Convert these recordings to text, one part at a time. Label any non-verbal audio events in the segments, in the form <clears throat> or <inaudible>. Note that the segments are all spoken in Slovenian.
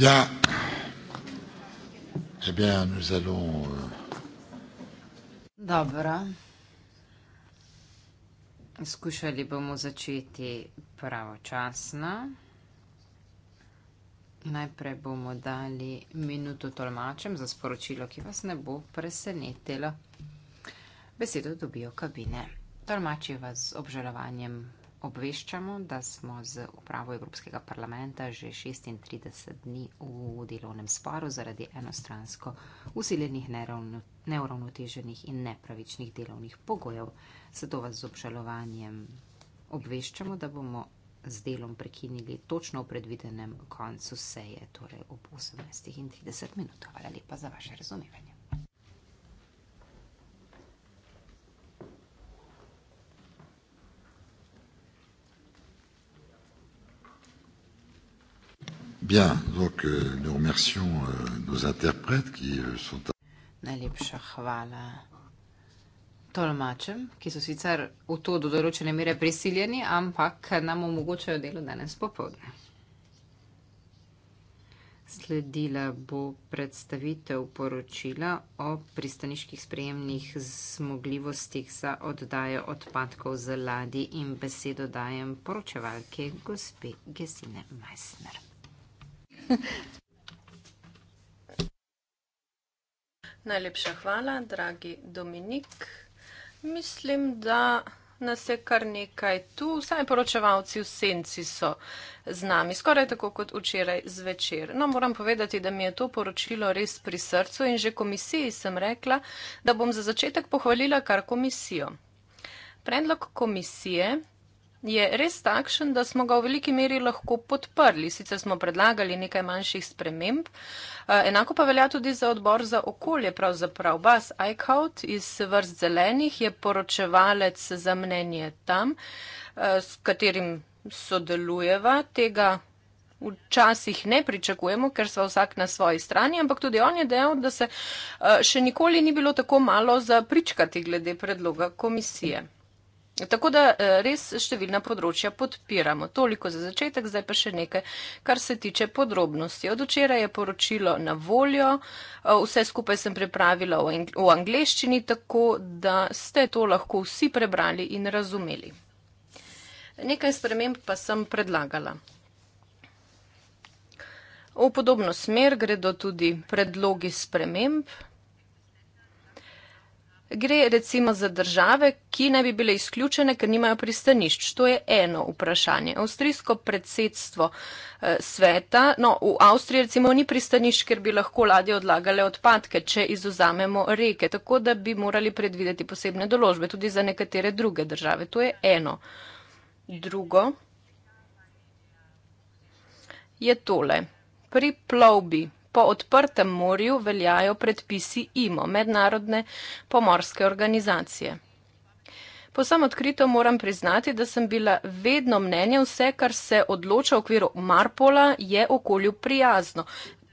Bien. Eh bien, nous allons. Euh, Dobro. Skušali bomo začeti pravočasno. Najprej bomo dali minuto tolmačem za sporočilo, ki vas ne bo presenetilo. Besedo dobijo kabine. Tolmači vas z obžalovanjem obveščamo, da smo z upravo Evropskega parlamenta že 36 dni v delovnem sporu zaradi enostransko usiljenih neuravnoteženih in nepravičnih delovnih pogojev. Zato vas z obžalovanjem obveščamo, da bomo z delom prekinili točno v predvidenem koncu seje, torej ob 18.30 minut. Hvala lepa za vaše razumevanje. Bien, donc euh, nous remercions euh, nos interprètes qui euh, sont. À... Najlepša hvala tolmačem, ki so sicer v to do določene mere prisiljeni, ampak nam omogočajo delo danes popovdne. Sledila bo predstavitev poročila o pristaniških sprejemnih zmogljivostih za oddajo odpadkov z ladi in besedo dajem poročevalke gospe Gesine Meissner. <laughs> Najlepša hvala, dragi Dominik. Mislim, da nas je kar nekaj tu, vsaj poročevalci v senci so z nami, skoraj tako kot včeraj zvečer. No, moram povedati, da mi je to poročilo res pri srcu in že komisiji sem rekla, da bom za začetek pohvalila kar komisijo. Predlog komisije je res takšen, da smo ga v veliki meri lahko podprli. Sicer smo predlagali nekaj manjših sprememb, eh, enako pa velja tudi za odbor za okolje, pravzaprav Bas Eichhout iz vrst zelenih je poročevalec za mnenje tam, eh, s katerim sodelujeva tega. Včasih ne pričakujemo, ker so vsak na svoji strani, ampak tudi on je dejal, da se eh, še nikoli ni bilo tako malo zapričkati glede predloga komisije. Mm. Tako da eh, res številna področja podpiramo. Toliko za začetek, zdaj pa še nekaj, kar se tiče podrobnosti. Od včeraj je poročilo na voljo, eh, vse skupaj sem pripravila v angleščini, tako da ste to lahko vsi prebrali in razumeli. Nekaj sprememb pa sem predlagala. V podobno smer gredo tudi predlogi sprememb gre recimo za države, ki ne bi bile izključene, ker nimajo pristanišč. To je eno vprašanje. Avstrijsko predsedstvo eh, sveta, no v Avstriji recimo ni pristanišč, ker bi lahko ladje odlagale odpadke, če izuzamemo reke, tako da bi morali predvideti posebne določbe tudi za nekatere druge države. To je eno. Drugo je tole. Pri plovbi po odprtem morju veljajo predpisi IMO, mednarodne pomorske organizacije. Posem odkrito moram priznati, da sem bila vedno mnenja, vse, kar se odloča v okviru Marpola, je okolju prijazno,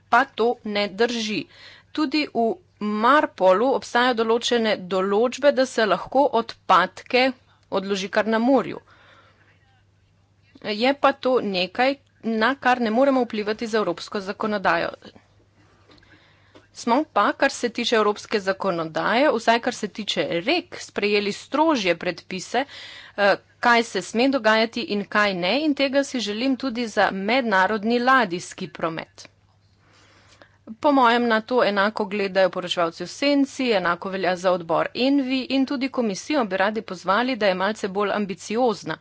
pa to ne drži. Tudi v Marpolu obstajajo določene določbe, da se lahko odpadke odloži kar na morju. Je pa to nekaj, na kar ne moremo vplivati z evropsko zakonodajo. Smo pa, kar se tiče evropske zakonodaje, vsaj kar se tiče rek, sprejeli strožje predpise, eh, kaj se sme dogajati in kaj ne, in tega si želim tudi za mednarodni ladijski promet. Po mojem na to enako gledajo poročevalci v senci, enako velja za odbor Envi in tudi komisijo bi radi pozvali, da je malce bolj ambiciozna.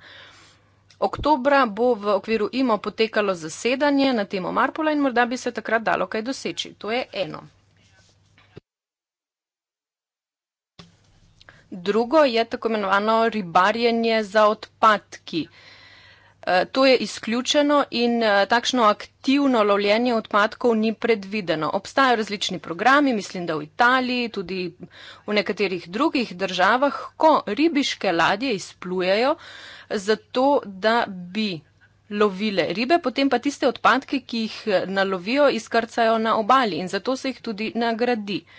Oktobra bo v okviru IMO potekalo zasedanje na temo Marpola in morda bi se takrat dalo kaj doseči. To je eno. Drugo je tako imenovano ribarjenje za odpadki. E, to je izključeno in e, takšno aktivno lovljenje odpadkov ni predvideno. Obstajajo različni programi, mislim, da v Italiji, tudi v nekaterih drugih državah, ko ribiške ladje izplujejo zato, da bi lovile ribe, potem pa tiste odpadke, ki jih nalovijo, izkrcajo na obali in zato se jih tudi nagradi. Uh,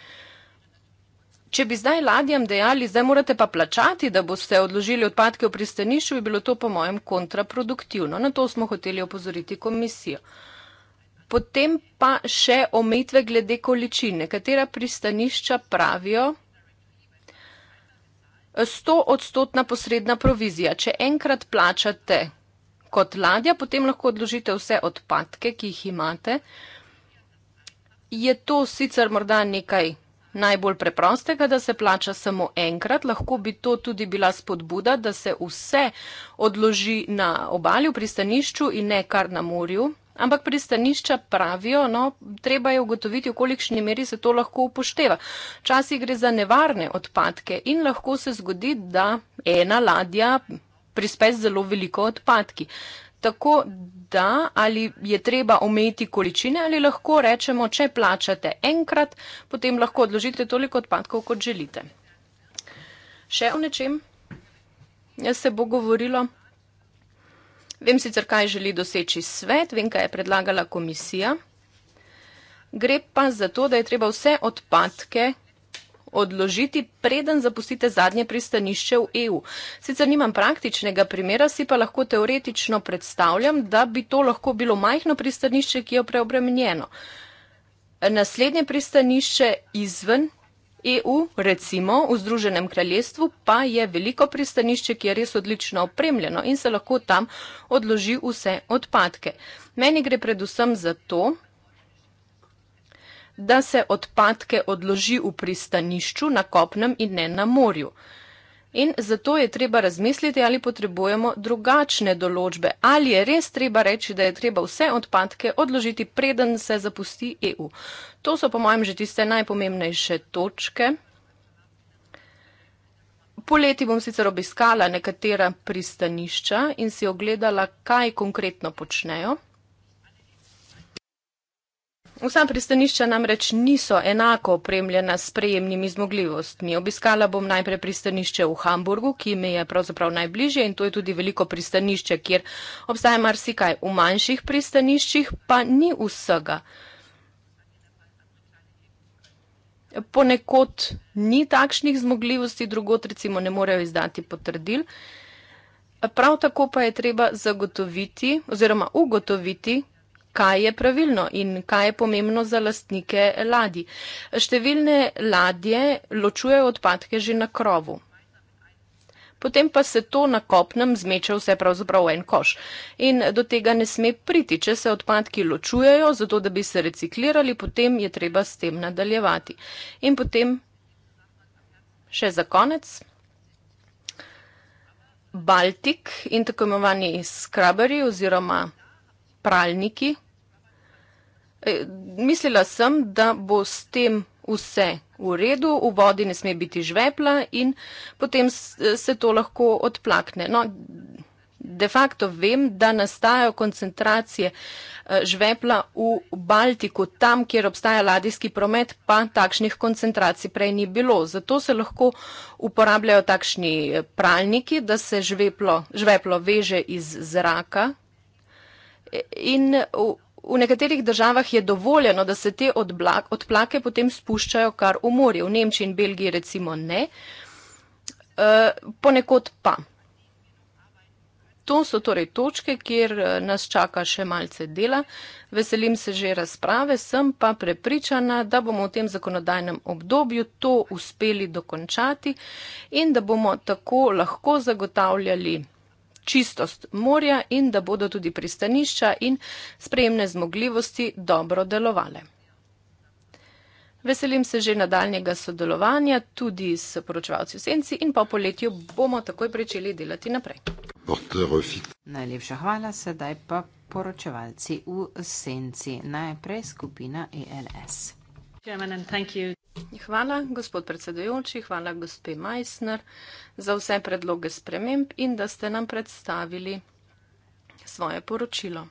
Če bi zdaj ladjam dejali, zdaj morate pa plačati, da boste odložili odpadke v pristanišču, bi bilo to po mojem kontraproduktivno. Na to smo hoteli opozoriti komisijo. Potem pa še omejitve glede količine, katera pristanišča pravijo. 100 odstotna posredna provizija. Če enkrat plačate kot ladja, potem lahko odložite vse odpadke, ki jih imate. Je to sicer morda nekaj najbolj preprostega, da se plača samo enkrat, lahko bi to tudi bila spodbuda, da se vse odloži na obalju, pristanišču in ne kar na morju. Ampak pristanišča pravijo, no, treba je ugotoviti, v kolikšni meri se to lahko upošteva. Včasih gre za nevarne odpadke in lahko se zgodi, da ena ladja prispe z zelo veliko odpadki. Tako da ali je treba omejiti količine ali lahko rečemo, če plačate enkrat, potem lahko odložite toliko odpadkov, kot želite. Še o nečem? Jaz se bo govorilo. Vem sicer, kaj želi doseči svet, vem, kaj je predlagala komisija. Gre pa za to, da je treba vse odpadke, odložiti, preden zapustite zadnje pristanišče v EU. Sicer nimam praktičnega primera, si pa lahko teoretično predstavljam, da bi to lahko bilo majhno pristanišče, ki je preobremenjeno. Naslednje pristanišče izven EU, recimo v Združenem kraljestvu, pa je veliko pristanišče, ki je res odlično opremljeno in se lahko tam odloži vse odpadke. Meni gre predvsem za to, da se odpadke odloži v pristanišču na kopnem in ne na morju. In zato je treba razmisliti, ali potrebujemo drugačne določbe, ali je res treba reči, da je treba vse odpadke odložiti, preden se zapusti EU. To so, po mojem, že tiste najpomembnejše točke. Poleti bom sicer obiskala nekatera pristanišča in si ogledala, kaj konkretno počnejo. Vsa pristanišča namreč niso enako opremljena s prejemnimi zmogljivostmi. Obiskala bom najprej pristanišče v Hamburgu, ki mi je pravzaprav najbližje in to je tudi veliko pristanišče, kjer obstaja marsikaj. V manjših pristaniščih pa ni vsega. Ponekod ni takšnih zmogljivosti, drugot recimo ne morejo izdati potrdil. Prav tako pa je treba zagotoviti oziroma ugotoviti, kaj je pravilno in kaj je pomembno za lastnike ladij. Številne ladje ločujejo odpadke že na krovu. Potem pa se to na kopnem zmeče vse pravzaprav v en koš. In do tega ne sme priti, če se odpadki ločujejo, zato da bi se reciklirali, potem je treba s tem nadaljevati. In potem še za konec. Baltik in tako imenovani skraberi oziroma pralniki, Eh, mislila sem, da bo s tem vse v redu, v vodi ne sme biti žvepla in potem eh, se to lahko odplakne. No, de facto vem, da nastajajo koncentracije eh, žvepla v Baltiku, tam, kjer obstaja ladijski promet, pa takšnih koncentracij prej ni bilo. Zato se lahko uporabljajo takšni pralniki, da se žveplo, žveplo veže iz zraka. In v nekaterih državah je dovoljeno, da se te odblak, odplake potem spuščajo kar v morje. V Nemčiji in Belgiji recimo ne, eh, ponekod pa. To so torej točke, kjer eh, nas čaka še malce dela. Veselim se že razprave, sem pa prepričana, da bomo v tem zakonodajnem obdobju to uspeli dokončati in da bomo tako lahko zagotavljali čistost morja in da bodo tudi pristanišča in sprejemne zmogljivosti dobro delovale. Veselim se že nadaljnjega sodelovanja tudi s poročevalci v Senci in po poletju bomo takoj pričeli delati naprej. Najlepša hvala, sedaj pa poročevalci v Senci. Najprej skupina ELS. Hvala, gospod predsedujoči, hvala gospe Meissner za vse predloge sprememb in da ste nam predstavili svoje poročilo.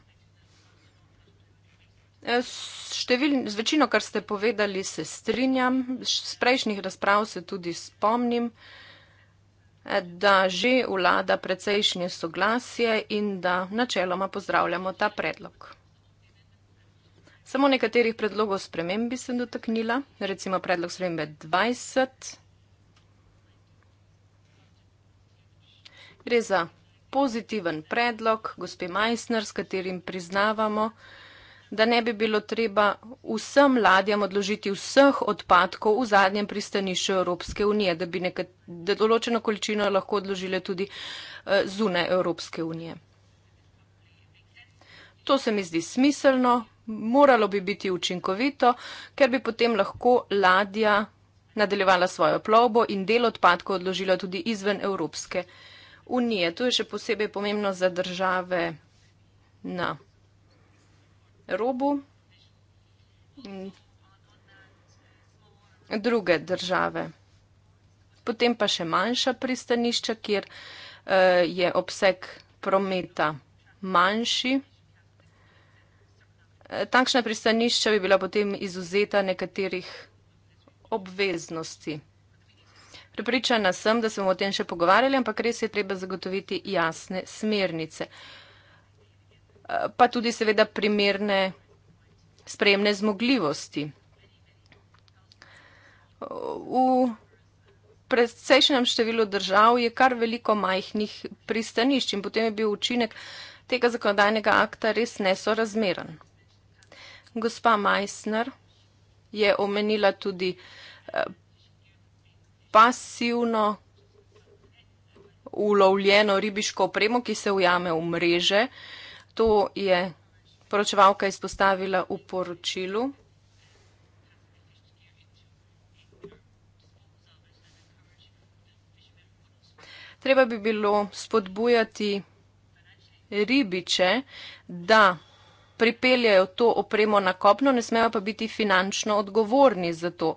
Eh, števil, z večino, kar ste povedali, se strinjam. Z prejšnjih razprav se tudi spomnim, eh, da že vlada precejšnje soglasje in da načeloma pozdravljamo ta predlog. Samo nekaterih predlogov spremembi sem dotaknila, recimo predlog spremembe 20. Gre za pozitiven predlog gospe Meissner, s katerim priznavamo, da ne bi bilo treba vsem ladjam odložiti vseh odpadkov v zadnjem pristanišču Evropske unije, da bi nekat, da določeno količino lahko odložile tudi eh, zune Evropske unije. To se mi zdi smiselno, moralo bi biti učinkovito, ker bi potem lahko ladja nadaljevala svojo plovbo in del odpadkov odložila tudi izven Evropske unije. To je še posebej pomembno za države na robu in druge države. Potem pa še manjša pristanišča, kjer uh, je obseg prometa manjši takšna pristanišča bi bila potem izuzeta nekaterih obveznosti. Pripričana sem, da se bomo o tem še pogovarjali, ampak res je treba zagotoviti jasne smernice. Pa tudi seveda primerne spremne zmogljivosti. V predsejšnjem številu držav je kar veliko majhnih pristanišč in potem je bil učinek tega zakonodajnega akta res nesorazmeren. Gospa Meissner je omenila tudi eh, pasivno ulovljeno ribiško opremo, ki se ujame v mreže. To je poročevalka izpostavila v poročilu. Treba bi bilo spodbujati ribiče, da pripeljajo to opremo na kopno, ne smejo pa biti finančno odgovorni za to.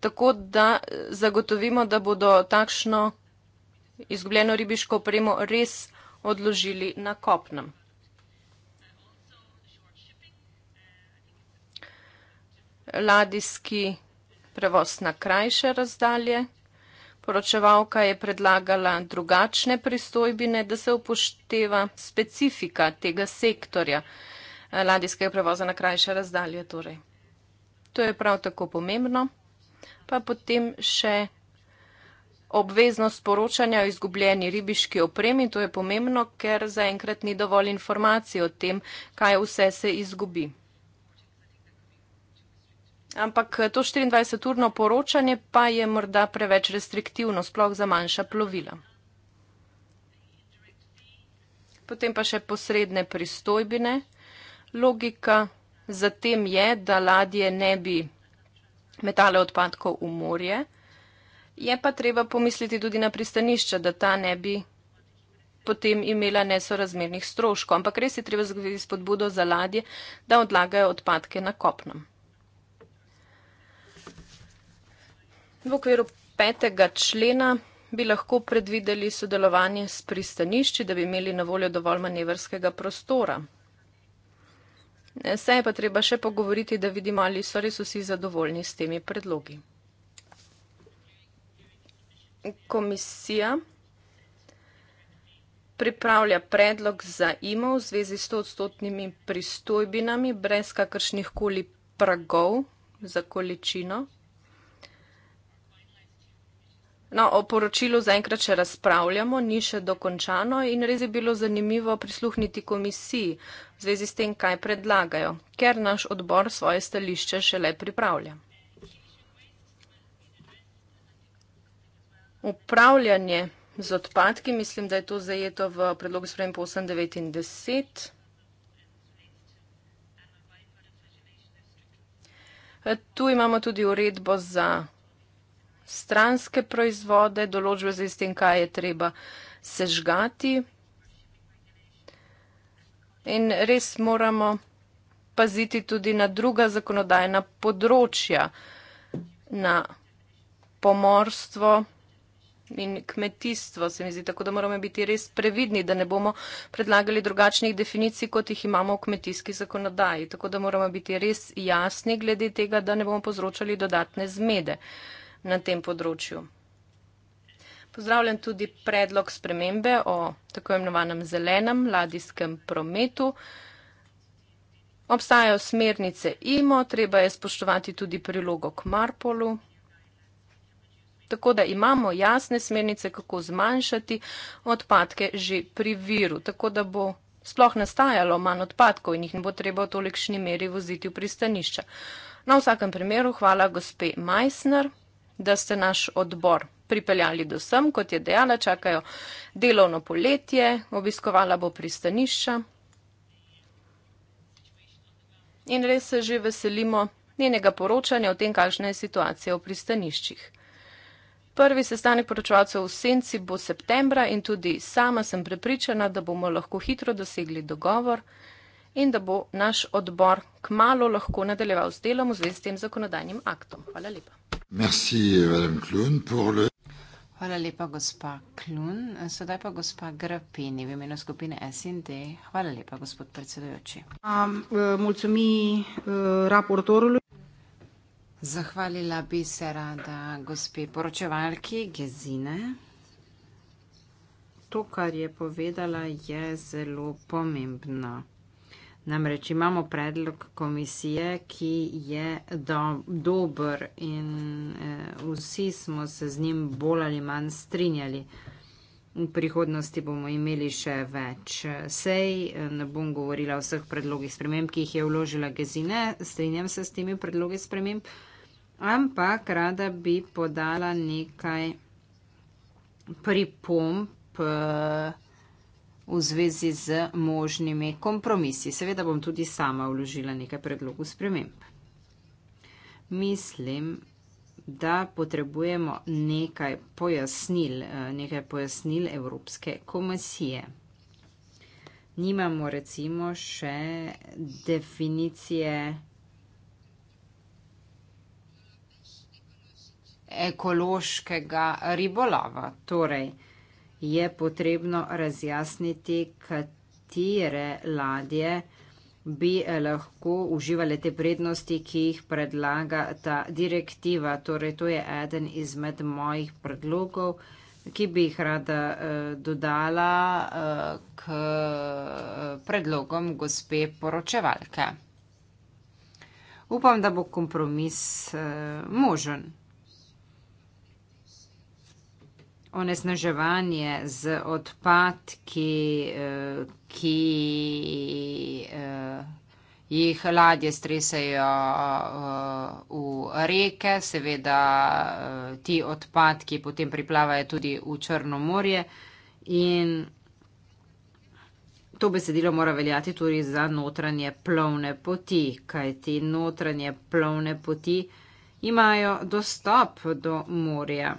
Tako da eh, zagotovimo, da bodo takšno izgubljeno ribiško opremo res odložili na kopnem. Ladijski prevoz na krajše razdalje. Poročevalka je predlagala drugačne pristojbine, da se upošteva specifika tega sektorja. Eh, ladijskega prevoza na krajše razdalje. Torej. To je prav tako pomembno. Pa potem še obveznost poročanja o izgubljeni ribiški opremi. To je pomembno, ker zaenkrat ni dovolj informacij o tem, kaj vse se izgubi. Ampak eh, to 24-urno poročanje pa je morda preveč restriktivno, sploh za manjša plovila. Potem pa še posredne pristojbine logika za tem je, da ladje ne bi metale odpadkov v morje. Je pa treba pomisliti tudi na pristanišča, da ta ne bi potem imela nesorazmernih stroškov. Ampak res je treba zagotoviti spodbudo za ladje, da odlagajo odpadke na kopnem. V okviru petega člena bi lahko predvideli sodelovanje s pristanišči, da bi imeli na voljo dovolj manevrskega prostora. Se je pa treba še pogovoriti, da vidimo, ali so res vsi zadovoljni s temi predlogi. Komisija pripravlja predlog za IMO v zvezi s 100-stotnimi pristojbinami brez kakršnih koli pragov za količino. No, o poročilu zaenkrat še razpravljamo, ni še dokončano in res je bilo zanimivo prisluhniti komisiji v zvezi s tem, kaj predlagajo, ker naš odbor svoje stališče šele pripravlja. Upravljanje z odpadki, mislim, da je to zajeto v predlogu sprejem po 8, 9 in 10. Tu imamo tudi uredbo za stranske proizvode, določbe za tem, kaj je treba sežgati. In res moramo paziti tudi na druga zakonodajna področja, na pomorstvo in kmetijstvo, se mi zdi, tako da moramo biti res previdni, da ne bomo predlagali drugačnih definicij, kot jih imamo v kmetijski zakonodaji. Tako da moramo biti res jasni glede tega, da ne bomo povzročali dodatne zmede. Uh, na tem področju. Pozdravljam tudi predlog spremembe o tako imenovanem zelenem ladijskem prometu. Obstajajo smernice IMO, treba je spoštovati tudi prilogo k Marpolu. Tako da imamo jasne smernice, kako zmanjšati odpadke že pri viru, tako da bo sploh nastajalo manj odpadkov in jih ne bo treba v tolikšni meri voziti v pristanišča. Na vsakem primeru hvala gospe Meissner da ste naš odbor pripeljali do sem, kot je dejala, čakajo delovno poletje, obiskovala bo pristanišča. In res se že veselimo njenega poročanja o tem, kakšna je situacija v pristaniščih. Prvi sestanek poročevalcev v Senci bo septembra in tudi sama sem prepričana, da bomo lahko hitro dosegli dogovor in da bo naš odbor kmalo lahko nadaljeval s delom v zvezi s tem zakonodajnim aktom. Hvala lepa. Merci, madame Clun, pour le... Hvala lepa, gospa Klun. Sedaj pa gospa Grapini v imenu skupine SND. Hvala lepa, gospod predsedujoči. Um, uh, Zahvalila bi se rada gospe poročevalki Gezine. To, kar je povedala, je zelo pomembno. Namreč imamo predlog komisije, ki je do, dober in eh, vsi smo se z njim bolj ali manj strinjali. V prihodnosti bomo imeli še več eh, sej, eh, ne bom govorila o vseh predlogih sprememb, ki jih je vložila Gezine, strinjam se s temi predlogi sprememb, ampak rada bi podala nekaj pripomp. Eh, v zvezi z možnimi kompromisi. Seveda bom tudi sama vložila nekaj predlogov sprememb. Mislim, da potrebujemo nekaj pojasnil, eh, nekaj pojasnil Evropske komisije. Nimamo recimo še definicije ekološkega ribolava. Torej, je potrebno razjasniti, katere ladje bi lahko uživale te prednosti, ki jih predlaga ta direktiva. Torej, to je eden izmed mojih predlogov, ki bi jih rada eh, dodala eh, k eh, predlogom gospe poročevalke. Upam, da bo kompromis eh, možen. onesnaževanje z odpadki, eh, ki eh, jih ladje stresajo eh, v reke, seveda ti odpadki potem priplavajo tudi v Črno morje in to besedilo mora veljati tudi za notranje plovne poti, kajti notranje plovne poti imajo dostop do morja.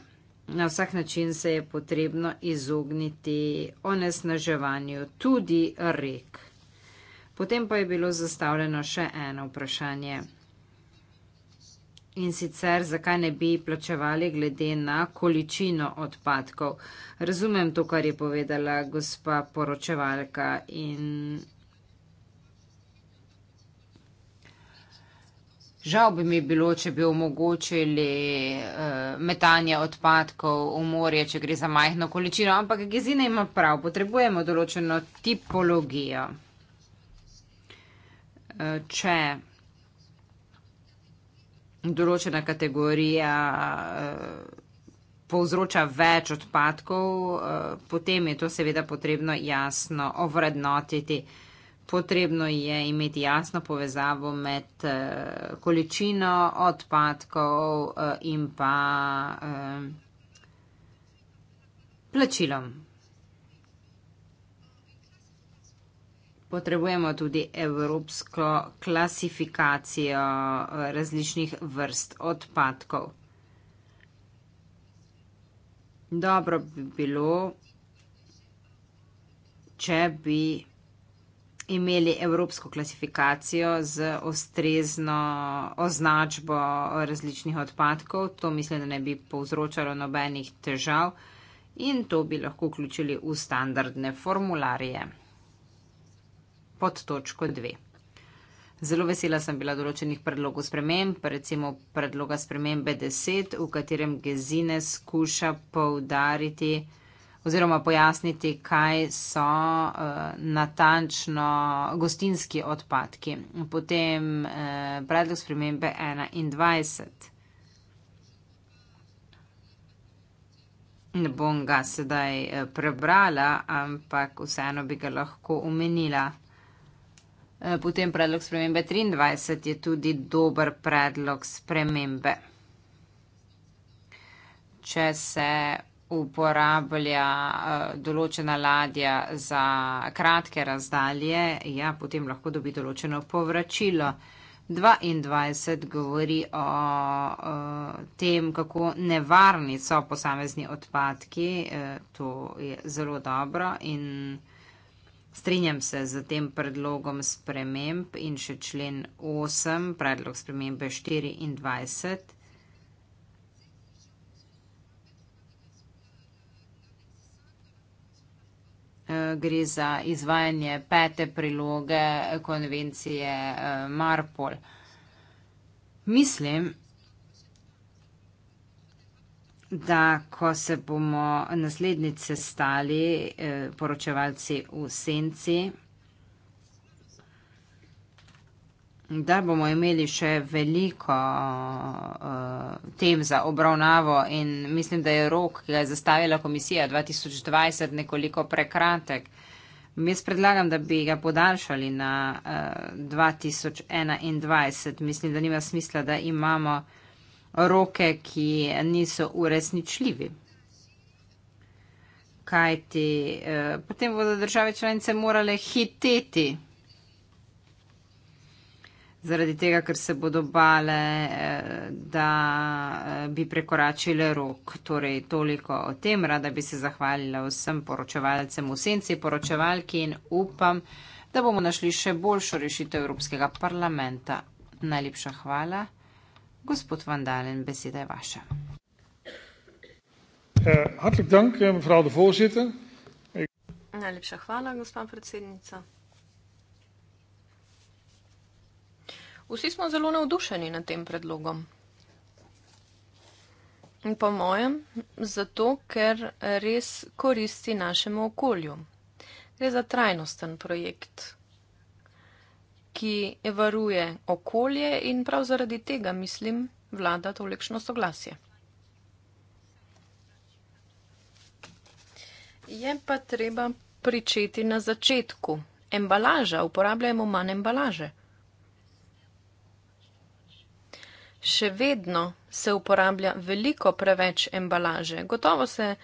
Na vsak način se je potrebno izogniti onesnaževanju tudi rek. Potem pa je bilo zastavljeno še eno vprašanje. In sicer, zakaj ne bi plačevali glede na količino odpadkov. Razumem to, kar je povedala gospa poročevalka in Žal bi mi bilo, če bi omogočili uh, metanje odpadkov v morje, če gre za majhno količino, ampak gezina ima prav, potrebujemo določeno tipologijo. Uh, če določena kategorija uh, povzroča več odpadkov, uh, potem je to seveda potrebno jasno ovrednotiti. Uh, Potrebno je imeti jasno povezavo med eh, količino odpadkov eh, in pa eh, plačilom. Potrebujemo tudi evropsko klasifikacijo različnih vrst odpadkov. Dobro bi bilo, če bi imeli evropsko klasifikacijo z ustrezno označbo različnih odpadkov. To mislim, da ne bi povzročalo nobenih težav in to bi lahko vključili v standardne formularje pod točko 2. Zelo vesela sem bila določenih predlogov sprememb, recimo predloga spremembe 10, v katerem Gezine skuša poudariti, da oziroma pojasniti, kaj so uh, natančno gostinski odpadki. Potem uh, predlog spremembe 21. Ne bom ga sedaj eh, prebrala, ampak vseeno bi ga lahko omenila. Potem predlog spremembe 23 je tudi dober predlog spremembe. Če se uporablja uh, določena ladja za kratke razdalje, ja, potem lahko dobi določeno povračilo. 22 govori o uh, tem, kako nevarni so posamezni odpadki. Uh, to je zelo dobro in strinjam se z tem predlogom sprememb in še člen 8, predlog spremembe 24. Eh, gre za izvajanje pete priloge konvencije eh, Marpol. Mislim, da ko se bomo naslednjice stali eh, poročevalci v senci, da bomo imeli še veliko uh, tem za obravnavo in mislim, da je rok, ki ga je zastavila komisija 2020, nekoliko prekratek. Jaz predlagam, da bi ga podaljšali na uh, eh, 2021. Mislim, da nima smisla, da imamo roke, ki niso uresničljivi. Kajti, uh, potem bodo države članice morale hiteti zaradi tega, ker se bodo bale, eh, da eh, bi prekoračile rok. Torej, toliko o tem. Rada bi se zahvalila vsem poročevalcem v senci, poročevalki in upam, da bomo našli še boljšo rešitev Evropskega parlamenta. Najlepša hvala. Gospod Vandalen, beseda je vaša. Eh, hvala, gospod predsednica. Vsi smo zelo navdušeni nad tem predlogom. In po mojem, zato, ker res koristi našemu okolju. Gre za trajnosten projekt, ki varuje okolje in prav zaradi tega, mislim, vlada tolikšno soglasje. Je pa treba pričeti na začetku. Embalaža, uporabljamo manj embalaže. še vedno se uporablja veliko preveč embalaže. Gotovo se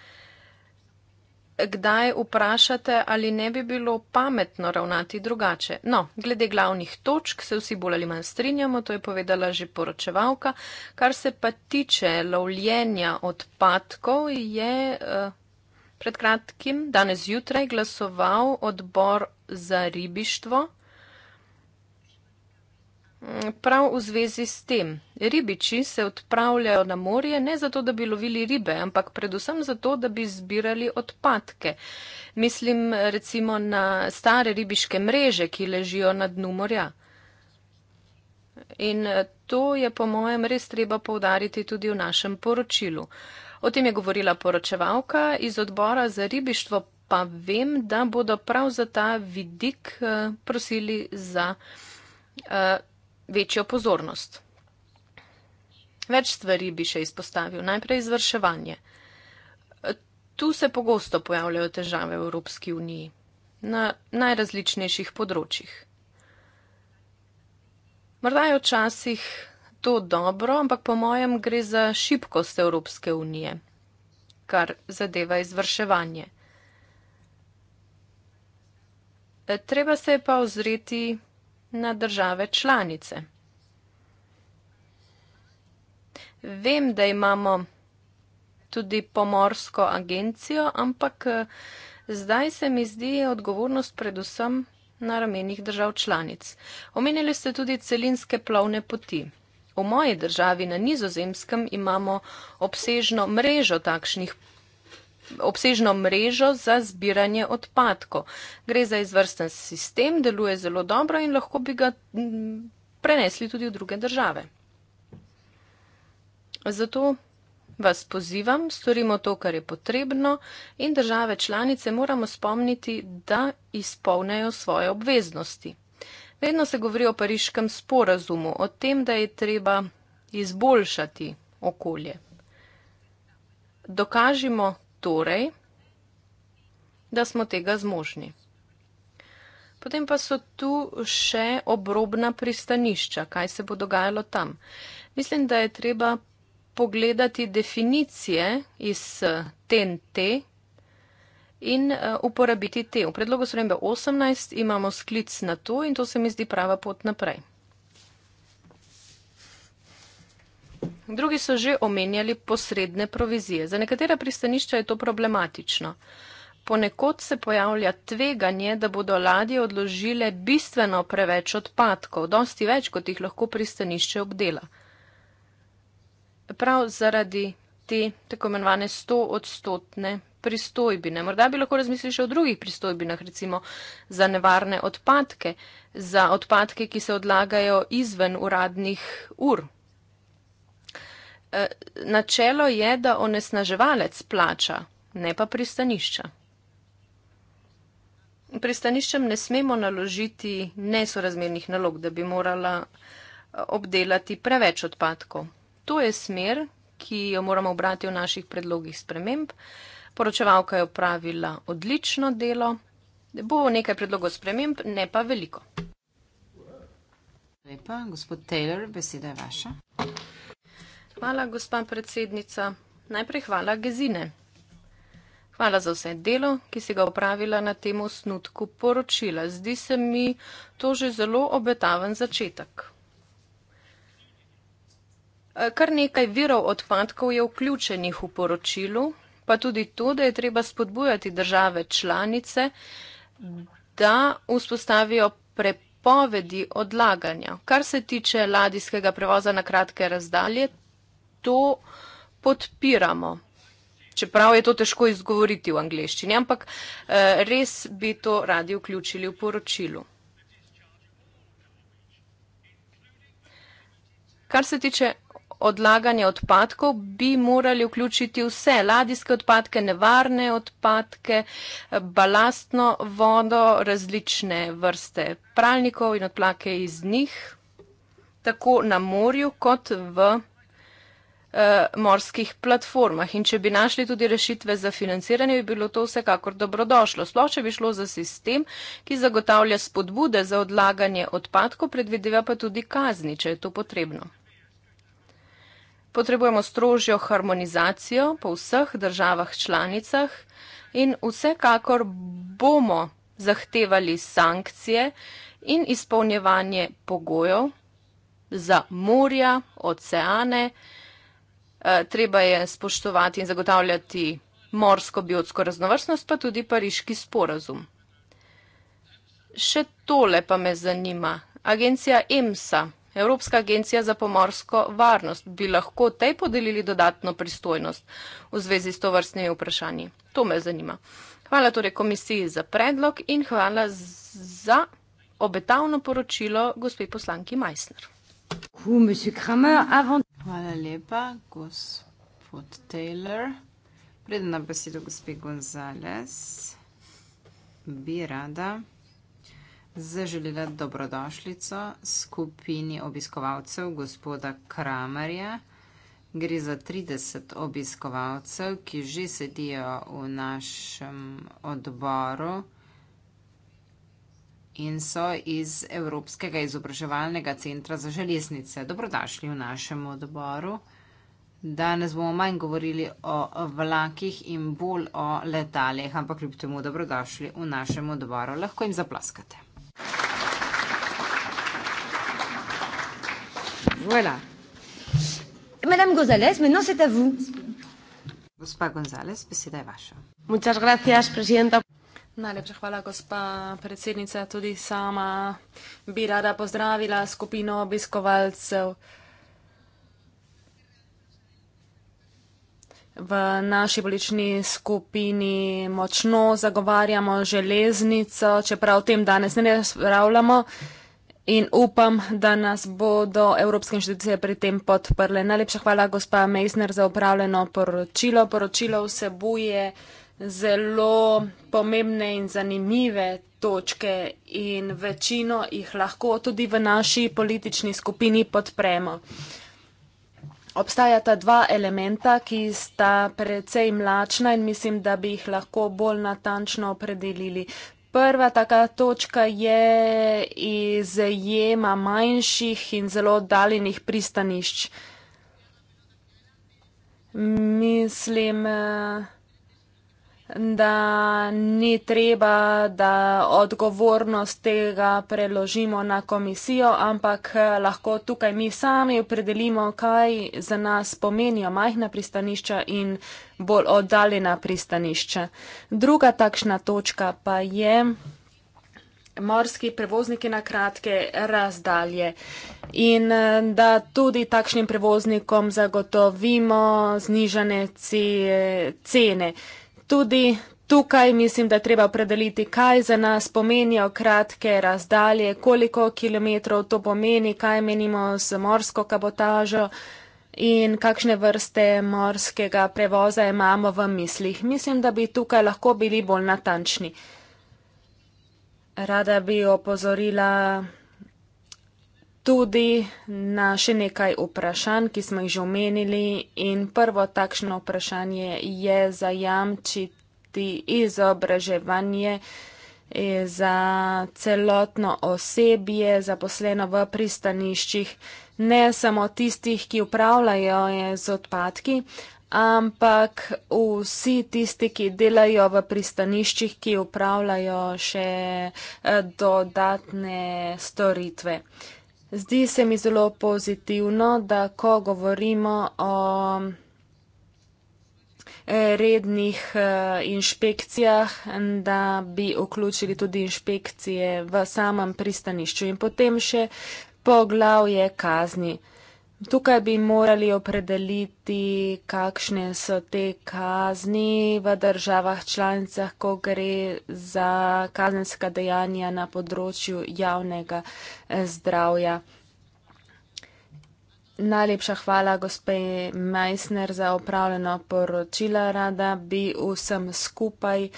kdaj vprašate, ali ne bi bilo pametno ravnati drugače. No, glede glavnih točk se vsi bolj ali manj strinjamo, to je povedala že poročevalka. Kar se pa tiče lovljenja odpadkov, je uh, pred kratkim, danes jutraj, glasoval odbor za ribištvo Prav v zvezi s tem, ribiči se odpravljajo na morje ne zato, da bi lovili ribe, ampak predvsem zato, da bi zbirali odpadke. Mislim recimo na stare ribiške mreže, ki ležijo na dnu morja. In eh, to je po mojem res treba povdariti tudi v našem poročilu. O tem je govorila poročevalka iz odbora za ribištvo, pa vem, da bodo prav za ta vidik eh, prosili za. Eh, večjo pozornost. Več stvari bi še izpostavil. Najprej izvrševanje. Tu se pogosto pojavljajo težave v Evropski uniji na najrazličnejših področjih. Morda je včasih to dobro, ampak po mojem gre za šibkost Evropske unije, kar zadeva izvrševanje. Treba se je pa ozreti na države članice. Vem, da imamo tudi pomorsko agencijo, ampak eh, zdaj se mi zdi odgovornost predvsem na ramenih držav članic. Omenili ste tudi celinske plovne poti. V moji državi na nizozemskem imamo obsežno mrežo takšnih obsežno mrežo za zbiranje odpadkov. Gre za izvrsten sistem, deluje zelo dobro in lahko bi ga prenesli tudi v druge države. Zato vas pozivam, storimo to, kar je potrebno in države članice moramo spomniti, da izpolnejo svoje obveznosti. Vedno se govori o pariškem sporazumu, o tem, da je treba izboljšati okolje. Dokažimo, torej, da smo tega zmožni. Potem pa so tu še obrobna pristanišča, kaj se bo dogajalo tam. Mislim, da je treba pogledati definicije iz TNT eh, in eh, uporabiti te. V predlogu spremembe 18 imamo sklic na to in to se mi zdi prava pot naprej. drugi so že omenjali posredne provizije. Za nekatera pristanišča je to problematično. Ponekod se pojavlja tveganje, da bodo ladje odložile bistveno preveč odpadkov, dosti več, kot jih lahko pristanišče obdela. Prav zaradi te tako imenovane 100 odstotne pristojbine. Morda bi lahko razmislili še o drugih pristojbinah, recimo za nevarne odpadke, za odpadke, ki se odlagajo izven uradnih ur, Eh, načelo je, da onesnaževalec plača, ne pa pristanišča. Pristaniščem ne smemo naložiti nesorazmernih nalog, da bi morala eh, obdelati preveč odpadkov. To je smer, ki jo moramo obrati v naših predlogih sprememb. Poročevalka je opravila odlično delo. Bo nekaj predlogov sprememb, ne pa veliko. Lepa, gospod Taylor, beseda je vaša. Hvala, gospa predsednica. Najprej hvala Gezine. Hvala za vse delo, ki si ga upravila na tem osnutku poročila. Zdi se mi to že zelo obetaven začetek. Kar nekaj virov odpadkov je vključenih v poročilu, pa tudi to, da je treba spodbujati države članice, da vzpostavijo prepovedi odlaganja. Kar se tiče ladijskega prevoza na kratke razdalje, to podpiramo. Čeprav je to težko izgovoriti v angleščini, ampak eh, res bi to radi vključili v poročilu. Kar se tiče odlaganja odpadkov, bi morali vključiti vse ladijske odpadke, nevarne odpadke, eh, balastno vodo, različne vrste pralnikov in odplake iz njih, tako na morju kot v Eh, morskih platformah. In če bi našli tudi rešitve za financiranje, bi bilo to vsekakor dobrodošlo. Sploh, če bi šlo za sistem, ki zagotavlja spodbude za odlaganje odpadkov, predvideva pa tudi kazni, če je to potrebno. Potrebujemo strožjo harmonizacijo po vseh državah članicah in vsekakor bomo zahtevali sankcije in izpolnjevanje pogojev za morja, oceane, Eh, treba je spoštovati in zagotavljati morsko biotsko raznovrstnost, pa tudi pariški sporazum. Še tole pa me zanima. Agencija EMSA, Evropska agencija za pomorsko varnost, bi lahko tej podelili dodatno pristojnost v zvezi s to vrstnimi vprašanji. To me zanima. Hvala torej komisiji za predlog in hvala za obetavno poročilo gospe poslanki Majsner. U, monsieur Kramer, avant... Hvala lepa, gospod Taylor. Preden na besedo gospe Gonzales, bi rada zaželila dobrodošlico skupini obiskovalcev gospoda Kramerja. Gre za 30 obiskovalcev, ki že sedijo v našem odboru in so iz Evropskega izobraževalnega centra za železnice. Dobrodošli v našem odboru. Danes bomo manj govorili o vlakih in bolj o letalih, ampak kljub temu dobrodošli v našem odboru. Lahko jim zaplaskate. Voilà. Madame Gonzalez, maintenant c'est à vous. Gospa Gonzalez, beseda je vaša. Muchas gracias, presidenta. Najlepša hvala, gospa predsednica. Tudi sama bi rada pozdravila skupino obiskovalcev. V naši bolični skupini močno zagovarjamo železnico, čeprav o tem danes ne razpravljamo in upam, da nas bodo Evropske inštitucije pri tem podprle. Najlepša hvala, gospa Meisner, za upravljeno poročilo. Poročilo vsebuje zelo pomembne in zanimive točke in večino jih lahko tudi v naši politični skupini podpremo. Obstajata dva elementa, ki sta precej mlačna in mislim, da bi jih lahko bolj natančno opredelili. Prva taka točka je izjema manjših in zelo oddaljenih pristanišč. Mislim, eh, da ni treba, da odgovornost tega preložimo na komisijo, ampak lahko tukaj mi sami opredelimo, kaj za nas pomenijo majhna pristanišča in bolj oddaljena pristanišča. Druga takšna točka pa je morski prevozniki na kratke razdalje in da tudi takšnim prevoznikom zagotovimo znižane cene. Tudi tukaj mislim, da treba predeliti, kaj za nas pomenijo kratke razdalje, koliko kilometrov to pomeni, kaj menimo z morsko kabotažo in kakšne vrste morskega prevoza imamo v mislih. Mislim, da bi tukaj lahko bili bolj natančni. Rada bi opozorila tudi na še nekaj vprašanj, ki smo jih že omenili. In prvo takšno vprašanje je zajamčiti izobraževanje eh, za celotno osebje zaposleno v pristaniščih, ne samo tistih, ki upravljajo eh, z odpadki, ampak vsi tisti, ki delajo v pristaniščih, ki upravljajo še eh, dodatne storitve. Zdi se mi zelo pozitivno, da ko govorimo o eh, rednih eh, inšpekcijah, da bi vključili tudi inšpekcije v samem pristanišču in potem še poglavje kazni. Tukaj bi morali opredeliti, kakšne so te kazni v državah članicah, ko gre za kazenska dejanja na področju javnega eh, zdravja. Najlepša hvala, gospe Meissner, za opravljeno poročilo. Rada bi vsem skupaj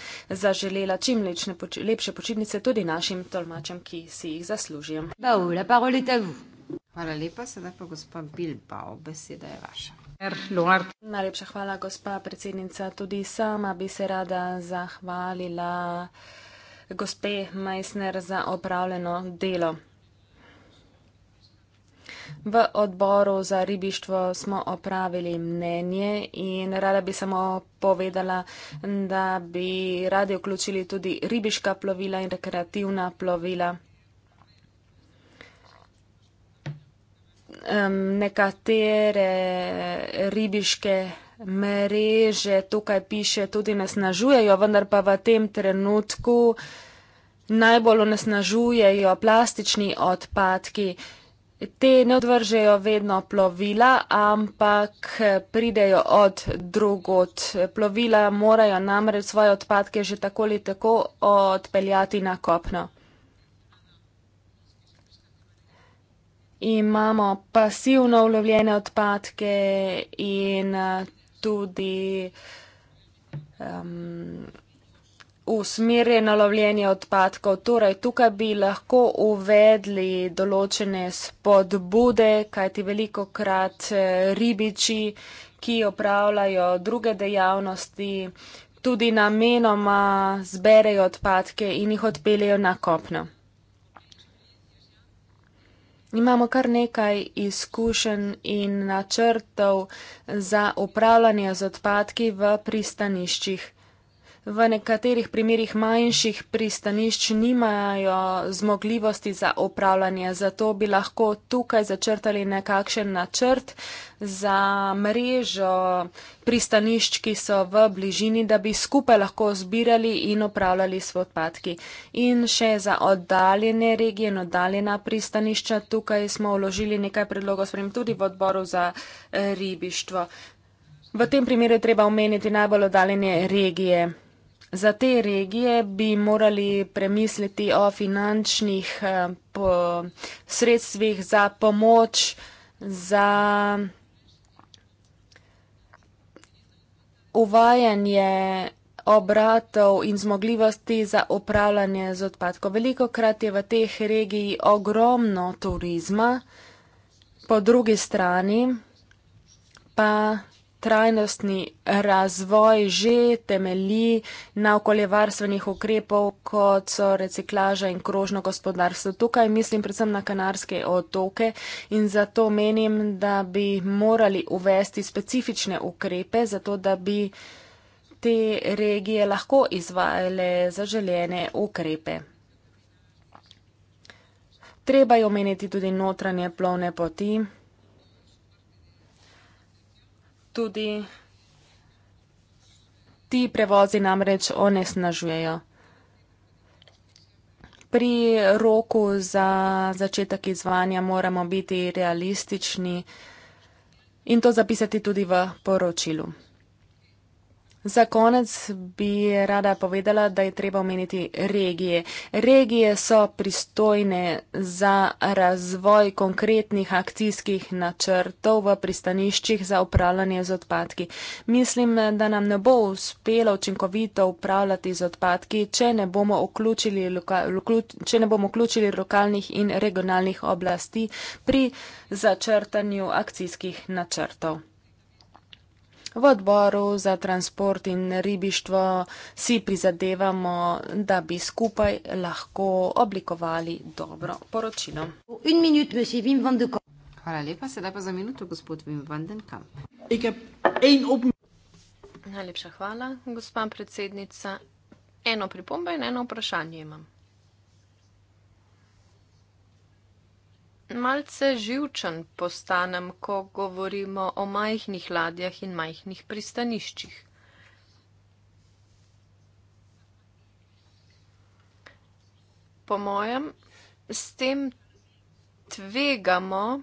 zaželela čim lepše počitnice tudi našim tolmačem, ki si jih zaslužijo. Bau, oh, la parole est à vous. Hvala lepa, sedaj pa gospa Bilbao, beseda je vaša. Najlepša hvala, gospa predsednica. Tudi sama bi se rada zahvalila gospe Meissner za opravljeno delo. V odboru za ribištvo smo opravili mnenje in rada bi samo povedala, da bi radi vključili tudi ribiška plovila in rekreativna plovila. um, nekatere ribiške mreže tukaj piše, tudi nas nažujejo, vendar pa v tem trenutku najbolj nas nažujejo plastični odpadki. Te ne odvržejo vedno plovila, ampak pridejo od drugot. Plovila morajo namreč svoje odpadke že tako ali tako odpeljati na kopno. imamo pasivno ulovljene odpadke in eh, tudi um, usmerjeno lovljenje odpadkov. Torej, tukaj bi lahko uvedli določene spodbude, kajti veliko krat eh, ribiči, ki opravljajo druge dejavnosti, tudi namenoma zberejo odpadke in jih odpeljejo na kopno. Imamo kar nekaj izkušenj in načrtov za upravljanje z odpadki v pristaniščih v nekaterih primerjih manjših pristanišč nimajo zmogljivosti za upravljanje. Zato bi lahko tukaj začrtali nekakšen načrt za mrežo pristanišč, ki so v bližini, da bi skupaj lahko zbirali in upravljali s odpadki. In še za oddaljene regije in oddaljena pristanišča, tukaj smo vložili nekaj predlogov s prem tudi v odboru za eh, ribištvo. V tem primeru je treba omeniti najbolj oddaljene regije. Za te regije bi morali premisliti o finančnih eh, po, sredstvih za pomoč, za uvajanje obratov in zmogljivosti za upravljanje z odpadko. Veliko krat je v teh regiji ogromno turizma, po drugi strani pa trajnostni razvoj že temelji na okoljevarstvenih ukrepov, kot so reciklaža in krožno gospodarstvo. Tukaj mislim predvsem na kanarske otoke in zato menim, da bi morali uvesti specifične ukrepe, zato da bi te regije lahko izvajale zaželjene ukrepe. Treba je omeniti tudi notranje plovne poti tudi ti prevozi namreč onesnažujejo. Pri roku za začetek izvanja moramo biti realistični in to zapisati tudi v poročilu. Za konec bi rada povedala, da je treba omeniti regije. Regije so pristojne za razvoj konkretnih akcijskih načrtov v pristaniščih za upravljanje z odpadki. Mislim, da nam ne bo uspelo učinkovito upravljati z odpadki, če ne bomo vključili, loka, če ne bomo vključili lokalnih in regionalnih oblasti pri začrtanju akcijskih načrtov v odboru za transport in ribištvo si prizadevamo, da bi skupaj lahko oblikovali dobro poročilo. Hvala lepa, sedaj pa za minuto, gospod Vim van den Kamp. Najlepša hvala, gospa predsednica. Eno pripombo in eno vprašanje imam. malce živčen postanem, ko govorimo o majhnih ladjah in majhnih pristaniščih. Po mojem, s tem tvegamo,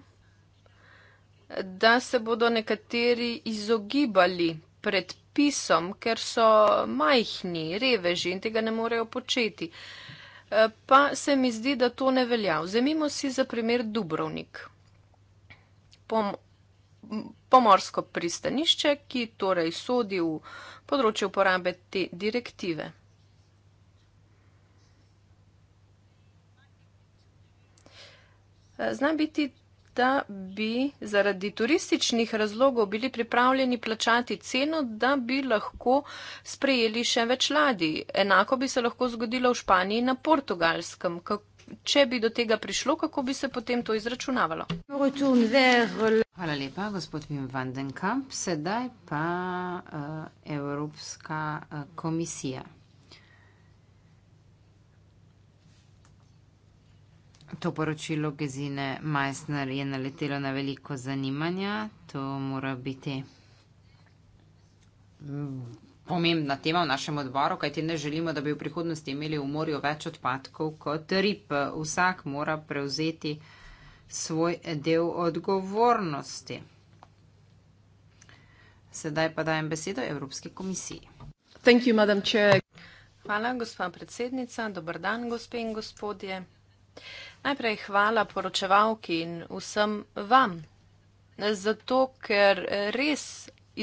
da se bodo nekateri izogibali predpisom, ker so majhni, reveži in tega ne morejo početi. Uh, Eh, pa se mi zdi, da to ne velja. Vzemimo si za primer Dubrovnik, Pom pomorsko pristanišče, ki torej sodi v področje uporabe te direktive. Eh, zna biti da bi zaradi turističnih razlogov bili pripravljeni plačati ceno, da bi lahko sprejeli še več ladij. Enako bi se lahko zgodilo v Španiji na portugalskem. Če bi do tega prišlo, kako bi se potem to izračunavalo? Hvala lepa, gospod Pim Vandenkamp. Sedaj pa uh, Evropska uh, komisija. To poročilo Gezine Meissner je naletelo na veliko zanimanja. To mora biti pomembna tema v našem odboru, kajti ne želimo, da bi v prihodnosti imeli v morju več odpadkov kot rib. Vsak mora prevzeti svoj del odgovornosti. Sedaj pa dajem besedo Evropski komisiji. Thank you, Madam Chair. Hvala, gospa predsednica. Dobar dan, gospe in gospodje. Najprej hvala poročevalki in vsem vam. Zato, ker res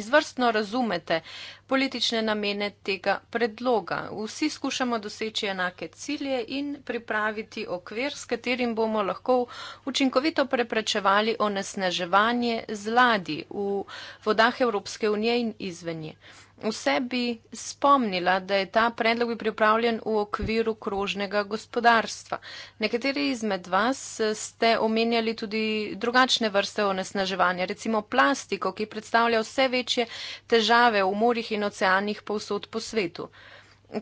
izvrstno razumete, politične namene tega predloga. Vsi skušamo doseči enake cilje in pripraviti okvir, s katerim bomo lahko učinkovito preprečevali onesnaževanje zladi v vodah Evropske unije in izvenje. Vse bi spomnila, da je ta predlog pripravljen v okviru krožnega gospodarstva. Nekateri izmed vas ste omenjali tudi drugačne vrste onesnaževanja, recimo plastiko, ki predstavlja vse večje težave v morjih in oceanih povsod po svetu.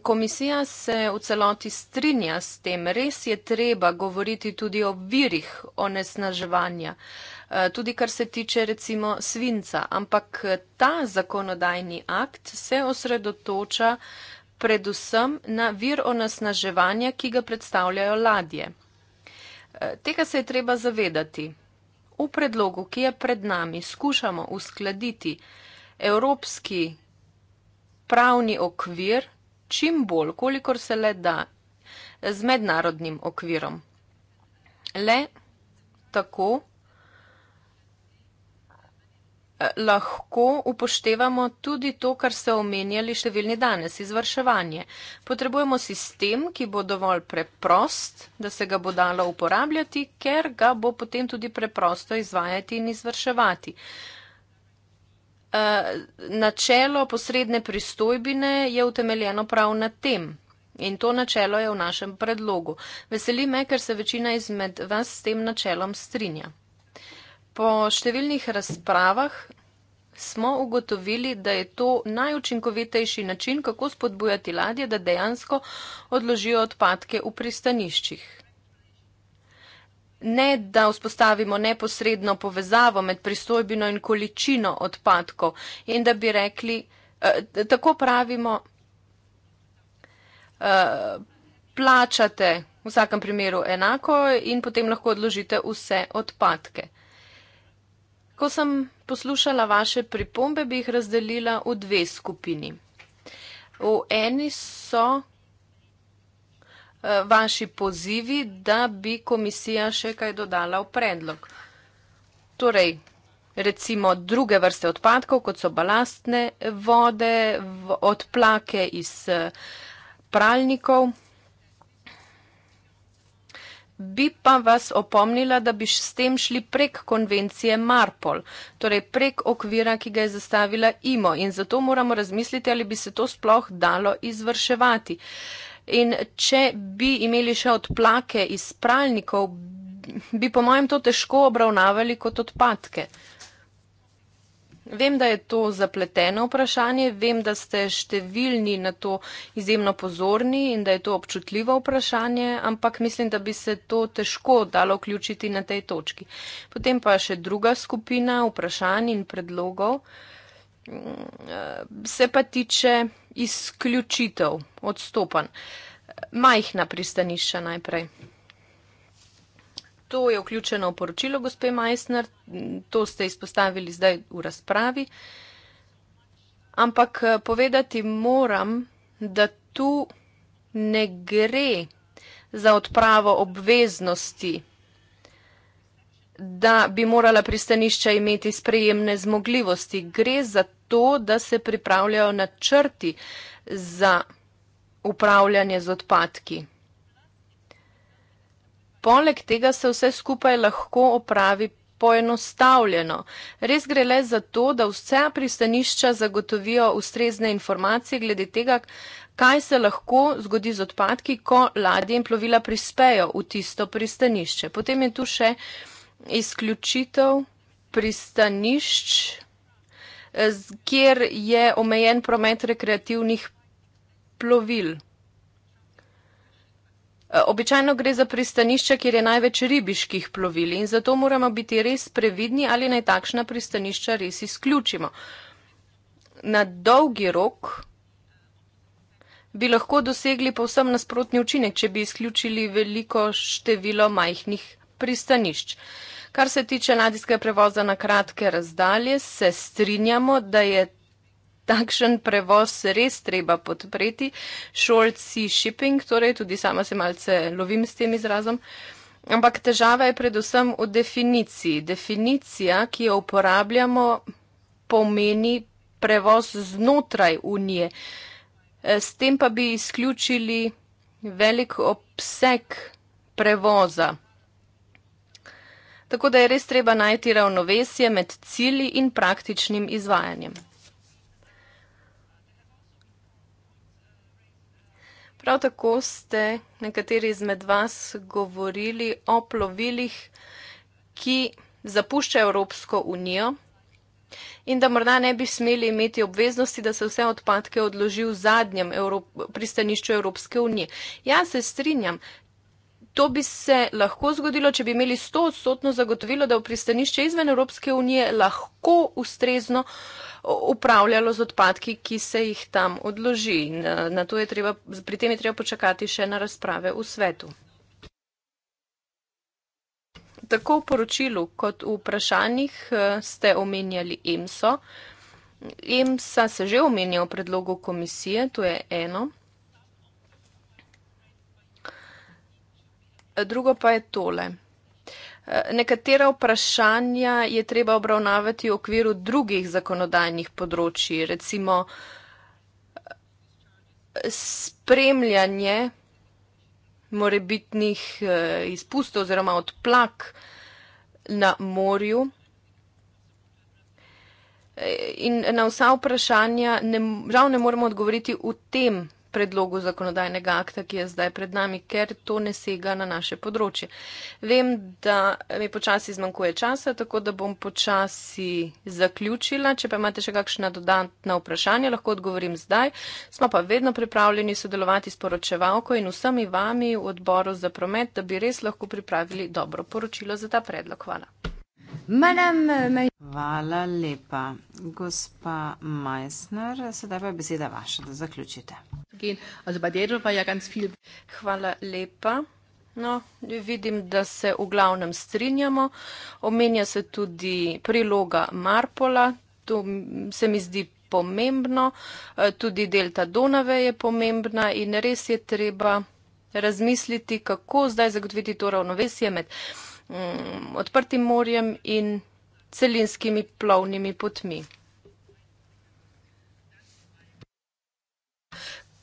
Komisija se v celoti strinja s tem, res je treba govoriti tudi o virih onesnaževanja, eh, tudi kar se tiče recimo svinca, ampak ta zakonodajni akt se osredotoča predvsem na vir onesnaževanja, ki ga predstavljajo ladje. Eh, tega se je treba zavedati. V predlogu, ki je pred nami, skušamo uskladiti evropski pravni okvir čim bolj, kolikor se le da, z mednarodnim okvirom. Le tako eh, lahko upoštevamo tudi to, kar ste omenjali številni danes, izvrševanje. Potrebujemo sistem, ki bo dovolj preprost, da se ga bo dalo uporabljati, ker ga bo potem tudi preprosto izvajati in izvrševati. Eh, načelo posredne pristojbine je utemeljeno prav na tem. In to načelo je v našem predlogu. Veseli me, ker se večina izmed vas s tem načelom strinja. Po številnih razpravah smo ugotovili, da je to najučinkovitejši način, kako spodbujati ladje, da dejansko odložijo odpadke v pristaniščih ne da vzpostavimo neposredno povezavo med pristojbino in količino odpadkov in da bi rekli, eh, tako pravimo, eh, plačate v vsakem primeru enako in potem lahko odložite vse odpadke. Ko sem poslušala vaše pripombe, bi jih razdelila v dve skupini. V eni so Eh, vaši pozivi, da bi komisija še kaj dodala v predlog. Torej, recimo druge vrste odpadkov, kot so balastne vode, odplake iz eh, pralnikov. Bi pa vas opomnila, da bi s tem šli prek konvencije Marpol, torej prek okvira, ki ga je zastavila IMO in zato moramo razmisliti, ali bi se to sploh dalo izvrševati. Uh, In če bi imeli še odplake iz pralnikov, bi po mojem to težko obravnavali kot odpadke. Vem, da je to zapleteno vprašanje, vem, da ste številni na to izjemno pozorni in da je to občutljivo vprašanje, ampak mislim, da bi se to težko dalo vključiti na tej točki. Potem pa še druga skupina vprašanj in predlogov. Uh, se pa tiče izključitev, odstopanj. Majhna pristanišča najprej. To je vključeno v poročilo, gospe Majsner, to ste izpostavili zdaj v razpravi. Ampak povedati moram, da tu ne gre za odpravo obveznosti da bi morala pristanišča imeti sprejemne zmogljivosti. Gre za to, da se pripravljajo načrti za upravljanje z odpadki. Poleg tega se vse skupaj lahko opravi poenostavljeno. Res gre le za to, da vse pristanišča zagotovijo ustrezne informacije glede tega, kaj se lahko zgodi z odpadki, ko ladje in plovila prispejo v tisto pristanišče. Potem je tu še uh, izključitev pristanišč, eh, kjer je omejen promet rekreativnih plovil. Eh, običajno gre za pristanišča, kjer je največ ribiških plovil in zato moramo biti res previdni, ali naj takšna pristanišča res izključimo. Na dolgi rok bi lahko dosegli povsem nasprotni učinek, če bi izključili veliko število majhnih pristanišč. Kar se tiče ladijskega prevoza na kratke razdalje, se strinjamo, da je takšen prevoz res treba podpreti. Short sea shipping, torej tudi sama se malce lovim s tem izrazom. Ampak težava je predvsem v definiciji. Definicija, ki jo uporabljamo, pomeni prevoz znotraj unije. E, s tem pa bi izključili velik obseg prevoza tako da je res treba najti ravnovesje med cilji in praktičnim izvajanjem. Prav tako ste nekateri izmed vas govorili o plovilih, ki zapuščajo Evropsko unijo in da morda ne bi smeli imeti obveznosti, da se vse odpadke odloži v zadnjem Evrop pristanišču Evropske unije. Ja, se strinjam, To bi se lahko zgodilo, če bi imeli 100-odstotno zagotovilo, da v pristanišče izven Evropske unije lahko ustrezno upravljalo z odpadki, ki se jih tam odloži. Eh, na to je treba, pri tem je treba počakati še na razprave v svetu. Tako v poročilu kot v vprašanjih eh, ste omenjali EMSO. EMSA se že omenja v predlogu komisije, to je eno. drugo pa je tole. E, nekatera vprašanja je treba obravnavati v okviru drugih zakonodajnih področji, recimo e, spremljanje morebitnih e, izpustov oziroma odplak na morju. In na vsa vprašanja ne, žal ne moremo odgovoriti v tem predlogu zakonodajnega akta, ki je zdaj pred nami, ker to ne sega na naše področje. Vem, da mi počasi zmanjkuje časa, tako da bom počasi zaključila. Če pa imate še kakšna dodatna vprašanja, lahko odgovorim zdaj. Smo pa vedno pripravljeni sodelovati s poročevalko in vsemi vami v odboru za promet, da bi res lahko pripravili dobro poročilo za ta predlog. Hvala. Uh, Hvala lepa, gospa Majsner. Sedaj pa je beseda vaša, da zaključite gehen. Also bei Dedo war ja ganz viel. Hvala lepa. No, vidim, da se v glavnem strinjamo. Omenja se tudi priloga Marpola. To se mi zdi pomembno. Eh, tudi delta Donave je pomembna in res je treba razmisliti, kako zdaj zagotoviti to ravnovesje med mm, odprtim morjem in celinskimi plovnimi potmi.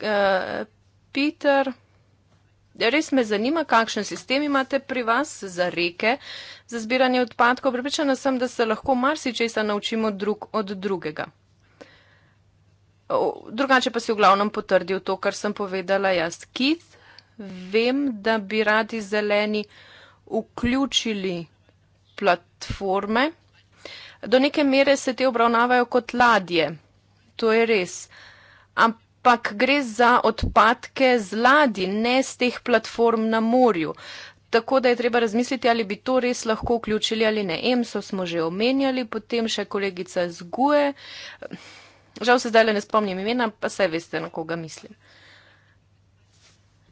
Eh, Peter, res me zanima, kakšen sistem imate pri vas za reke, za zbiranje odpadkov. Pripričana sem, da se lahko marsičesa naučimo drug od drugega. Drugače pa si v glavnem potrdil to, kar sem povedala jaz. Keith, vem, da bi radi zeleni vključili platforme. Do neke mere se te obravnavajo kot ladje. To je res. Ampak ampak gre za odpadke z ladi, ne z teh platform na morju. Tako da je treba razmisliti, ali bi to res lahko vključili ali ne. EMSO smo že omenjali, potem še kolegica Zguje. Žal se zdaj le ne spomnim imena, pa saj veste, na koga mislim.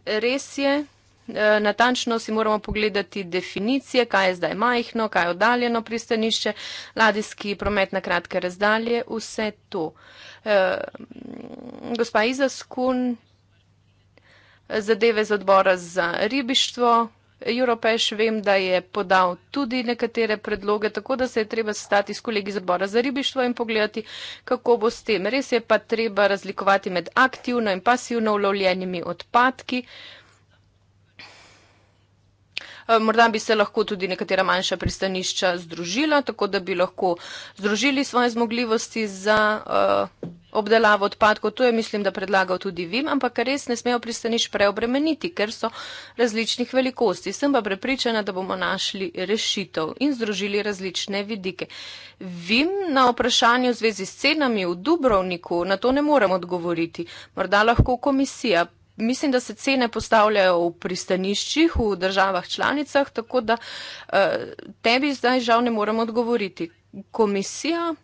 Res je, E, natančno si moramo pogledati definicije, kaj je zdaj majhno, kaj je oddaljeno pristanišče, ladijski promet na kratke razdalje, vse to. E, gospa Iza Skun, zadeve z odbora za ribištvo. Europeš vem, da je podal tudi nekatere predloge, tako da se je treba sestati s kolegi z odbora za ribištvo in pogledati, kako bo s tem. Res je pa treba razlikovati med aktivno in pasivno ulovljenimi odpadki. Uh, Eh, morda bi se lahko tudi nekatera manjša pristanišča združila, tako da bi lahko združili svoje zmogljivosti za eh, obdelavo odpadkov. To je, mislim, da predlagal tudi Vim, ampak res ne smejo pristaniš preobremeniti, ker so različnih velikosti. Sem pa prepričana, da bomo našli rešitev in združili različne vidike. Vim na vprašanje v zvezi s cenami v Dubrovniku na to ne morem odgovoriti. Morda lahko komisija mislim, da se cene postavljajo v pristaniščih, v državah članicah, tako da eh, tebi zdaj žal ne morem odgovoriti. Komisija,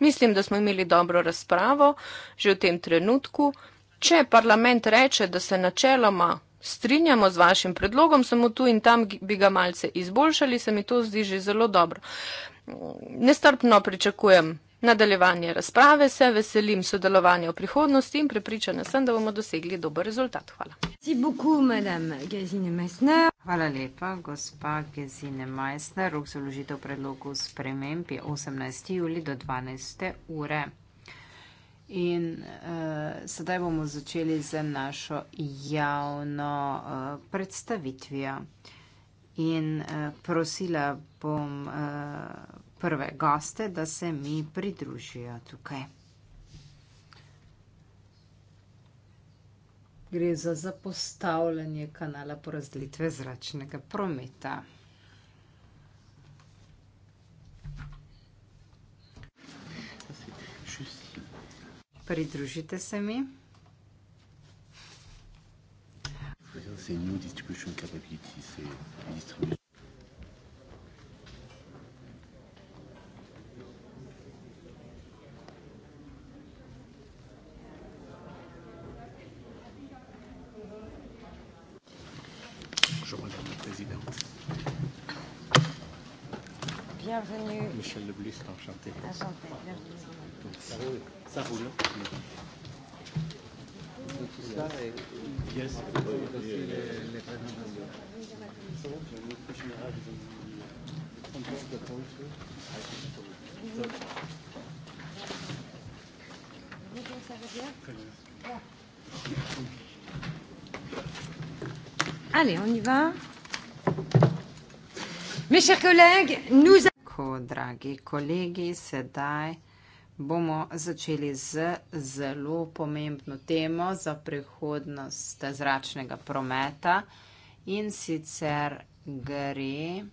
mislim, da smo imeli dobro razpravo že v tem trenutku. Če parlament reče, da se načeloma strinjamo z vašim predlogom, samo tu in tam bi ga malce izboljšali, se mi to zdi že zelo dobro. Nestrpno pričakujem Nadaljevanje razprave se veselim sodelovanja v prihodnosti in prepričana sem, da bomo dosegli dober rezultat. Hvala. Hvala lepa, gospa Gezine Meissner. Rok za vložitev predlogov sprememb je 18. juli do 12. ure. In uh, sedaj bomo začeli z našo javno uh, predstavitvijo. In uh, prosila bom. Uh, prve goste, da se mi pridružijo tukaj. Gre za zapostavljanje kanala porazdelitve zračnega prometa. Pridružite se mi. C'est une nouvelle distribution capability, c'est une distribution. Michel Leblis, enchanté. Ça roule. Allez, on y va. Mes chers collègues, nous avons uspehu, dragi kolegi. Sedaj bomo začeli z zelo pomembno temo za prihodnost zračnega prometa in sicer gre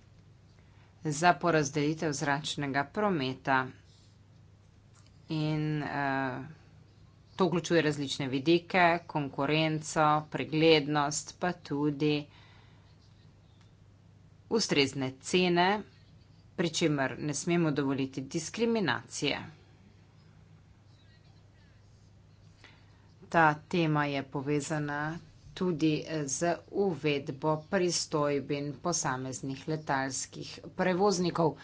za porazdelitev zračnega prometa. In uh, to vključuje različne vidike, konkurenco, preglednost, pa tudi ustrezne cene pri čemer ne smemo dovoliti diskriminacije. Ta tema je povezana tudi z uvedbo pristojbin posameznih letalskih prevoznikov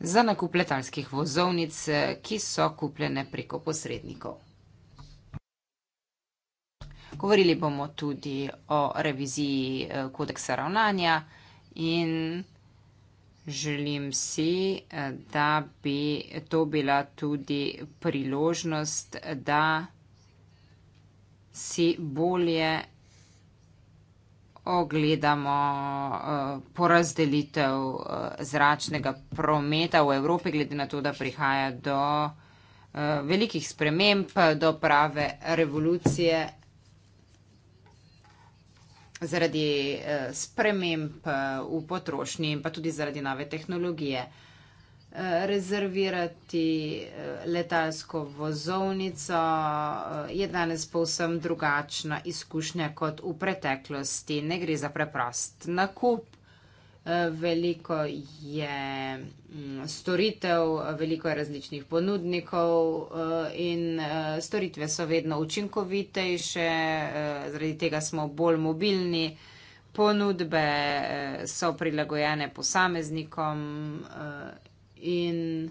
za nakup letalskih vozovnic, ki so kupljene preko posrednikov. Govorili bomo tudi o reviziji eh, kodeksa ravnanja in Želim si, eh, da bi to bila tudi priložnost, da si bolje ogledamo eh, porazdelitev eh, zračnega prometa v Evropi, glede na to, da prihaja do velikih sprememb, do prave revolucije zaradi uh, sprememb uh, v potrošnji in pa tudi zaradi nove tehnologije uh, rezervirati uh, letalsko vozovnico uh, je danes povsem drugačna izkušnja kot v preteklosti. Ne gre za preprost nakup, veliko je mm, storitev, veliko je različnih ponudnikov eh, in eh, storitve so vedno učinkovitejše, eh, zaradi tega smo bolj mobilni, ponudbe so prilagojene posameznikom in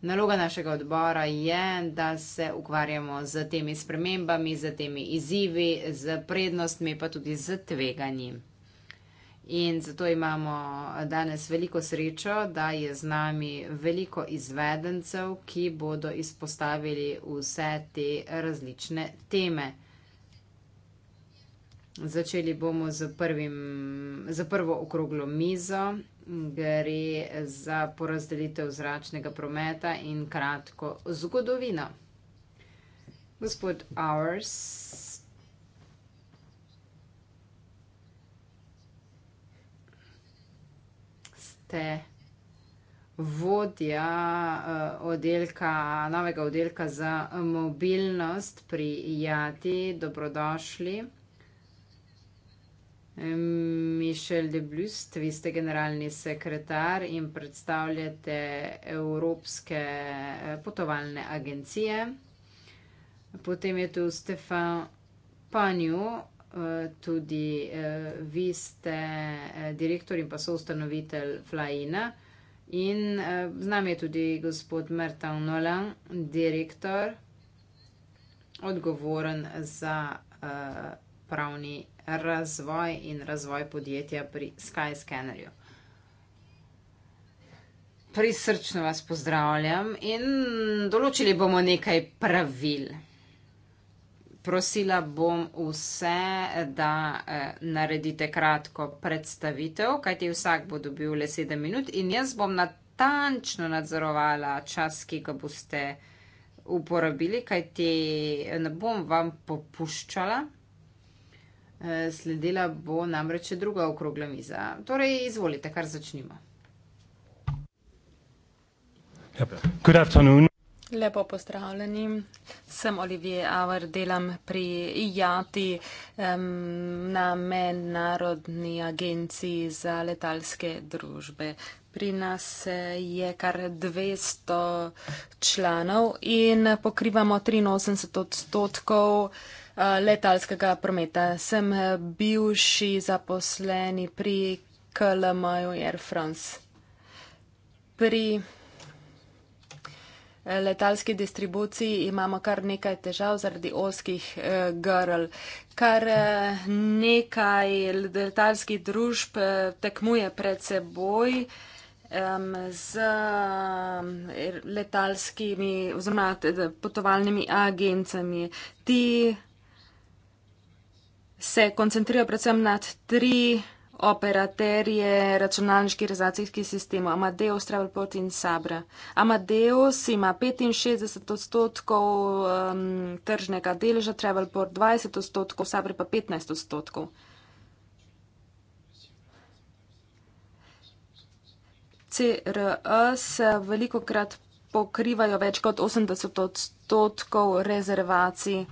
naloga našega odbora je, da se ukvarjamo z temi spremembami, z temi izzivi, z prednostmi, pa tudi z tveganjem. In zato imamo danes veliko srečo, da je z nami veliko izvedencev, ki bodo izpostavili vse te različne teme. Začeli bomo z, prvim, z prvo okroglo mizo, gre za porazdelitev zračnega prometa in kratko zgodovino. Gospod Ours. te vodja eh, oddelka, novega oddelka za mobilnost pri Jati. Dobrodošli. Mišel de Blust, vi ste generalni sekretar in predstavljate evropske eh, potovalne agencije. Potem je tu Stefan Panju, tudi uh, vi ste uh, direktor in pa soustanovitelj Flajina. In uh, z nami je tudi gospod Mertan Nolan, direktor, odgovoren za uh, pravni razvoj in razvoj podjetja pri Skyscannerju. Prisrčno vas pozdravljam in določili bomo nekaj pravil prosila bom vse, da eh, naredite kratko predstavitev, kajti vsak bo dobil le sedem minut in jaz bom natančno nadzorovala čas, ki ga boste uporabili, kajti ne bom vam popuščala. Eh, sledila bo namreč druga okrogla miza. Torej, izvolite, kar začnimo. Good afternoon. Lepo pozdravljeni. Sem Olivier Auer, delam pri IATI um, na mednarodni agenciji za letalske družbe. Pri nas je kar 200 članov in pokrivamo 83 odstotkov eh, letalskega prometa. Sem bivši zaposleni pri KLM-ju Air France. Pri letalski distribuciji imamo kar nekaj težav zaradi oskih eh, grl. Kar eh, nekaj letalskih družb eh, tekmuje pred seboj z letalskimi oziroma potovalnimi agencami. Ti se koncentrirajo predvsem nad tri operaterje računalniških rezacijskih sistemov Amadeus, Travelport in Sabra. Amadeus ima 65 odstotkov um, tržnega deleža, Travelport 20 odstotkov, Sabra pa 15 odstotkov. CRE se veliko krat pokrivajo več kot 80 odstotkov rezervacij.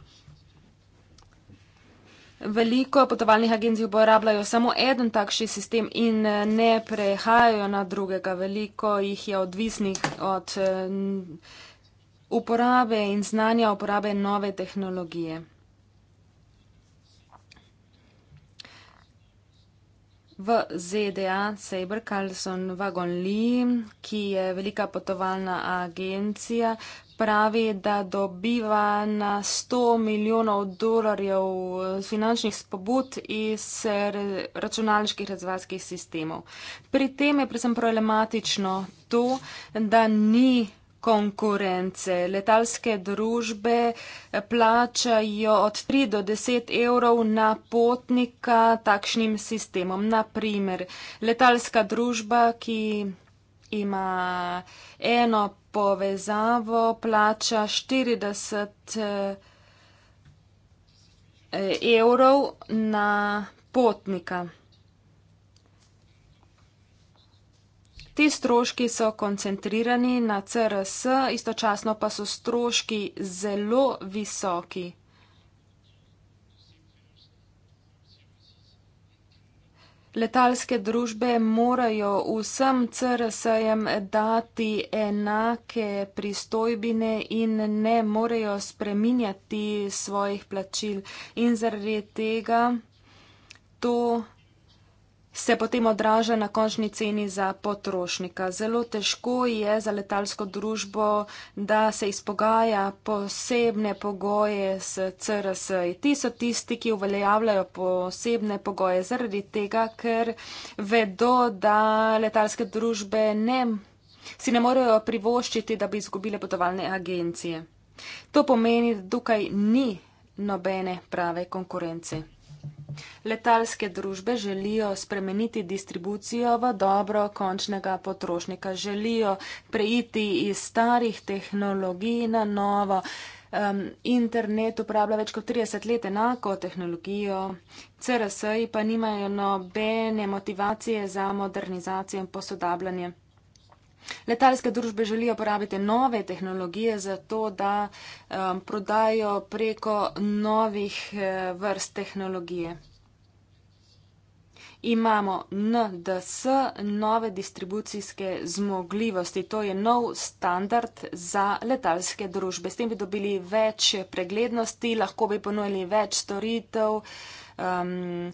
Veliko potovalnih agencij uporabljajo samo en takšen sistem in eh, ne prehajajo na drugega. Veliko jih je odvisnih od eh, uporabe in znanja uporabe nove tehnologije. V ZDA Saber Carlson Wagon Lee, ki je velika potovalna agencija, pravi, da dobiva na 100 milijonov dolarjev eh, finančnih spobud iz eh, računalniških razvadskih sistemov. Pri tem je predvsem problematično to, da ni konkurence. Letalske družbe eh, plačajo od 3 do 10 evrov na potnika takšnim sistemom. Naprimer, letalska družba, ki ima eno povezavo plača 40 eh, evrov na potnika. Ti stroški so koncentrirani na CRS, istočasno pa so stroški zelo visoki. Letalske družbe morajo vsem CRS-jem dati enake pristojbine in ne morejo spreminjati svojih plačil. In zaradi tega to se potem odraža na končni ceni za potrošnika. Zelo težko je za letalsko družbo, da se izpogaja posebne pogoje s CRS. Ti so tisti, ki uveljavljajo posebne pogoje zaradi tega, ker vedo, da letalske družbe ne, si ne morejo privoščiti, da bi izgubile potovalne agencije. To pomeni, da tukaj ni nobene prave konkurence. Letalske družbe želijo spremeniti distribucijo v dobro končnega potrošnika, želijo preiti iz starih tehnologij na novo. Um, internet uporablja več kot 30 let enako tehnologijo, CRS-ji pa nimajo nobene motivacije za modernizacijo in posodabljanje. Letalske družbe želijo uporabiti nove tehnologije za to, da um, prodajo preko novih eh, vrst tehnologije imamo NDS, nove distribucijske zmogljivosti. To je nov standard za letalske družbe. S tem bi dobili več preglednosti, lahko bi ponujali več storitev. Um,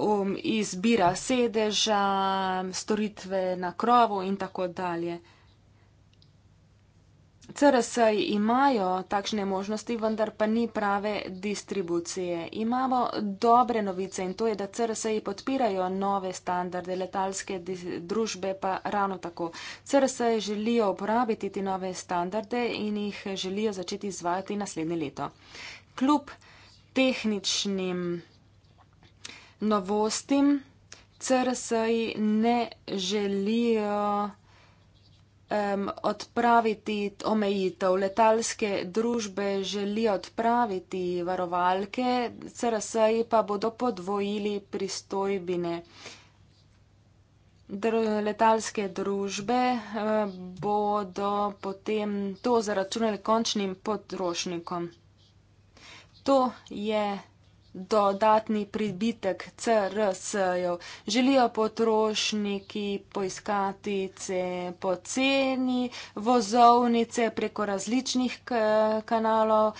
Um, izbira sedeža, storitve na krovu in tako dalje. CRS imajo takšne možnosti, vendar pa ni prave distribucije. Imamo dobre novice in to je, da CRS podpirajo nove standarde, letalske družbe pa ravno tako. CRS želijo uporabiti te nove standarde in jih želijo začeti izvajati naslednje leto. Kljub tehničnim novostim, CRS ne želijo um, odpraviti omejitev. Letalske družbe želijo odpraviti varovalke, CRS-ji pa bodo podvojili pristojbine. Dr letalske družbe um, bodo potem to zaračunali končnim potrošnikom. To je dodatni pribitek CRS-jev. Želijo potrošniki poiskati poceni vozovnice preko različnih kanalov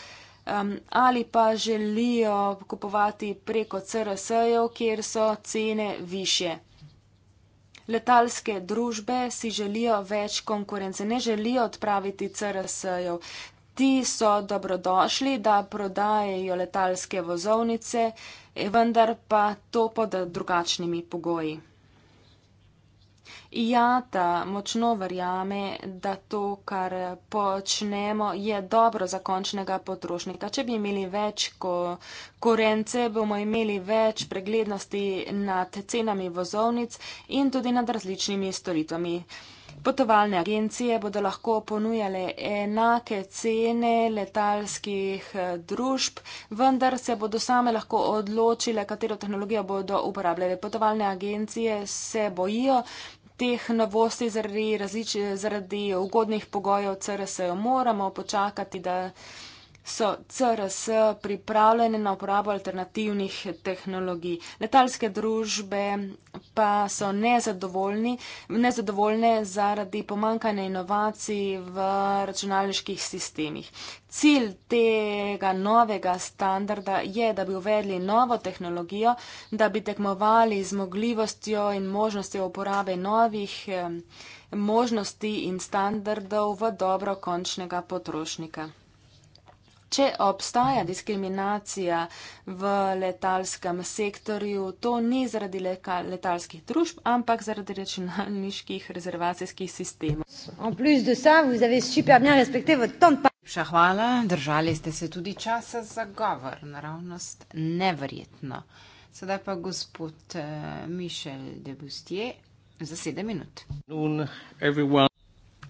um, ali pa želijo kupovati preko CRS-jev, kjer so cene više. Letalske družbe si želijo več konkurence, ne želijo odpraviti CRS-jev ti so dobrodošli, da prodajajo letalske vozovnice, vendar pa to pod drugačnimi pogoji. Jata močno verjame, da to, kar počnemo, je dobro za končnega potrošnika. Če bi imeli več korence, bomo imeli več preglednosti nad cenami vozovnic in tudi nad različnimi storitvami. Potovalne agencije bodo lahko ponujale enake cene letalskih eh, družb, vendar se bodo same lahko odločile, katero tehnologijo bodo uporabljale. Potovalne agencije se bojijo teh novosti zaradi, različ, zaradi ugodnih pogojev CRS. Moramo počakati, da so CRS pripravljene na uporabo alternativnih tehnologij. Letalske družbe pa so nezadovoljne zaradi pomankanja inovacij v računalniških sistemih. Cilj tega novega standarda je, da bi uvedli novo tehnologijo, da bi tekmovali zmogljivostjo in možnostjo uporabe novih eh, možnosti in standardov v dobro končnega potrošnika. Če obstaja diskriminacija v letalskem sektorju, to ni zaradi letalskih družb, ampak zaradi računalniških rezervacijskih sistemov. Še hvala, držali ste se tudi časa za govor, naravnost neverjetno. Sedaj pa gospod eh, Mišel de Bustier za sedem minut. Noon,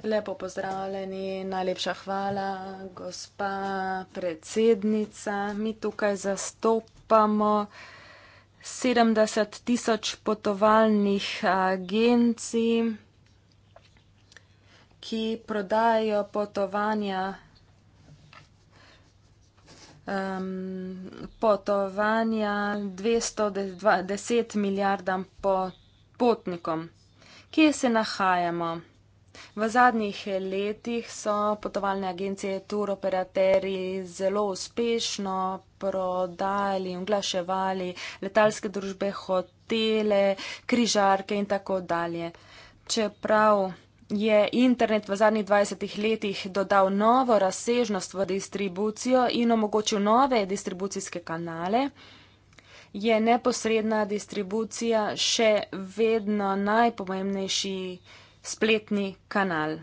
Lepo pozdravljeni, najlepša hvala, gospa predsednica. Mi tukaj zastopamo 70 tisoč potovalnih agencij, ki prodajajo potovanja, um, potovanja 210 milijardam potnikom. Kje se nahajamo? V zadnjih letih so potovalne agencije turoperaterji zelo uspešno prodajali in oglaševali letalske družbe, hotele, križarke in tako dalje. Čeprav je internet v zadnjih 20 letih dodal novo razsežnost v distribucijo in omogočil nove distribucijske kanale, je neposredna distribucija še vedno najpomembnejši spletni kanal.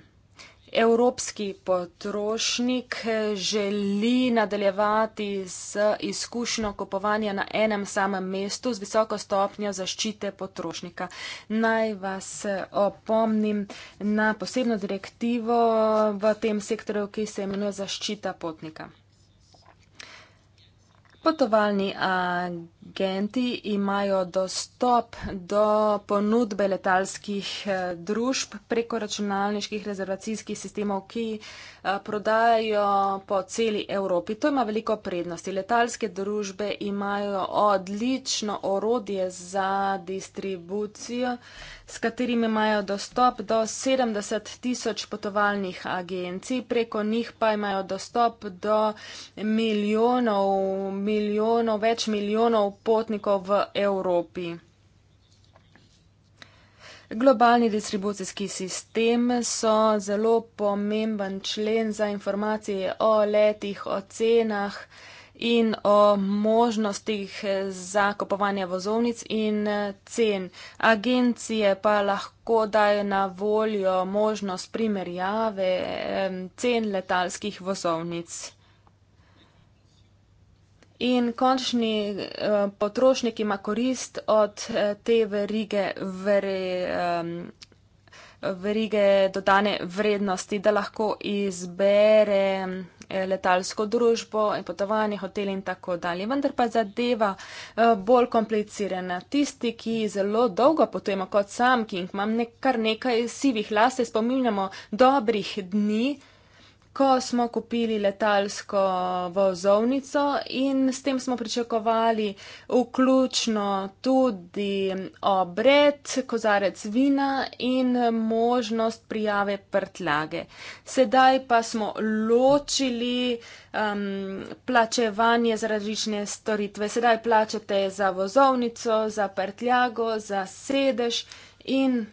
Evropski potrošnik želi nadaljevati z izkušnjo kupovanja na enem samem mestu z visoko stopnjo zaščite potrošnika. Naj vas opomnim na posebno direktivo v tem sektorju, ki se imenuje zaščita potnika. Potovalni agent agenti imajo dostop do ponudbe letalskih eh, družb preko računalniških rezervacijskih sistemov, ki eh, prodajajo po celi Evropi. To ima veliko prednosti. Letalske družbe imajo odlično orodje za distribucijo, s katerimi imajo dostop do 70 tisoč potovalnih agencij, preko njih pa imajo dostop do milijonov, milijonov, več milijonov potnikov v Evropi. Globalni distribucijski sistem so zelo pomemben člen za informacije o letih, o cenah in o možnostih za kupovanje vozovnic in cen. Agencije pa lahko daje na voljo možnost primerjave cen letalskih vozovnic in končni uh, potrošnik ima korist od uh, te verige, veri, um, verige dodane vrednosti, da lahko izbere eh, letalsko družbo in potovanje, hotel in tako dalje. Vendar pa zadeva bolj komplicirana. Tisti, ki zelo dolgo potujemo kot sam, ki imam nek, kar nekaj sivih las, se spominjamo dobrih dni, ko smo kupili letalsko vozovnico in s tem smo pričakovali vključno tudi obred, kozarec vina in možnost prijave prtlage. Sedaj pa smo ločili um, plačevanje za različne storitve. Sedaj plačate za vozovnico, za prtljago, za sedež in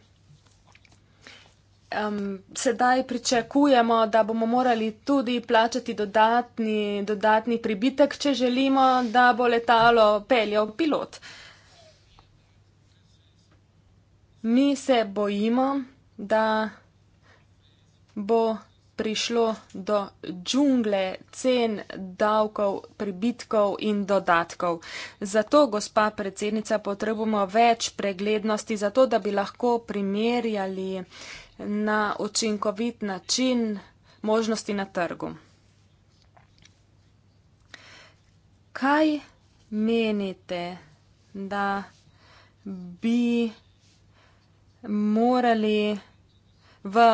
um, sedaj pričakujemo, da bomo morali tudi plačati dodatni, dodatni pribitek, če želimo, da bo letalo peljal pilot. Mi se bojimo, da bo prišlo do džungle cen davkov, pribitkov in dodatkov. Zato, gospa predsednica, potrebujemo več preglednosti, zato da bi lahko primerjali eh, na učinkovit način možnosti na trgu. Kaj menite, da bi morali v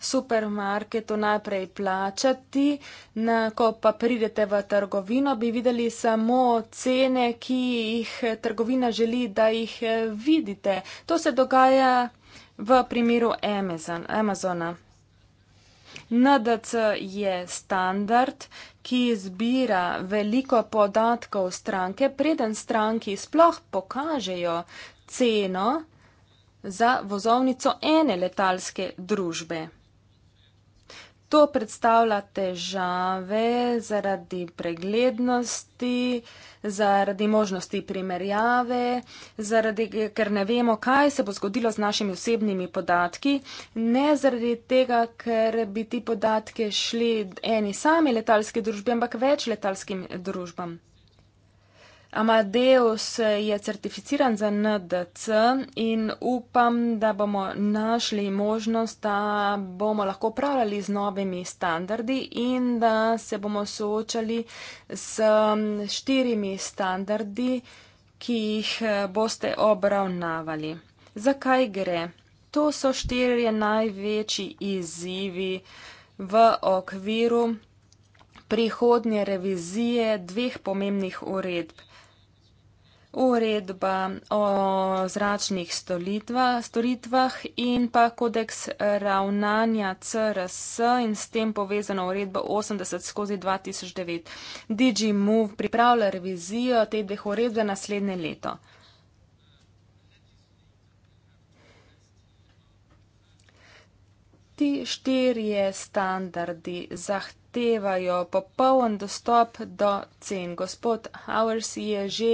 supermarketu najprej plačati, na, ko pa pridete v trgovino, bi videli samo cene, ki jih trgovina želi, da jih vidite. To se dogaja v primeru Amazon, Amazona. NDC je standard, ki zbira veliko podatkov stranke, preden stranki sploh pokažejo ceno za vozovnico ene letalske družbe. To predstavlja težave zaradi preglednosti, zaradi možnosti primerjave, zaradi, ker ne vemo, kaj se bo zgodilo z našimi osebnimi podatki, ne zaradi tega, ker bi ti podatke šli eni sami letalski družbi, ampak več letalskim družbam. Amadeus je certificiran za NDC in upam, da bomo našli možnost, da bomo lahko pravljali z novimi standardi in da se bomo soočali s štirimi standardi, ki jih eh, boste obravnavali. Zakaj gre? To so štirje največji izzivi v okviru prihodnje revizije dveh pomembnih uredb uredba o zračnih storitva, storitvah in pa kodeks ravnanja CRS in s tem povezano uredbo 80 skozi 2009. Digimove pripravlja revizijo te dveh uredbe naslednje leto. Ti štirje standardi zahtevajo popoln dostop do cen. Gospod Howers je že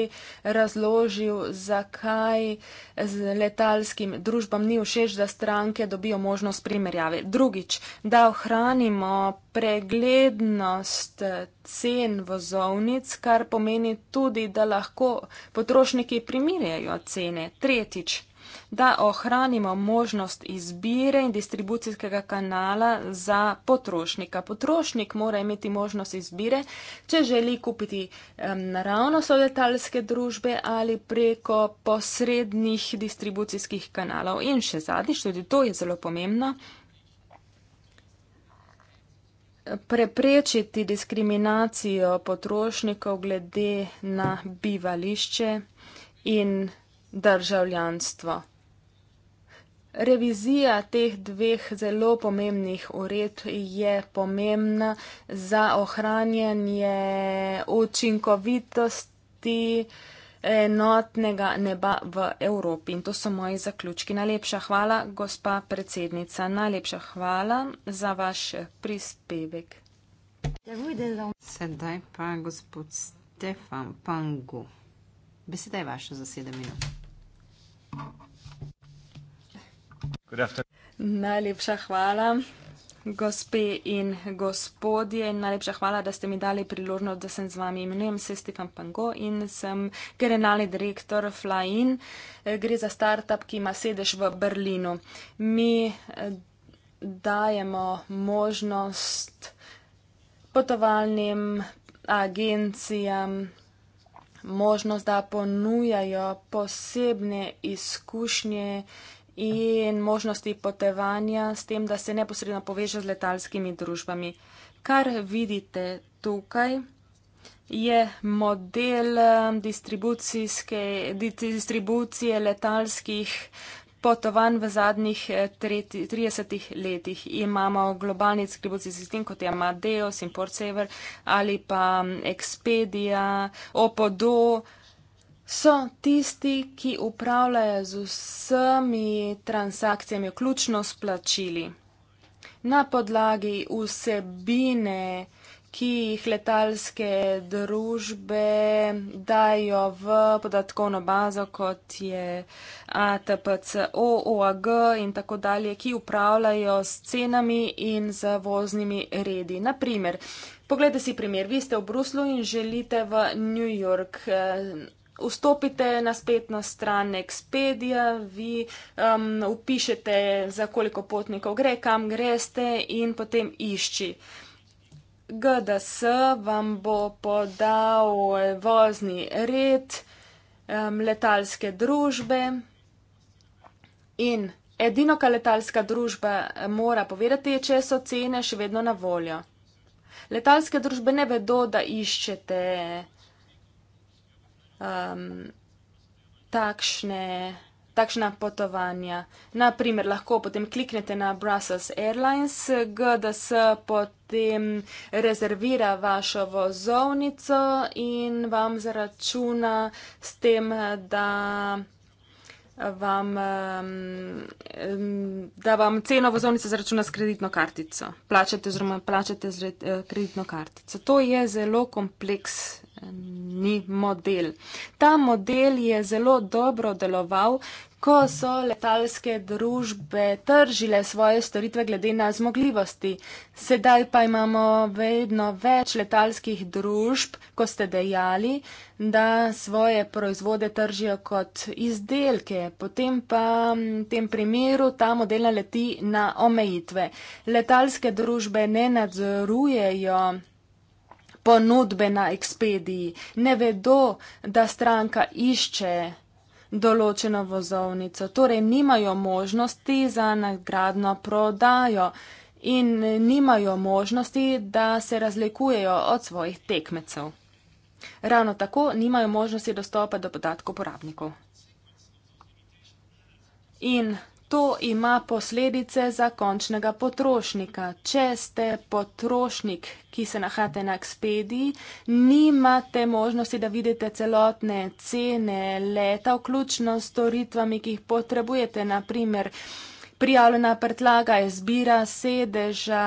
razložil, zakaj z letalskim družbam ni všeč, da stranke dobijo možnost primerjave. Drugič, da ohranimo preglednost cen vozovnic, kar pomeni tudi, da lahko potrošniki primerjajo cene. Tretjič, da ohranimo možnost izbire in distribucijskega kanala za potrošnika. Potrošnik mora imeti možnost izbire, če želi kupiti naravno so letalske družbe ali preko posrednih distribucijskih kanalov. In še zadnjič, tudi to je zelo pomembno. Preprečiti diskriminacijo potrošnikov glede na bivališče in državljanstvo. Revizija teh dveh zelo pomembnih ured je pomembna za ohranjanje učinkovitosti enotnega neba v Evropi. In to so moji zaključki. Najlepša hvala, gospa predsednica. Najlepša hvala za vaš prispevek. Sedaj pa gospod Stefan Pangu. Beseda je vaša za sedem minut. Najlepša hvala, gospe in gospodje, in najlepša hvala, da ste mi dali priložnost, da sem z vami. Imenujem se Stefan Pango in sem generalni direktor Flyin. Gre za startup, ki ima sedež v Berlinu. Mi eh, dajemo možnost potovalnim agencijam, možnost, da ponujajo posebne izkušnje in možnosti potevanja s tem, da se neposredno poveže z letalskimi družbami. Kar vidite tukaj je model um, distribucijske, distribucije letalskih uh, potovanj v zadnjih 30 eh, letih. Imamo globalni distribucijski sistem, kot je Amadeus in PortSaver ali pa mm, Expedia, Opodo, so tisti, ki upravljajo z vsemi transakcijami, vključno s plačili. Na podlagi vsebine, ki jih letalske družbe dajo v podatkovno bazo, kot je ATPC, OOAG in tako dalje, ki upravljajo s cenami in z voznimi redi. Naprimer, poglejte si primer, vi ste v Bruslu in želite v New York. Eh, vstopite na spletno stran Expedia, vi um, upišete, za koliko potnikov gre, kam greste in potem išči. GDS vam bo podal vozni red um, letalske družbe in edino, kar letalska družba eh, mora povedati, je, če so cene še vedno na voljo. Letalske družbe ne vedo, da iščete um, takšne takšna potovanja. Naprimer, lahko potem kliknete na Brussels Airlines, GDS potem rezervira vašo vozovnico in vam zaračuna s tem, da vam, da vam ceno vozovnice zaračuna s kreditno kartico. Plačate, plačate z eh, kreditno kartico. To je zelo kompleksno ni model. Ta model je zelo dobro deloval, ko so letalske družbe tržile svoje storitve glede na zmogljivosti. Sedaj pa imamo vedno več letalskih družb, ko ste dejali, da svoje proizvode tržijo kot izdelke, potem pa v tem primeru ta model naleti na omejitve. Letalske družbe ne nadzorujejo ponudbe na ekspediji, ne vedo, da stranka išče določeno vozovnico, torej nimajo možnosti za nagradno prodajo in nimajo možnosti, da se razlikujejo od svojih tekmecev. Ravno tako nimajo možnosti dostopa do podatkov porabnikov. In To ima posledice za končnega potrošnika. Če ste potrošnik, ki se nahajate na ekspediji, nimate možnosti, da vidite celotne cene leta, vključno s storitvami, ki jih potrebujete, naprimer. Prijavljena prtljaga je zbira sedeža,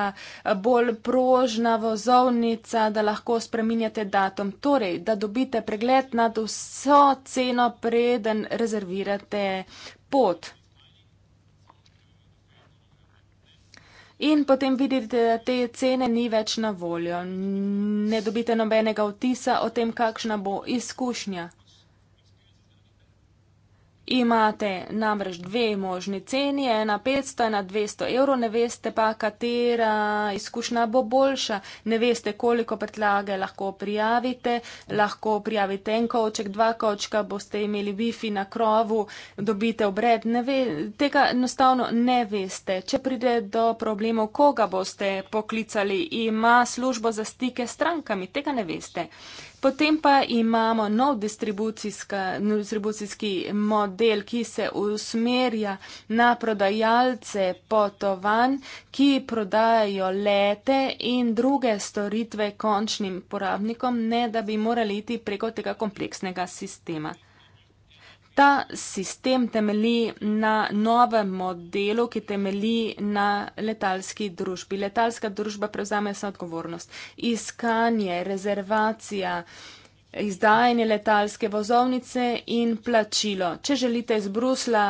bolj prožna vozovnica, da lahko spreminjate datum. Torej, da dobite pregled nad vso ceno, preden rezervirate pot. In potem vidite, da te cene ni več na voljo. Ne dobite nobenega vtisa o tem, kakšna bo izkušnja. Imate namreč dve možni ceni, ena 500, ena 200 evrov, ne veste pa, katera izkušnja bo boljša, ne veste, koliko prtljage lahko prijavite, lahko prijavite en kovček, dva kovčka, boste imeli wifi na krovu, dobite obred, ne ve, tega enostavno ne veste. Če pride do problemov, koga boste poklicali, ima službo za stike s strankami, tega ne veste. Potem pa imamo nov distribucijski model, ki se usmerja na prodajalce potovanj, ki prodajajo lete in druge storitve končnim porabnikom, ne da bi morali iti preko tega kompleksnega sistema. Ta sistem temelji na novem modelu, ki temelji na letalski družbi. Letalska družba prevzame vse odgovornost. Iskanje, rezervacija, izdajanje letalske vozovnice in plačilo. Če želite iz Brusla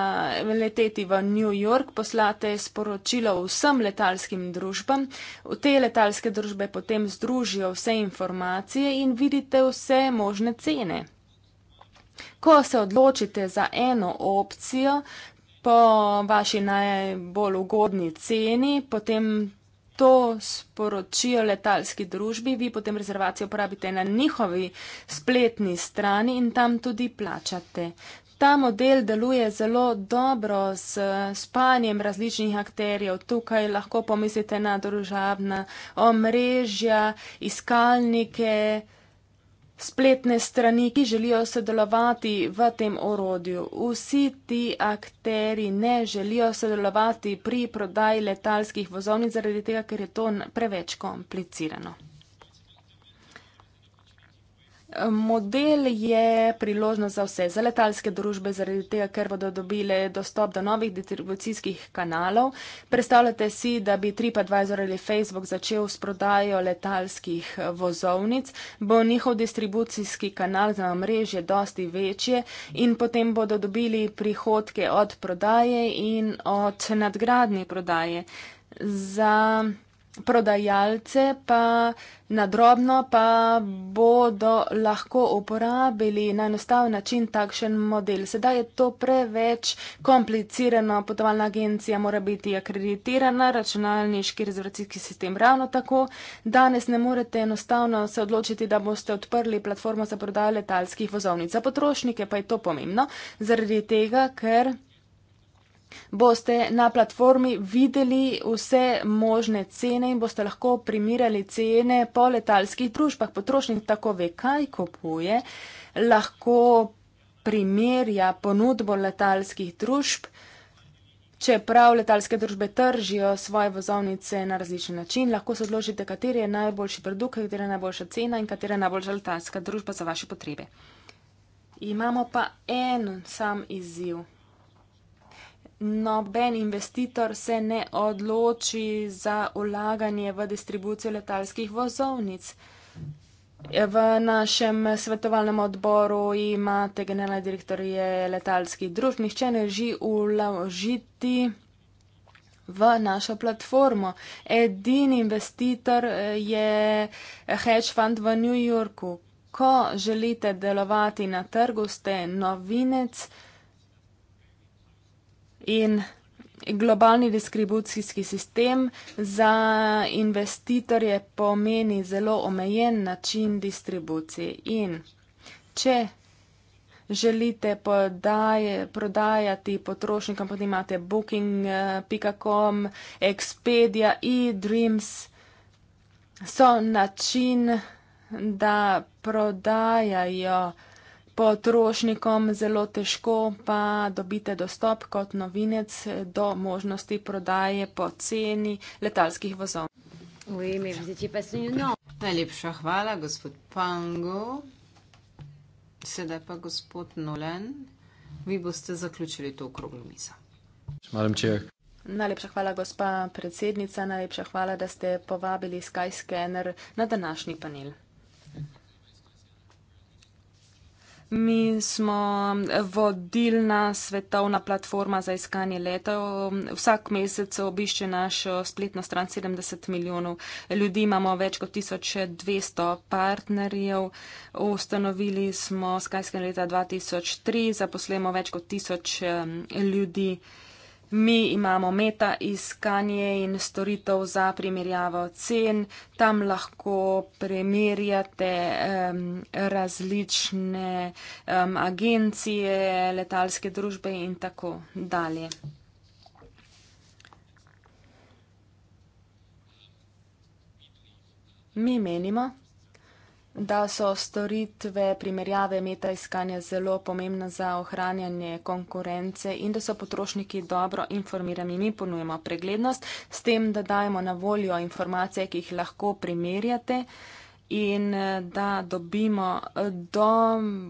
leteti v New York, poslate sporočilo vsem letalskim družbam. V te letalske družbe potem združijo vse informacije in vidite vse možne cene. Ko se odločite za eno opcijo po vaši najbolj ugodni ceni, potem to sporočijo letalski družbi, vi potem rezervacijo uporabite na njihovi spletni strani in tam tudi plačate. Ta model deluje zelo dobro s spanjem različnih akterjev. Tukaj lahko pomislite na družabna omrežja, iskalnike, spletne strani, ki želijo sodelovati v tem orodju. Vsi ti akteri ne želijo sodelovati pri prodaji letalskih vozovnic zaradi tega, ker je to preveč komplicirano. Model je priložnost za vse, za letalske družbe, zaradi tega, ker bodo dobile dostop do novih distribucijskih kanalov. Predstavljate si, da bi TripAdvisor ali Facebook začel s prodajo letalskih eh, vozovnic, bo njihov distribucijski kanal za mreže dosti večje in potem bodo dobili prihodke od prodaje in od nadgradnje prodaje. Za prodajalce pa nadrobno pa bodo lahko uporabili na enostav način takšen model. Sedaj je to preveč komplicirano, potovalna agencija mora biti akreditirana, računalniški rezervacijski sistem ravno tako. Danes ne morete enostavno se odločiti, da boste odprli platformo za prodajo letalskih vozovnic. Za potrošnike pa je to pomembno, zaradi tega, ker boste na platformi videli vse možne cene in boste lahko primirali cene po letalskih družbah. Potrošnik tako ve, kaj kupuje, lahko primerja ponudbo letalskih družb, čeprav letalske družbe tržijo svoje vozovnice na različen način, lahko se odložite, kateri je najboljši produkt, kateri je najboljša cena in kateri je najboljša letalska družba za vaše potrebe. Imamo pa en sam izziv noben investitor se ne odloči za ulaganje v distribucijo letalskih vozovnic. V našem svetovalnem odboru imate generalne direktorje letalskih družb. Nihče ne želi uložiti v našo platformo. Edini investitor eh, je eh, hedge fund v New Yorku. Ko želite delovati na trgu, ste novinec in globalni distribucijski sistem za investitorje pomeni zelo omejen način distribucije. In če želite podaje, prodajati potrošnikom, potem imate booking.com, eh, Expedia in Dreams, so način, da prodajajo potrošnikom zelo težko pa dobite dostop kot novinec do možnosti prodaje po ceni letalskih vozov. Najlepša hvala, gospod Pango. Sedaj pa gospod Nolen. Vi boste zaključili to okroglo mizo. Najlepša hvala, gospa predsednica. Najlepša hvala, da ste povabili Skyscanner na današnji panel. Mi smo vodilna svetovna platforma za iskanje letov. Vsak mesec obišče našo spletno stran 70 milijonov ljudi. Imamo več kot 1200 partnerjev. Ustanovili smo Skyscan leta 2003, zaposlemo več kot 1000 ljudi. Mi imamo meta iskanje in storitev za primerjavo cen. Tam lahko primerjate um, različne um, agencije, letalske družbe in tako dalje. Mi menimo da so storitve primerjave meta iskanja zelo pomembna za ohranjanje konkurence in da so potrošniki dobro informirani. Mi ponujemo preglednost s tem, da dajemo na voljo informacije, ki jih lahko primerjate in da dobimo do,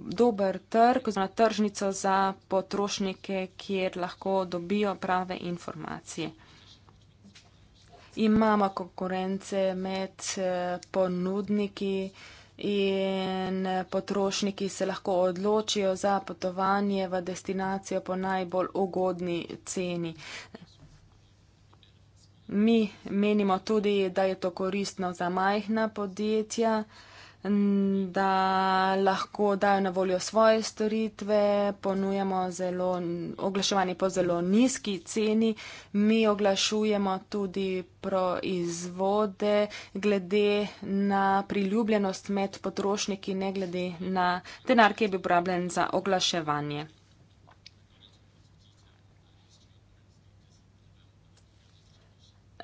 dober trg oziroma tržnico za potrošnike, kjer lahko dobijo prave informacije. Imamo konkurence med ponudniki, in eh, potrošniki se lahko odločijo za potovanje v destinacijo po najbolj ugodni ceni. Mi menimo tudi, da je to koristno za majhna podjetja da lahko dajo na voljo svoje storitve, ponujamo zelo, oglaševanje po zelo nizki ceni, mi oglašujemo tudi proizvode glede na priljubljenost med potrošniki, ne glede na denar, ki je bil uporabljen za oglaševanje.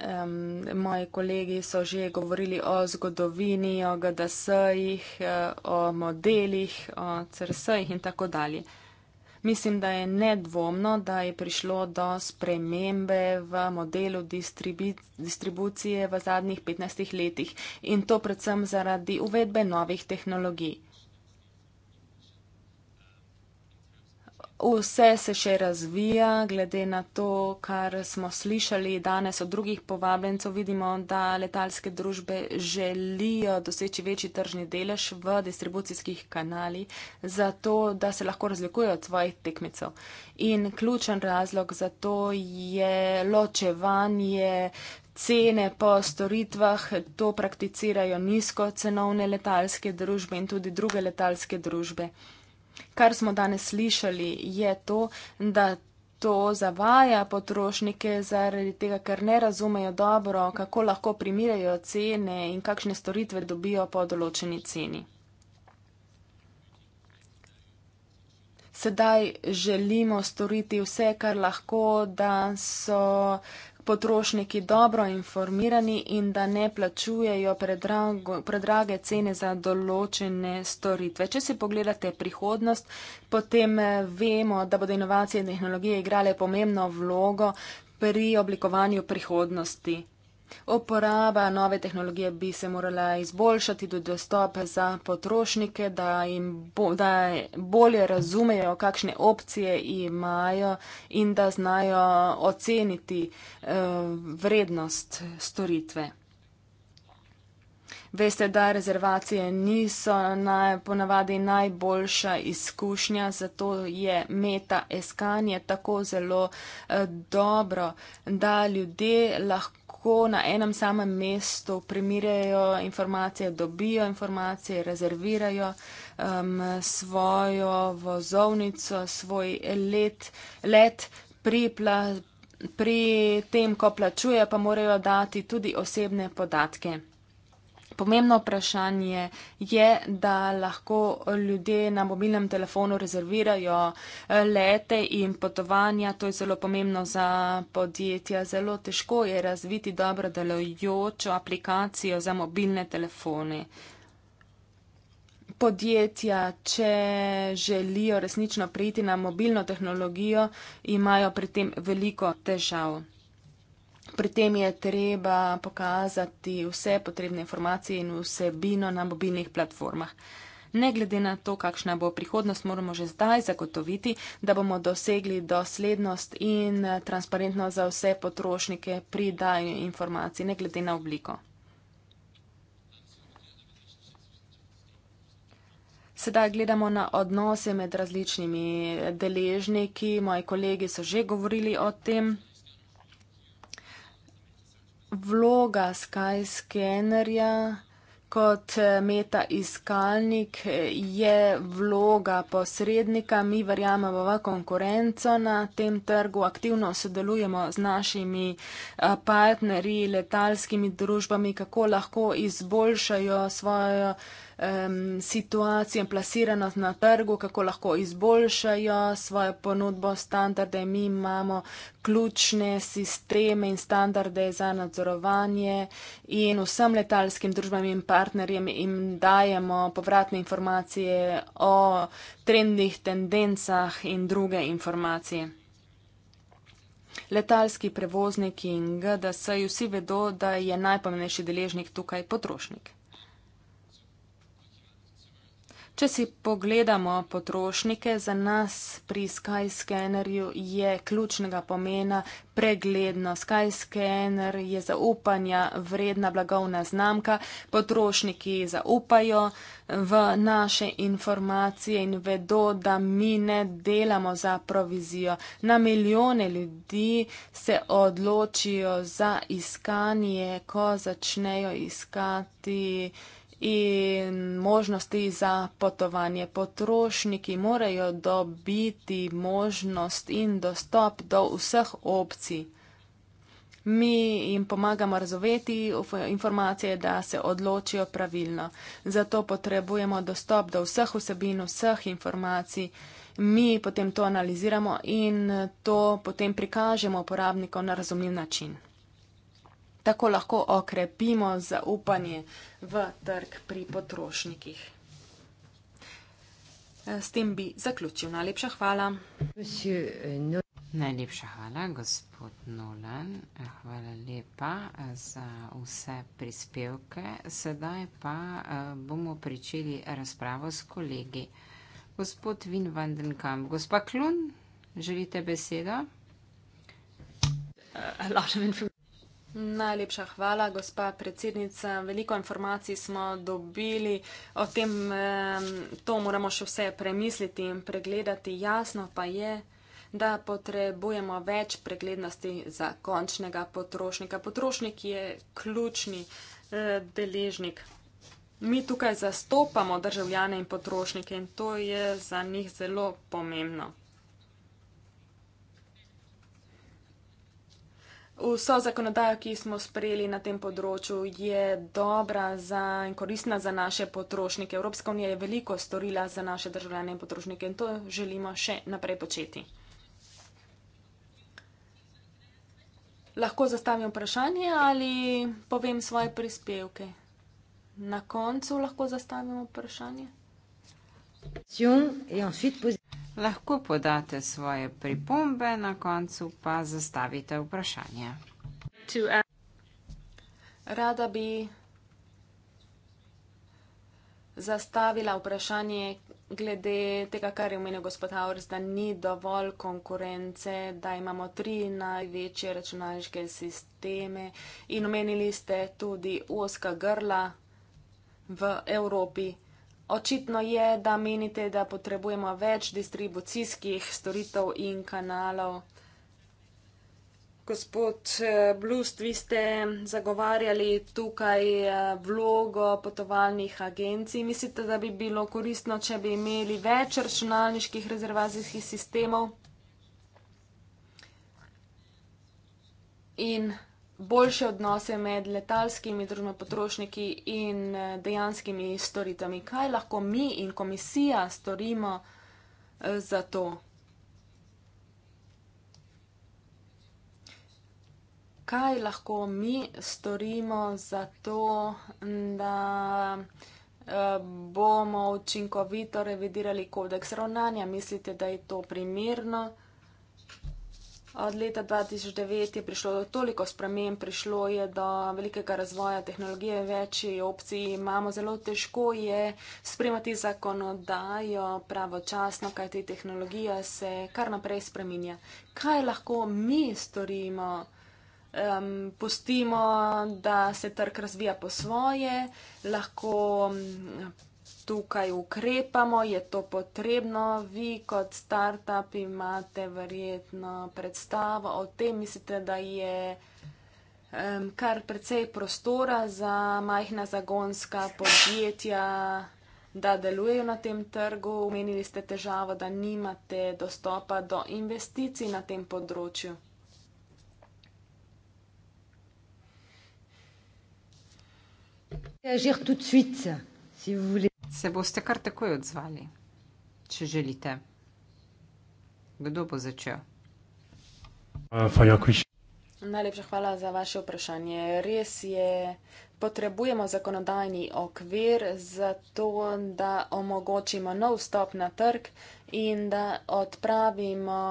um, moji kolegi so že govorili o zgodovini, o GDS-jih, eh, o modelih, o CRS-jih in tako dalje. Mislim, da je nedvomno, da je prišlo do spremembe v modelu distribu distribucije v zadnjih 15 letih in to predvsem zaradi uvedbe novih tehnologij. Vse se še razvija, glede na to, kar smo slišali danes od drugih povabljencov, vidimo, da letalske družbe želijo doseči večji tržni delež v distribucijskih kanali, zato da se lahko razlikujejo od svojih tekmicov. In ključen razlog za to je ločevanje cene po storitvah, to prakticirajo nizkocenovne letalske družbe in tudi druge letalske družbe. Kar smo danes slišali, je to, da to zavaja potrošnike zaradi tega, ker ne razumejo dobro, kako lahko primirajo cene in kakšne storitve dobijo po določeni ceni. Sedaj želimo storiti vse, kar lahko, da so potrošniki dobro informirani in da ne plačujejo predrago, predrage cene za določene storitve. Če si pogledate prihodnost, potem eh, vemo, da bodo inovacije in tehnologije igrale pomembno vlogo pri oblikovanju prihodnosti. Uporaba nove tehnologije bi se morala izboljšati tudi dostop za potrošnike, da, bo, da bolje razumejo, kakšne opcije imajo in da znajo oceniti eh, vrednost storitve. Veste, da rezervacije niso naj, ponavadi najboljša izkušnja, zato je meta eskanje tako zelo eh, dobro, da ljudje lahko lahko na enem samem mestu primirjajo informacije, dobijo informacije, rezervirajo um, svojo vozovnico, svoj let, let pri, pla, pri tem, ko plačuje, pa morajo dati tudi osebne podatke pomembno vprašanje je, da lahko ljudje na mobilnem telefonu rezervirajo eh, lete in potovanja. To je zelo pomembno za podjetja. Zelo težko je razviti dobro delojočo aplikacijo za mobilne telefone. Podjetja, če želijo resnično priti na mobilno tehnologijo, imajo pri tem veliko težav. Pri tem je treba pokazati vse potrebne informacije in vsebino na mobilnih platformah. Ne glede na to, kakšna bo prihodnost, moramo že zdaj zagotoviti, da bomo dosegli doslednost in transparentnost za vse potrošnike pri dajanju informacij, ne glede na obliko. Sedaj gledamo na odnose med različnimi deležniki. Moji kolegi so že govorili o tem vloga skyscannerja kot eh, meta iskalnik eh, je vloga posrednika. Mi verjamemo v konkurenco na tem trgu, aktivno sodelujemo z našimi eh, partnerji, letalskimi družbami, kako lahko izboljšajo svojo um, situacije in plasiranost na trgu, kako lahko izboljšajo svojo ponudbo, standarde. Mi imamo ključne sisteme in standarde za nadzorovanje in vsem letalskim družbam in partnerjem jim dajemo povratne informacije o trendih, tendencah in druge informacije. Letalski prevozniki in GDS-ji vsi vedo, da je najpomembnejši deležnik tukaj potrošnik. Če si pogledamo potrošnike, za nas pri Skyscannerju je ključnega pomena pregledno. Skyscanner je zaupanja vredna blagovna znamka, potrošniki zaupajo v naše informacije in vedo, da mi ne delamo za provizijo. Na milijone ljudi se odločijo za iskanje, ko začnejo iskati in možnosti za potovanje. Potrošniki morajo dobiti možnost in dostop do vseh opcij. Mi jim pomagamo razoveti informacije, da se odločijo pravilno. Zato potrebujemo dostop do vseh vsebin, vseh informacij. Mi potem to analiziramo in to potem prikažemo uporabnikom na razumljiv način. Tako lahko okrepimo zaupanje v trg pri potrošnikih. S tem bi zaključil. Najlepša hvala. Najlepša hvala, gospod Nolan. Hvala lepa za vse prispevke. Sedaj pa eh, bomo pričeli razpravo s kolegi. Gospod Vin van den Kamp, gospa Klun, želite besedo? Uh, a lot of information. Najlepša hvala, gospa predsednica. Veliko informacij smo dobili o tem, to moramo še vse premisliti in pregledati. Jasno pa je, da potrebujemo več preglednosti za končnega potrošnika. Potrošnik je ključni e, deležnik. Mi tukaj zastopamo državljane in potrošnike in to je za njih zelo pomembno. Vsa zakonodaja, ki smo sprejeli na tem področju, je dobra in koristna za naše potrošnike. Evropska unija je veliko storila za naše državljane in potrošnike in to želimo še naprej početi. Lahko zastavim vprašanje ali povem svoje prispevke. Na koncu lahko zastavim vprašanje lahko podate svoje pripombe, na koncu pa zastavite vprašanje. Rada bi zastavila vprašanje glede tega, kar je omenil gospod Haurs, da ni dovolj konkurence, da imamo tri največje računalniške sisteme in omenili ste tudi oska grla v Evropi. Očitno je, da menite, da potrebujemo več distribucijskih storitev in kanalov. Gospod eh, Blust, vi ste zagovarjali tukaj eh, vlogo potovalnih agencij. Mislite, da bi bilo koristno, če bi imeli več računalniških rezervacijskih sistemov? In boljše odnose med letalskimi družbami, potrošniki in eh, dejanskimi storitami. Kaj lahko mi in komisija storimo eh, za to? Kaj lahko mi storimo za to, da eh, bomo učinkovito revidirali kodeks ravnanja? Mislite, da je to primerno? Od leta 2009 je prišlo do toliko sprememb, prišlo je do velikega razvoja tehnologije, več opcij imamo. Zelo težko je spremati zakonodajo pravočasno, kaj te tehnologija se kar naprej spreminja. Kaj lahko mi storimo? Um, pustimo, da se trg razvija po svoje, lahko um, tukaj ukrepamo, je to potrebno, vi kot startup imate verjetno predstavo o tem, mislite, da je um, kar precej prostora za majhna zagonska podjetja, da delujejo na tem trgu. Omenili ste težavo, da nimate dostopa do investicij na tem področju. Agir tout de suite, si vous voulez. Se boste kar takoj odzvali, če želite. Kdo bo začel? Najlepša hvala za vaše vprašanje. Res je, potrebujemo zakonodajni okvir za to, da omogočimo nov stop na trg in da odpravimo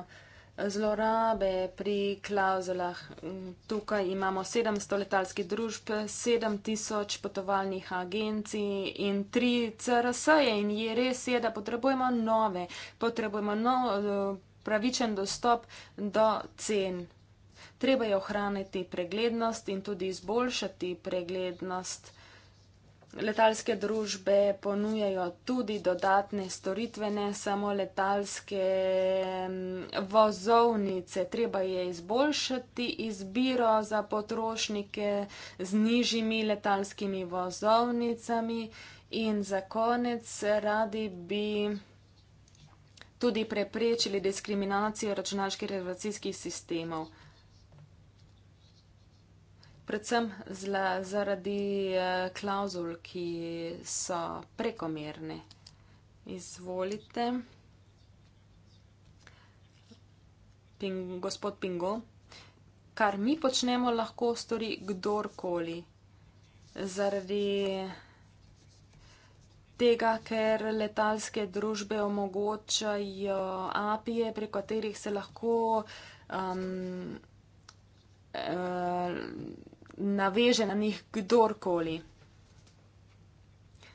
uh, zlorabe pri klauzulah. Tukaj imamo 700 letalskih družb, 7000 potovalnih agencij in 3 CRS-je in je res je, da potrebujemo nove, potrebujemo nov, eh, pravičen dostop do cen. Treba je ohraniti preglednost in tudi izboljšati preglednost letalske družbe ponujajo tudi dodatne storitve, ne samo letalske mm, vozovnice. Treba je izboljšati izbiro za potrošnike z nižjimi letalskimi vozovnicami. In za konec radi bi tudi preprečili diskriminacijo računalških rezervacijskih sistemov predvsem zla, zaradi eh, klauzul, ki so prekomerne. Izvolite. Ping, gospod Pingo, kar mi počnemo, lahko stori kdorkoli. Zaradi tega, ker letalske družbe omogočajo apije, prek katerih se lahko um, eh, naveže na njih kdorkoli.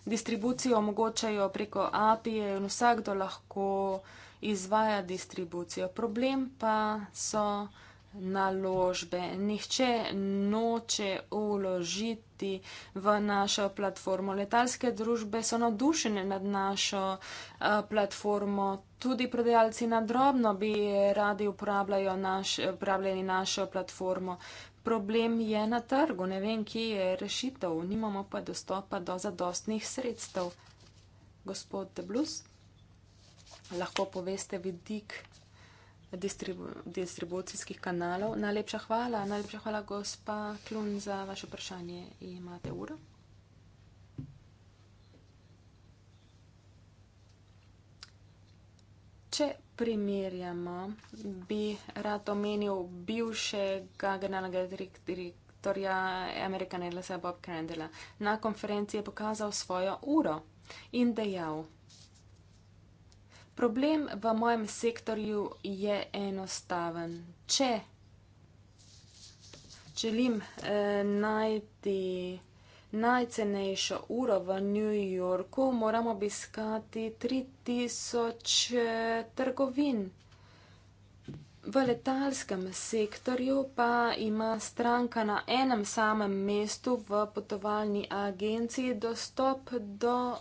Distribucijo omogočajo preko API-ja in vsakdo lahko izvaja distribucijo. Problem pa so naložbe. Nihče noče uložiti v našo platformo. Letalske družbe so navdušene nad našo uh, platformo. Tudi prodajalci na drobno bi radi uporabljali naš, našo platformo problem je na trgu, ne vem, kje je rešitev, nimamo pa dostopa do zadostnih sredstev. Gospod Deblus, lahko poveste vidik distribu distribucijskih kanalov. Najlepša hvala, najlepša hvala, gospa Klun, za vaše vprašanje. Imate uro. Če primerjamo, bi rad omenil bivšega generalnega direktorja Amerikane Lesa Bob Crandela. Na konferenci je pokazal svojo uro in dejal. Problem v mojem sektorju je enostaven. Če želim eh, najti najcenejšo uro v New Yorku, moram obiskati 3000 eh, trgovin. V letalskem sektorju pa ima stranka na enem samem mestu v potovalni agenciji dostop do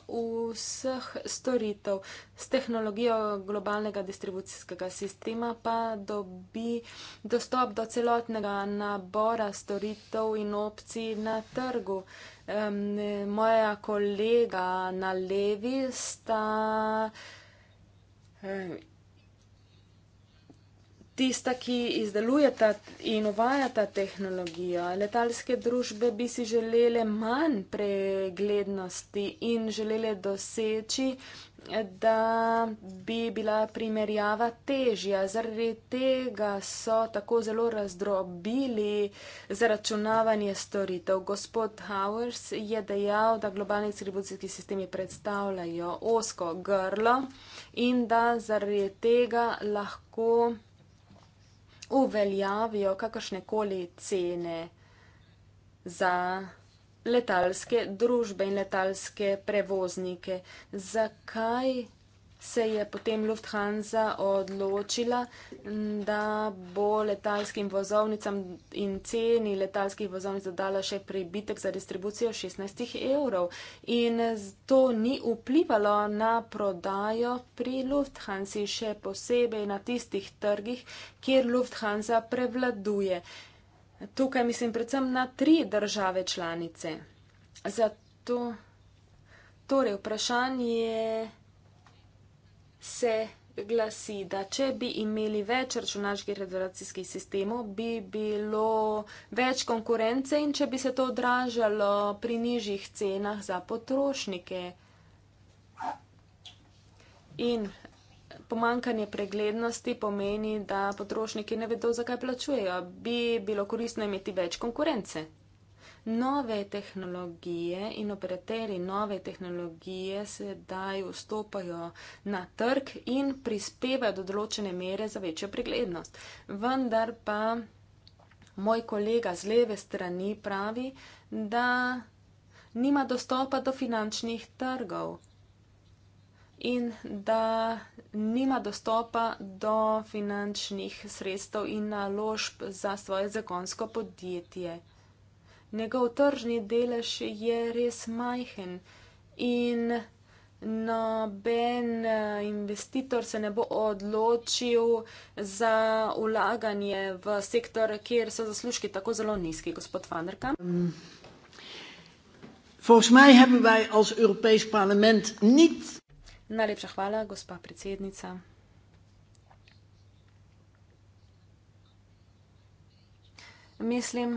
vseh storitev. S tehnologijo globalnega distribucijskega sistema pa dobi dostop do celotnega nabora storitev in opcij na trgu um, moja kolega na levi sta um, tista, ki izdelujeta in uvajata tehnologijo. Letalske družbe bi si želele manj preglednosti in želele doseči, da bi bila primerjava težja. Zaradi tega so tako zelo razdrobili zaračunavanje storitev. Gospod Howers je dejal, da globalni distribucijski sistemi predstavljajo osko grlo in da zaradi tega lahko uveljavijo kakršne koli cene za letalske družbe in letalske prevoznike. Zakaj se je potem Lufthansa odločila, da bo letalskim vozovnicam in ceni letalskih vozovnic dala še prebitek za distribucijo 16 evrov. In to ni vplivalo na prodajo pri Lufthansi, še posebej na tistih trgih, kjer Lufthansa prevladuje. Tukaj mislim predvsem na tri države članice. Zato, torej, vprašanje se glasi, da če bi imeli več računalniških rezervacijskih sistemov, bi bilo več konkurence in če bi se to odražalo pri nižjih cenah za potrošnike. In pomankanje preglednosti pomeni, da potrošniki ne vedo, zakaj plačujejo. Bi bilo koristno imeti več konkurence. Nove tehnologije in operateri nove tehnologije sedaj vstopajo na trg in prispevajo do določene mere za večjo preglednost. Vendar pa moj kolega z leve strani pravi, da nima dostopa do finančnih trgov in da nima dostopa do finančnih sredstev in naložb za svoje zakonsko podjetje. Njegov tržni delež je res majhen in noben eh, investitor se ne bo odločil za ulaganje v sektor, kjer so zaslužki tako zelo nizki, gospod Vanderka. Um, volgens mij hebben wij als Europees Parlement niet Najlepša hvala, gospa predsednica. Mislim,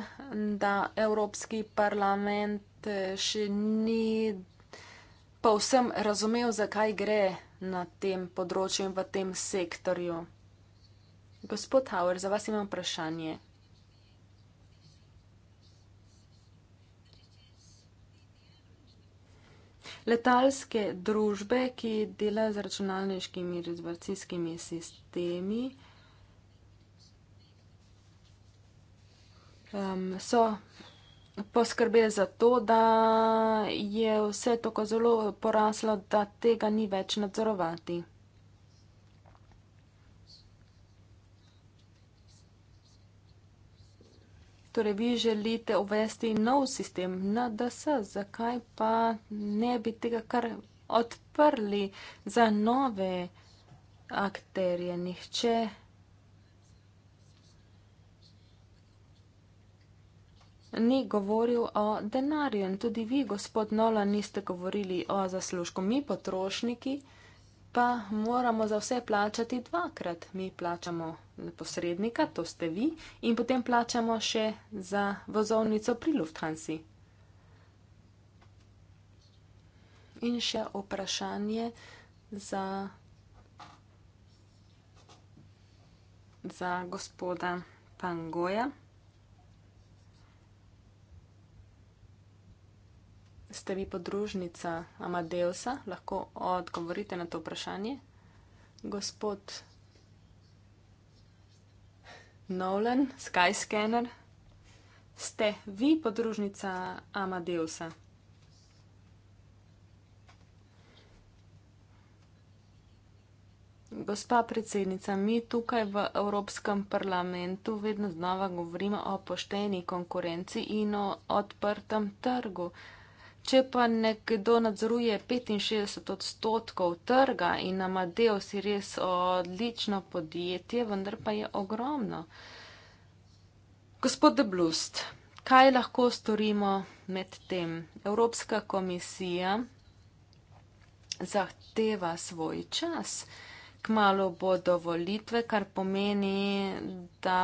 da Evropski parlament še ni povsem razumev, zakaj gre na tem področju in v tem sektorju. Gospod Hauer, za vas imam vprašanje. letalske družbe, ki dela z računalniškimi rezervacijskimi sistemi, um, so poskrbeli za to, da je vse tako zelo poraslo, da tega ni več nadzorovati. Torej, vi želite uvesti nov sistem NDS, zakaj pa ne bi tega kar odprli za nove akterje? Nihče ni govoril o denarju in tudi vi, gospod Nola, niste govorili o zaslužku. Mi, potrošniki, pa moramo za vse plačati dvakrat. Mi plačamo posrednika, to ste vi, in potem plačamo še za vozovnico pri Lufthansi. In še vprašanje za, za gospoda Pangoja. Ste vi podružnica Amadeusa? Lahko odgovorite na to vprašanje? Gospod Nolan, Skyscanner, ste vi podružnica Amadeusa? Gospa predsednica, mi tukaj v Evropskem parlamentu vedno znova govorimo o pošteni konkurenci in o odprtem trgu. Če pa nekdo nadzoruje 65 odstotkov trga in Amadeus je res odlično podjetje, vendar pa je ogromno. Gospod Deblust, kaj lahko storimo med tem? Evropska komisija zahteva svoj čas. Kmalo bodo volitve, kar pomeni, da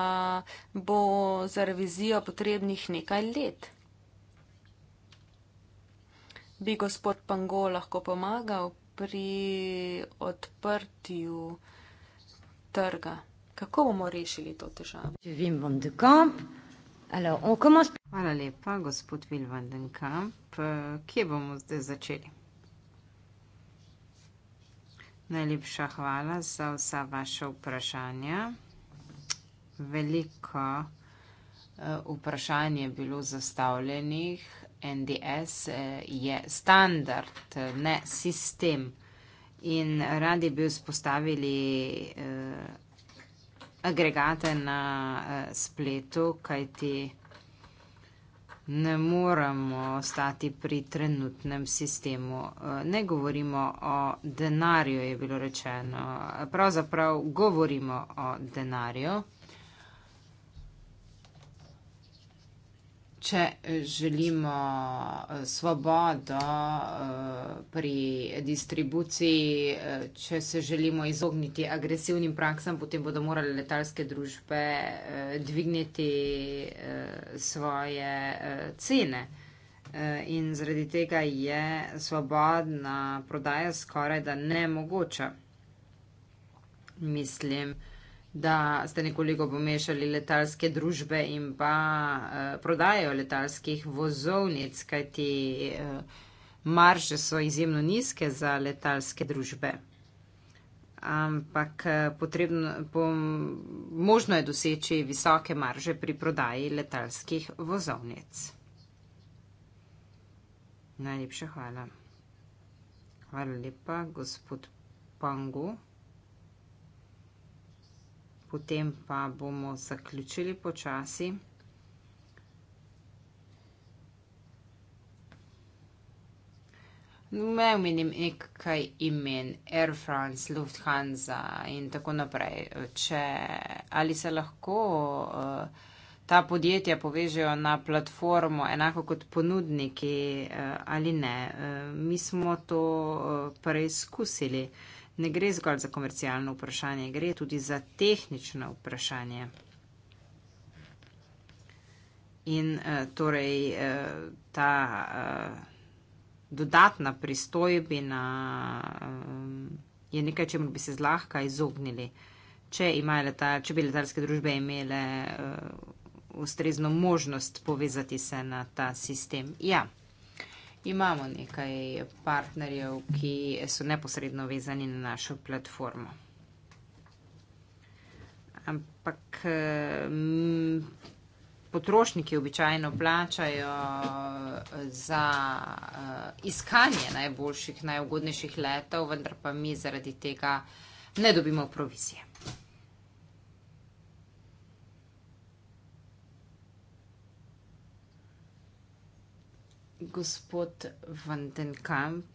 bo za revizijo potrebnih nekaj let bi gospod Pango lahko pomagal pri odprtju trga? Kako bomo rešili to težavo? Hvala lepa, gospod Vilvandenkamp. Kje bomo zdaj začeli? Najlepša hvala za vsa vaša vprašanja. Veliko uh, vprašanj je bilo zastavljenih, NDS eh, je standard, ne sistem. In radi bi vzpostavili eh, agregate na eh, spletu, kajti ne moramo ostati pri trenutnem sistemu. Eh, ne govorimo o denarju, je bilo rečeno. Pravzaprav govorimo o denarju. če želimo eh, svobodo eh, pri distribuciji, eh, če se želimo izogniti agresivnim praksam, potem bodo morali letalske družbe dvigniti svoje cene. In zaradi tega je svobodna prodaja skoraj da nemogoča. Mislim, da ste nekoliko pomešali letalske družbe in pa eh, prodajo letalskih vozovnic, kajti eh, marže so izjemno nizke za letalske družbe. Ampak eh, potrebno, po, možno je doseči visoke marže pri prodaji letalskih vozovnic. Najlepša hvala. Hvala lepa, gospod Pangu potem pa bomo zaključili počasi. Me omenim nekaj imen, Air France, Lufthansa in tako naprej. Če, ali se lahko uh, ta podjetja povežejo na platformo enako kot ponudniki uh, ali ne? Uh, mi smo to uh, preizkusili. Uh, ne gre zgolj za komercialno vprašanje, gre tudi za tehnično vprašanje. In eh, torej eh, ta eh, dodatna pristojbina eh, je nekaj, čemu bi se zlahka izognili, če, letal, če bi letalske družbe imele eh, ustrezno možnost povezati se na ta sistem. Ja imamo nekaj partnerjev, ki so neposredno vezani na našo platformo. Ampak mm, potrošniki običajno plačajo za eh, iskanje najboljših, najugodnejših letov, vendar pa mi zaradi tega ne dobimo provizije. gospod Vandenkamp,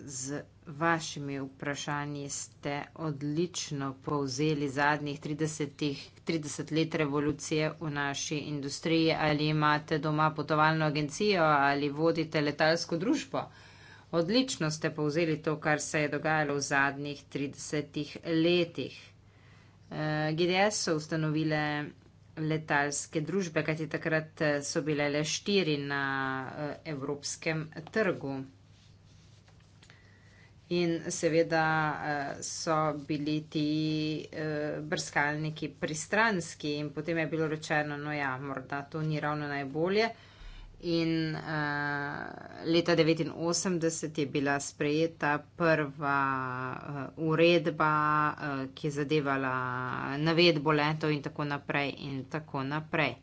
z vašimi vprašanji ste odlično povzeli zadnjih 30, 30 let revolucije v naši industriji. Ali imate doma potovalno agencijo ali vodite letalsko družbo? Odlično ste povzeli to, kar se je dogajalo v zadnjih 30 letih. Eh, GDS so ustanovile letalske družbe, kajti takrat eh, so bile le štiri na eh, evropskem trgu. In seveda eh, so bili ti brskalniki pristranski in potem je bilo rečeno, no ja, morda to ni ravno najbolje. In uh, leta 1989 je bila sprejeta prva uh, uredba, uh, ki je zadevala navedbo letov in tako naprej in tako naprej.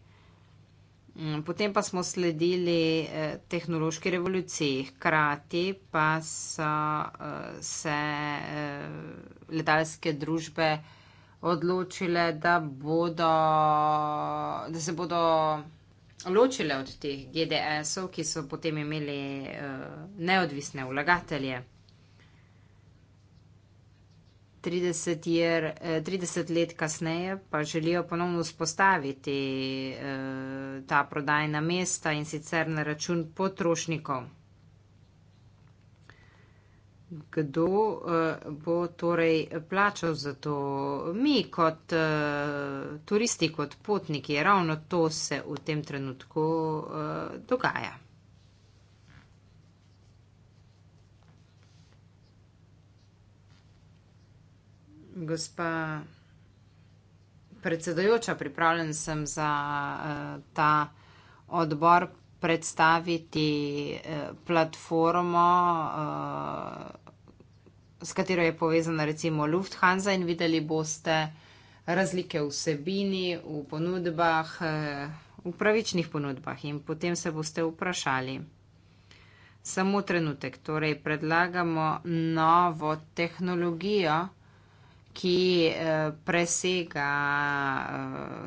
Mm, potem pa smo sledili eh, tehnološki revoluciji, hkrati pa so eh, se eh, letalske družbe odločile, da, bodo, da se bodo ločile od teh GDS-ov, ki so potem imeli uh, neodvisne vlagatelje. 30, jer, eh, 30 let kasneje pa želijo ponovno vzpostaviti eh, ta prodajna mesta in sicer na račun potrošnikov. Kdo eh, bo torej plačal za to? Mi kot eh, turisti, kot potniki, ravno to se v tem trenutku eh, dogaja. Gospa predsedojoča, pripravljen sem za ta odbor predstaviti eh, platformo, eh, s katero je povezana recimo Lufthansa in videli boste razlike vsebini, v ponudbah, eh, v pravičnih ponudbah in potem se boste vprašali. Samo trenutek, torej predlagamo novo tehnologijo ki eh, presega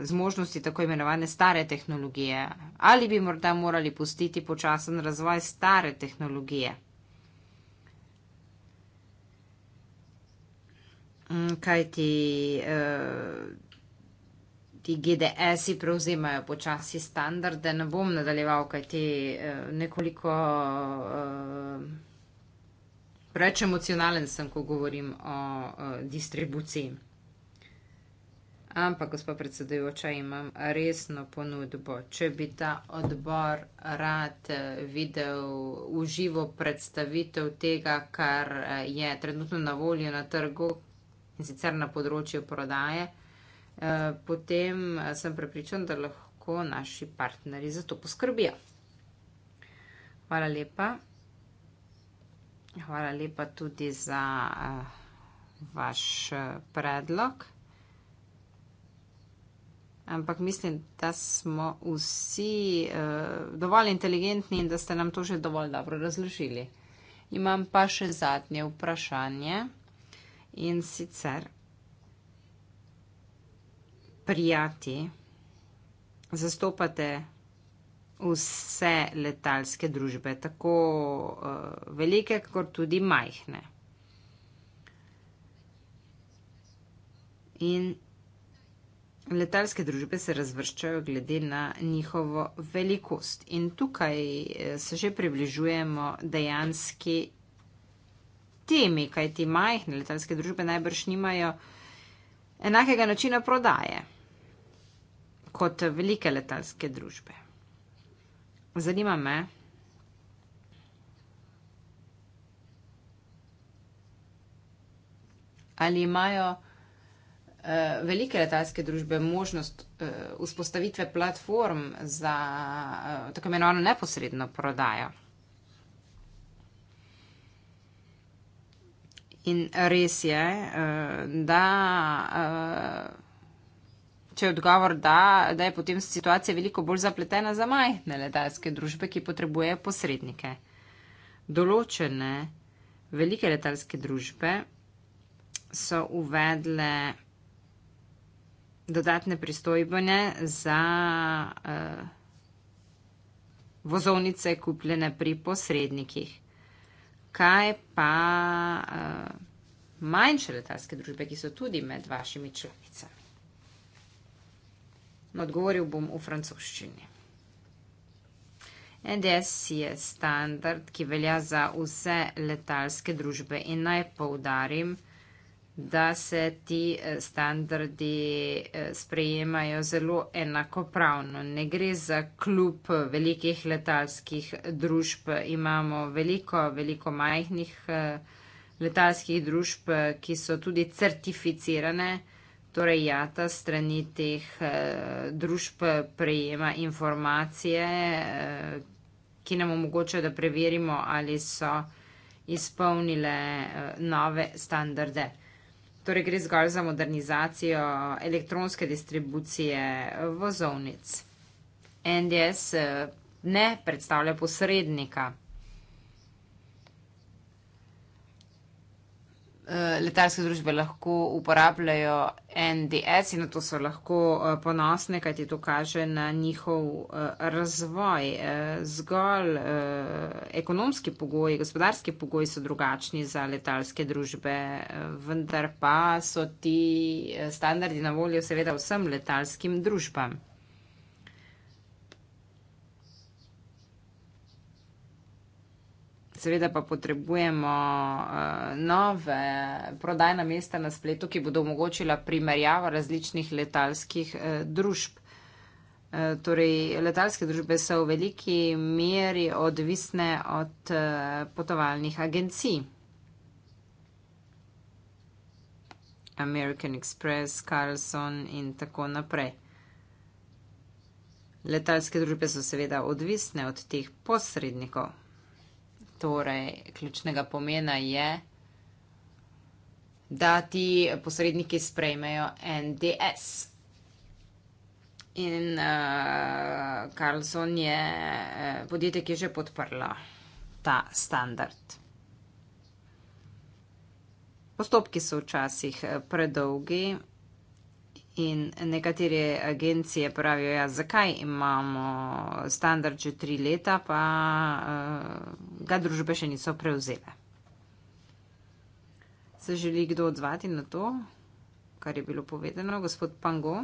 eh, zmožnosti tako imenovane stare tehnologije? Ali bi morda morali pustiti počasen razvoj stare tehnologije? Mm, kaj eh, ti, ti GDS-i prevzemajo počasi standarde, ne bom nadaljeval, kaj ti nekoliko preveč emocionalen sem, ko govorim o, o distribuciji. Ampak, gospod predsedujoča, imam resno ponudbo. Če bi ta odbor rad videl uživo predstavitev tega, kar je trenutno na voljo na trgu in sicer na področju prodaje, eh, potem sem prepričan, da lahko naši partnerji za to poskrbijo. Hvala lepa. Hvala lepa tudi za eh, vaš eh, predlog. Ampak mislim, da smo vsi uh, dovolj inteligentni in da ste nam to že dovolj dobro razložili. Imam pa še zadnje vprašanje in sicer prijati zastopate vse letalske družbe, tako uh, velike, kot tudi majhne. In letalske družbe se razvrščajo glede na njihovo velikost. In tukaj eh, se že približujemo dejanski temi, kajti majhne letalske družbe najbrž nimajo enakega načina prodaje kot velike letalske družbe. Zanima me. Ali imajo uh, velike letalske družbe možnost uh, vzpostavitve platform za uh, tako imenovano neposredno prodajo? In res je, uh, da. Uh, Če je odgovor da, da je potem situacija veliko bolj zapletena za majhne letalske družbe, ki potrebujejo posrednike. Določene velike letalske družbe so uvedle dodatne pristojbene za uh, vozovnice kupljene pri posrednikih. Kaj pa uh, manjše letalske družbe, ki so tudi med vašimi članicami? Odgovoril bom v francoščini. NDS je standard, ki velja za vse letalske družbe in naj poudarim, da se ti eh, standardi eh, sprejemajo zelo enakopravno. Ne gre za klub velikih letalskih družb. Imamo veliko, veliko majhnih eh, letalskih družb, ki so tudi certificirane. Torej, jata strani teh eh, družb prejema informacije, eh, ki nam omogočajo, da preverimo, ali so izpolnile eh, nove standarde. Torej, gre zgolj za modernizacijo elektronske distribucije vozovnic. NDS eh, ne predstavlja posrednika. Eh, letalske družbe lahko uporabljajo NDS in na to so lahko eh, ponosne, kajti to kaže na njihov eh, razvoj. Zgolj ekonomski pogoji, gospodarski pogoji so drugačni za letalske družbe, vendar pa so ti standardi na voljo seveda vsem letalskim družbam. Seveda pa potrebujemo eh, nove prodajna mesta na spletu, ki bodo omogočila primerjavo različnih letalskih eh, družb. Eh, torej, letalske družbe so v veliki meri odvisne od potovalnih agencij. American Express, Carlson in tako naprej. Letalske družbe so seveda odvisne od teh posrednikov torej ključnega pomena je, da ti posredniki sprejmejo NDS. In uh, Carlson je eh, podjetje, ki je že podprlo ta standard. Postopki so včasih eh, predolgi, In nekatere agencije pravijo, ja, zakaj imamo standard že tri leta, pa uh, ga družbe še niso prevzele. Se želi kdo odzvati na to, kar je bilo povedano, gospod Pango?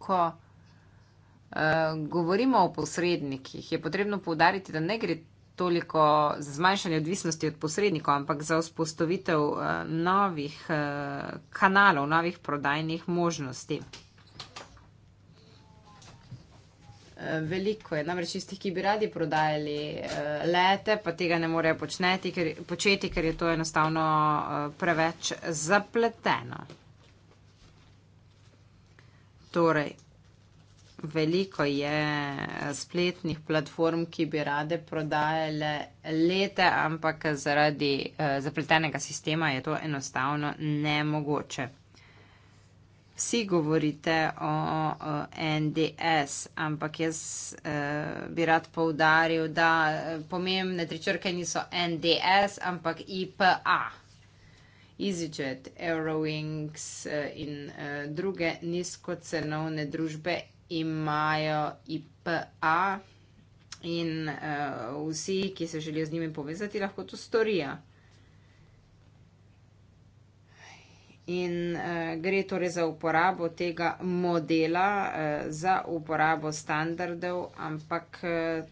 Ko uh, govorimo o posrednikih, je potrebno povdariti, da ne gre toliko za zmanjšanje odvisnosti od posrednikov, ampak za vzpostavitev eh, novih eh, kanalov, novih prodajnih možnosti. Eh, veliko je namreč tistih, ki bi radi prodajali lete, pa tega ne morejo počneti, ker, početi, ker je to enostavno preveč zapleteno. Torej, veliko je eh, spletnih platform, ki bi rade prodajale lete, ampak zaradi uh, zapletenega sistema je to enostavno nemogoče. Vsi govorite o, o NDS, ampak jaz eh, bi rad povdaril, da eh, pomembne tri črke niso NDS, ampak IPA. EasyJet, Aerowings eh, in eh, druge nizkocenovne družbe imajo IPA in uh, vsi, ki se želijo z njimi povezati, lahko to storijo. In uh, gre torej za uporabo tega modela, uh, za uporabo standardov, ampak uh,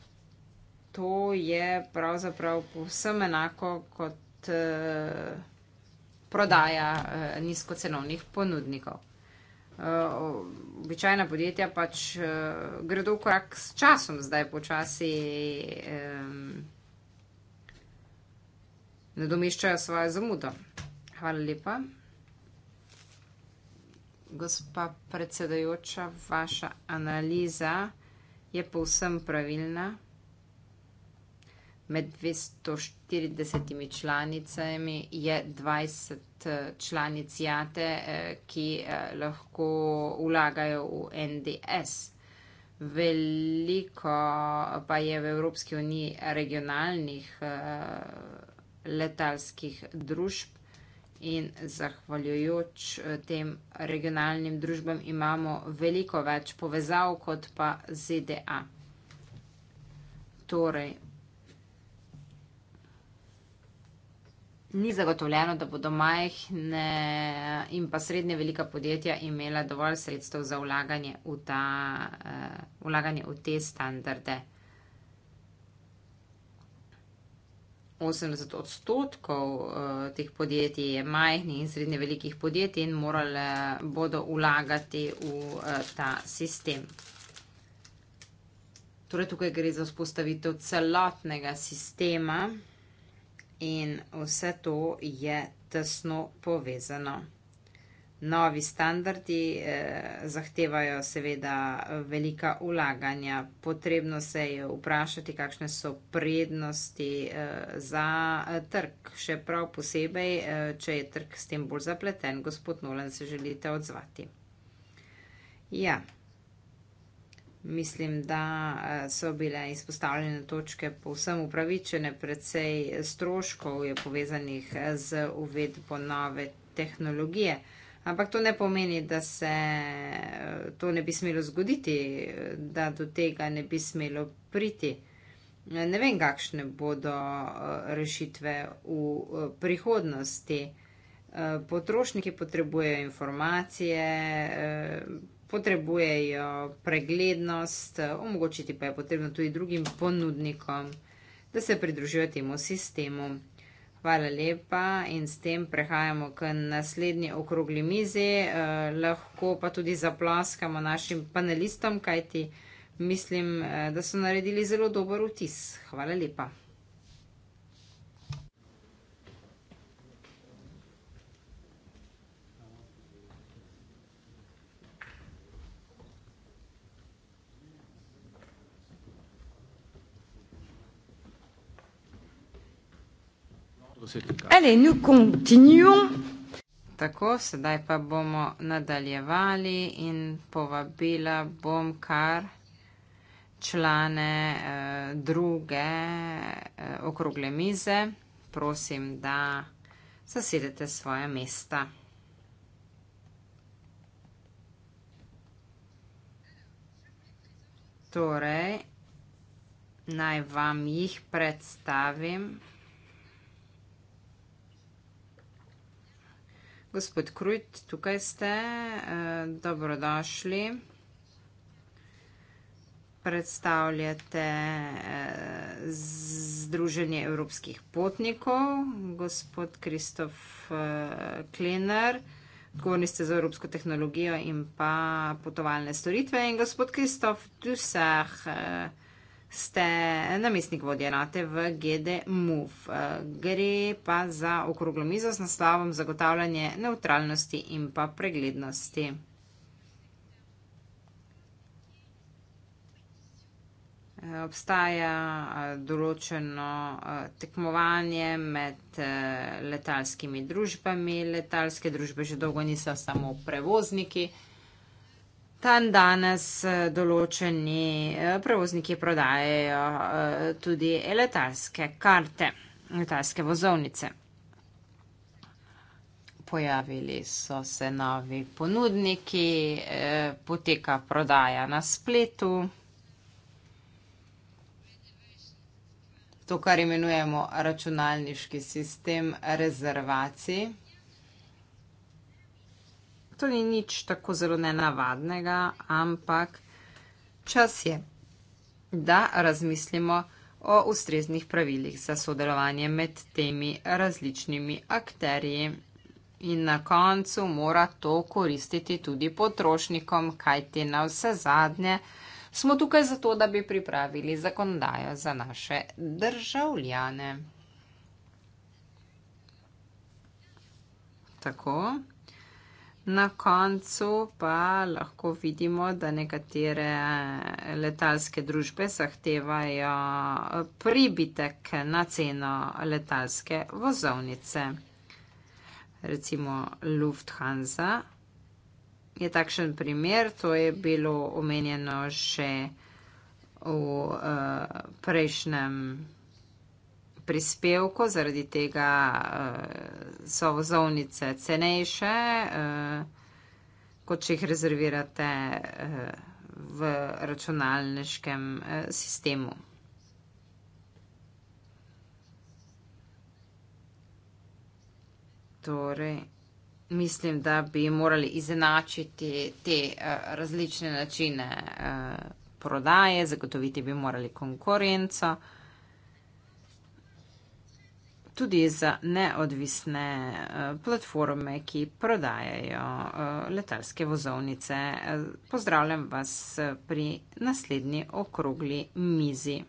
to je pravzaprav povsem enako kot uh, prodaja uh, nizkocenovnih ponudnikov. Eh, običajna podjetja pač uh, gredo v korak s časom, zdaj počasi um, nadomeščajo svojo zamudo. Hvala lepa. Gospa predsedajoča, vaša analiza je povsem pravilna. Med 240 članicami je 20 eh, članic JATE, eh, ki eh, lahko vlagajo v NDS. Veliko pa je v Evropski uniji regionalnih letalskih družb in zahvaljujoč tem regionalnim družbam imamo veliko več povezav kot pa ZDA. Torej, ni zagotovljeno, da bodo majhne in pa srednje velika podjetja imela dovolj sredstev za vlaganje v, ta, uh, vlaganje v te standarde. 80 odstotkov uh, teh podjetij je majhnih in srednje velikih podjetij in morale bodo vlagati v uh, ta sistem. Torej, tukaj gre za vzpostavitev celotnega sistema in vse to je tesno povezano. Novi standardi eh, zahtevajo seveda velika ulaganja. Potrebno se je vprašati, kakšne so prednosti eh, za eh, trg. Še prav posebej, eh, če je trg s tem bolj zapleten, gospod Nolan, se želite odzvati. Ja. Mislim, da eh, so bile izpostavljene točke povsem upravičene, predvsej stroškov je povezanih eh, z uvedbo nove tehnologije. Ampak to ne pomeni, da se eh, to ne bi smelo zgoditi, da do tega ne bi smelo priti. Ne vem, kakšne bodo rešitve v prihodnosti. Potrošniki potrebujejo informacije, potrebujejo preglednost, omogočiti pa je potrebno tudi drugim ponudnikom, da se pridružijo temu sistemu. Hvala lepa in s tem prehajamo k naslednji okrogli mizi. Eh, lahko pa tudi zaplaskamo našim panelistom, kajti mislim, eh, da so naredili zelo dober vtis. Hvala lepa. Allez, nous continuons. Tako, sedaj pa bomo nadaljevali in povabila bom kar člane eh, druge eh, okrogle mize. Prosim, da zasedete svoje mesta. Torej, naj vam jih predstavim. Gospod Krujt, tukaj ste, e, dobrodošli. Predstavljate e, Združenje evropskih potnikov, gospod Kristof e, Klener, odgovorni ste za evropsko tehnologijo in pa potovalne storitve in gospod Kristof Tusah ste namestnik vodje enote v GD MUF. Eh, gre pa za okroglo mizo s naslovom zagotavljanje neutralnosti in pa preglednosti. Eh, obstaja eh, določeno tekmovanje med letalskimi družbami. Letalske družbe že dolgo niso samo prevozniki. Tam danes eh, določeni eh, prevozniki prodajajo eh, tudi letalske karte, letalske vozovnice. Pojavili so se novi ponudniki, poteka prodaja na spletu. To, kar imenujemo računalniški sistem rezervacij. To ni nič tako zelo nenavadnega, ampak čas je, da razmislimo o ustreznih pravilih za sodelovanje med temi različnimi akterji. In na koncu mora to koristiti tudi potrošnikom, kajti na vse zadnje smo tukaj zato, da bi pripravili zakonodajo za naše državljane. Tako. Na koncu pa lahko vidimo, da nekatere letalske družbe zahtevajo pribitek na ceno letalske vozovnice. Recimo Lufthansa je takšen primer, to je bilo omenjeno še v uh, prejšnjem prispevku, zaradi tega uh, so vozovnice cenejše, uh, kot če jih rezervirate uh, v računalniškem uh, sistemu. Torej, mislim, da bi morali izenačiti te uh, različne načine uh, prodaje, zagotoviti bi morali konkurenco. Uh, tudi za neodvisne eh, platforme, ki prodajajo eh, letalske vozovnice. Eh, pozdravljam vas pri naslednji okrogli mizi.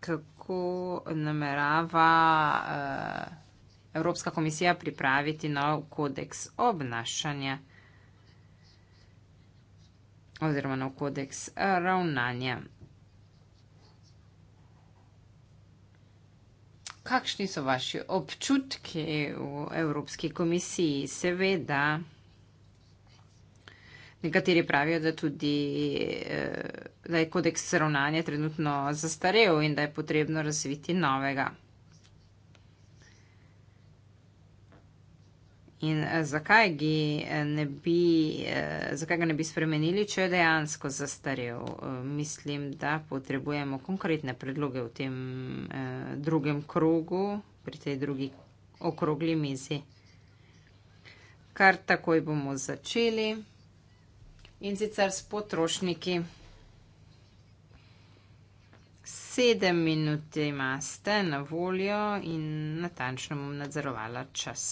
Kako namerava Evropska komisija pripraviti nov kodeks obnašanja? oziroma nov kodeks eh, ravnanja. Kakšni so vaši občutki v Evropski komisiji? Seveda, nekateri pravijo, da, tudi, eh, da je kodeks ravnanja trenutno zastarev in da je potrebno razviti novega. In eh, zakaj, eh, ne bi, eh, zakaj ga ne bi spremenili, če je dejansko zastarel? Mislim, da potrebujemo konkretne predloge v tem drugem krogu, pri tej drugi okrogli mizi. Kar takoj bomo začeli in sicer s potrošniki. Sedem minut imate na voljo in natančno bom nadzorovala čas.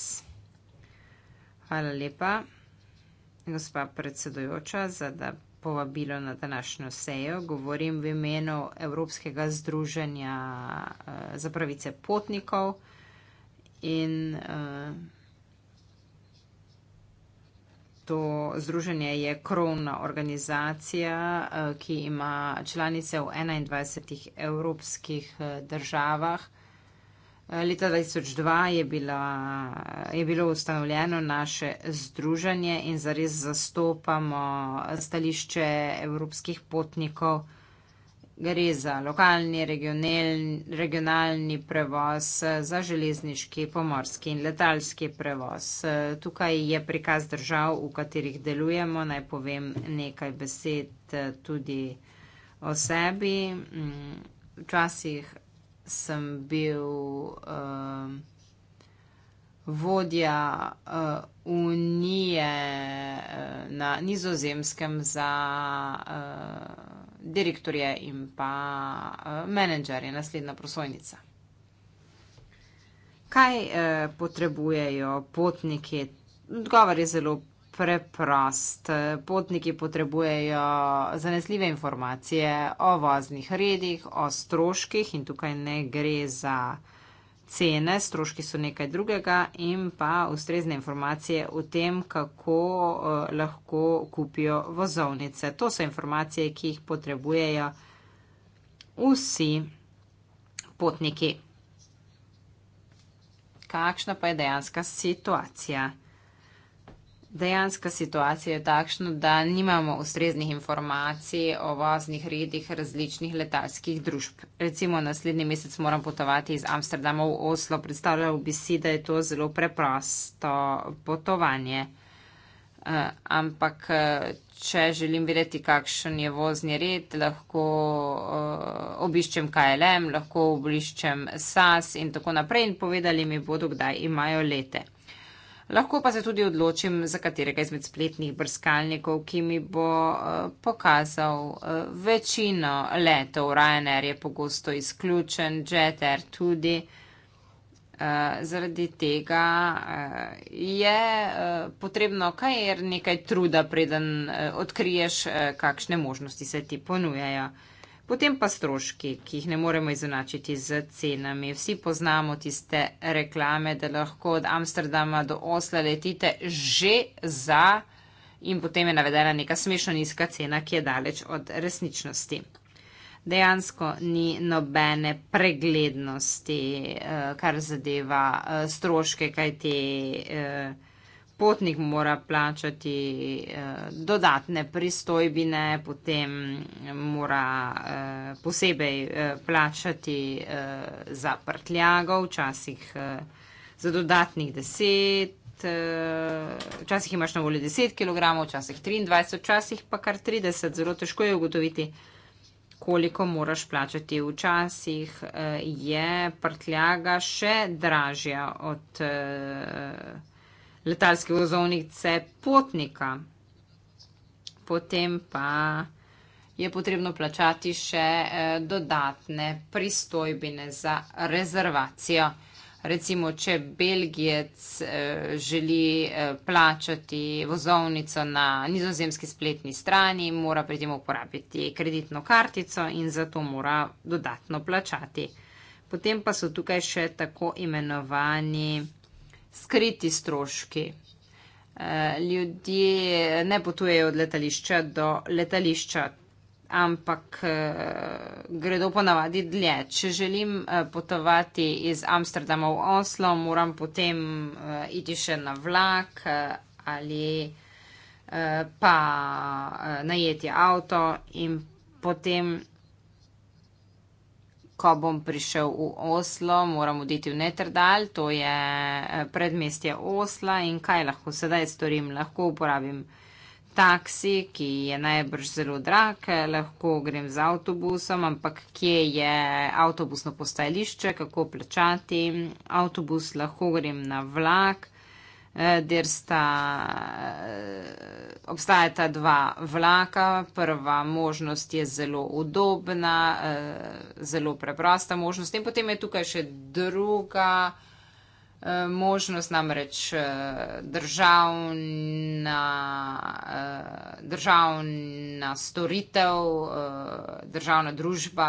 Hvala lepa, gospa predsedujoča, za da povabilo na današnjo sejo. Govorim v imenu Evropskega združenja uh, za pravice potnikov in uh, to združenje je krovna organizacija, uh, ki ima članice v 21 evropskih uh, državah. Leta 2002 je, bila, je bilo ustanovljeno naše združenje in zares zastopamo stališče evropskih potnikov. Gre za lokalni, regionalni prevoz, za železniški, pomorski in letalski prevoz. Tukaj je prikaz držav, v katerih delujemo. Naj povem nekaj besed tudi o sebi. Včasih sem bil uh, vodja uh, unije uh, na nizozemskem za uh, direktorje in pa uh, menedžerje, naslednja prosojnica. Kaj uh, potrebujejo potniki? Odgovor je zelo preprost. Potniki potrebujejo zanesljive informacije o voznih redih, o stroških in tukaj ne gre za cene, stroški so nekaj drugega in pa ustrezne informacije o tem, kako eh, lahko kupijo vozovnice. To so informacije, ki jih potrebujejo vsi potniki. Kakšna pa je dejanska situacija? Dejanska situacija je takšna, da nimamo ustreznih informacij o voznih redih različnih letalskih družb. Recimo naslednji mesec moram potovati iz Amsterdama v Oslo. Predstavljal bi si, da je to zelo preprosto potovanje. Eh, ampak, eh, če želim videti, kakšen je vozni red, lahko eh, obiščem KLM, lahko obiščem SAS in tako naprej in povedali mi bodo, kdaj imajo lete lahko pa se tudi odločim za katerega izmed spletnih brskalnikov, ki mi bo eh, pokazal eh, večino letov. Ryanair je pogosto izključen, Jeter tudi. Uh, zaradi tega uh, je uh, potrebno kar nekaj truda, preden uh, odkriješ, uh, kakšne možnosti se ti ponujajo. Uh, Potem pa stroški, ki jih ne moremo izenačiti z cenami. Vsi poznamo tiste reklame, da lahko od Amsterdama do Osla letite že za in potem je navedena neka smešno nizka cena, ki je daleč od resničnosti. Dejansko ni nobene preglednosti, eh, kar zadeva eh, stroške, kaj ti. Eh, potnik mora plačati eh, dodatne pristojbine, potem mora eh, posebej eh, plačati eh, za prtljago, včasih eh, za dodatnih deset. Eh, včasih imaš na voljo 10 kg, včasih 23, včasih pa kar 30. Zelo težko je ugotoviti, koliko moraš plačati. Včasih eh, je prtljaga še dražja od. Uh, letalske vozovnice potnika. Potem pa je potrebno plačati še eh, dodatne pristojbine za rezervacijo. Recimo, če Belgijec eh, želi eh, plačati vozovnico na nizozemski spletni strani, mora pri tem uporabiti kreditno kartico in zato mora dodatno plačati. Potem pa so tukaj še tako imenovani skriti stroški. Eh, ljudje ne potujejo od letališča do letališča, ampak eh, gredo ponavadi dlje. Če želim eh, potovati iz Amsterdama v Oslo, moram potem iti še na vlak ali pa najeti avto in potem ko bom prišel v Oslo, moram oditi v Netrdal, to je eh, predmestje Osla in kaj lahko sedaj storim, lahko uporabim taksi, ki je najbrž zelo drag, lahko grem z avtobusom, ampak kje je avtobusno postajališče, kako plačati, avtobus lahko grem na vlak kjer eh, sta, eh, obstajata dva vlaka. Prva možnost je zelo udobna, eh, zelo preprosta možnost. In potem je tukaj še druga možnost, namreč državna, državna storitev, državna družba,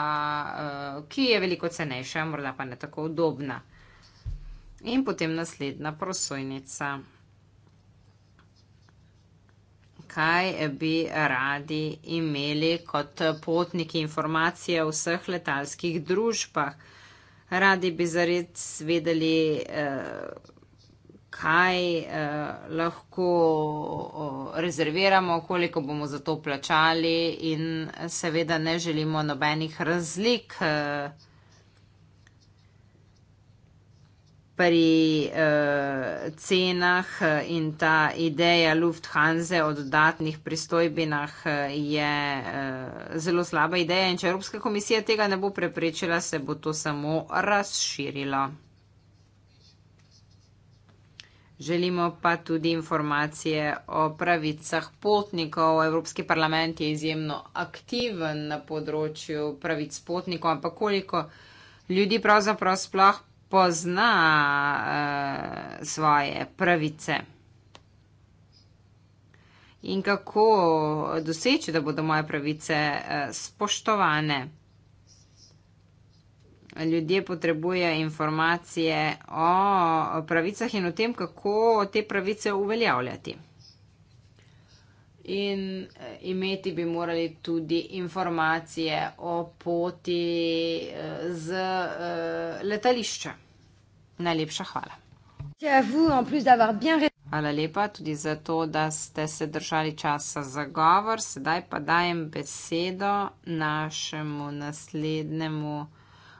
ki je veliko cenejša, morda pa ne tako udobna in potem naslednja prosojnica. Kaj bi radi imeli kot potniki informacije o vseh letalskih družbah? Radi bi zares vedeli, eh, kaj eh, lahko rezerviramo, koliko bomo za to plačali in seveda ne želimo nobenih razlik. Eh, pri uh, cenah eh, in ta ideja Lufthansa o dodatnih pristojbinah eh, je uh, zelo slaba ideja in če Evropska komisija tega ne bo preprečila, se bo to samo razširilo. Želimo pa tudi informacije o pravicah potnikov. Evropski parlament je izjemno aktiven na področju pravic potnikov, ampak koliko ljudi pravzaprav sploh pozna uh, svoje pravice. In kako doseči, da bodo moje pravice eh, spoštovane? Ljudje potrebujejo informacije o pravicah in o tem, kako te pravice uveljavljati in eh, imeti bi morali tudi informacije o poti eh, z eh, letališča. Najlepša hvala. Hvala lepa tudi za to, da ste se držali časa za govor. Sedaj pa dajem besedo našemu naslednemu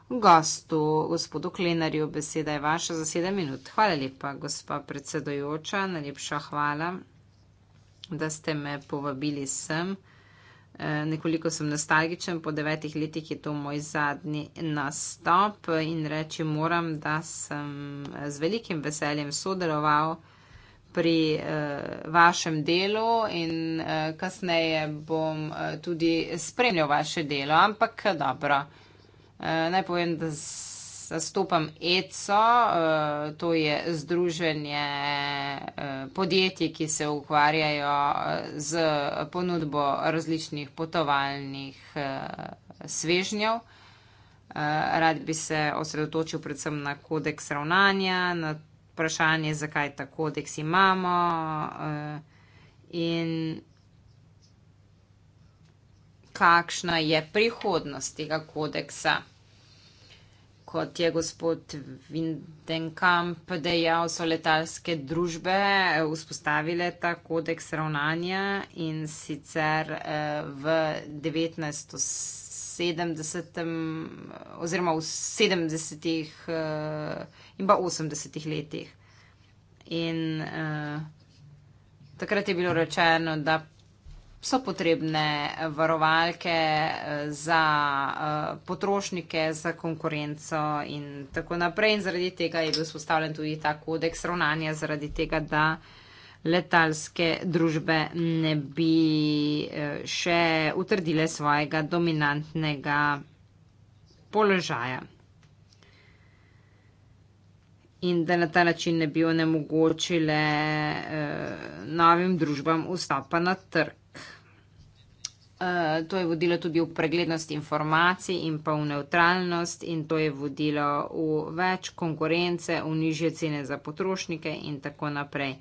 gostu, gospodu Klenarju. Beseda je vaša za sedem minut. Hvala lepa, gospa predsedojoča. Najlepša hvala da ste me povabili sem. Eh, nekoliko sem nostalgičen, po devetih letih je to moj zadnji nastop in reči moram, da sem eh, z velikim veseljem sodeloval pri uh, vašem delu in uh, kasneje bom uh, tudi spremljal vaše delo. Ampak dobro, uh, naj povem, da zastopam ECO, eh, to je združenje eh, podjetij, ki se ukvarjajo eh, z ponudbo različnih potovalnih svežnjev. Rad bi se osredotočil predvsem na kodeks ravnanja, na vprašanje, zakaj ta kodeks imamo. In kakšna je prihodnost tega kodeksa? kot je gospod Vindenkamp dejal, so letalske družbe eh, vzpostavile ta kodeks ravnanja in sicer eh, v 1970 oziroma v 70. Eh, in pa 80. letih. In uh, takrat je bilo rečeno, da so potrebne eh, varovalke eh, za eh, potrošnike, za konkurenco in tako naprej. In zaradi tega je bil spostavljen tudi ta kodeks ravnanja, zaradi tega, da letalske družbe ne bi še utrdile svojega dominantnega položaja. In da na ta način ne bi onemogočile eh, novim družbam vstopa na trg. Eh, to je vodilo tudi v preglednost informacij in pa v neutralnost in to je vodilo v več konkurence, v nižje cene za potrošnike in tako naprej.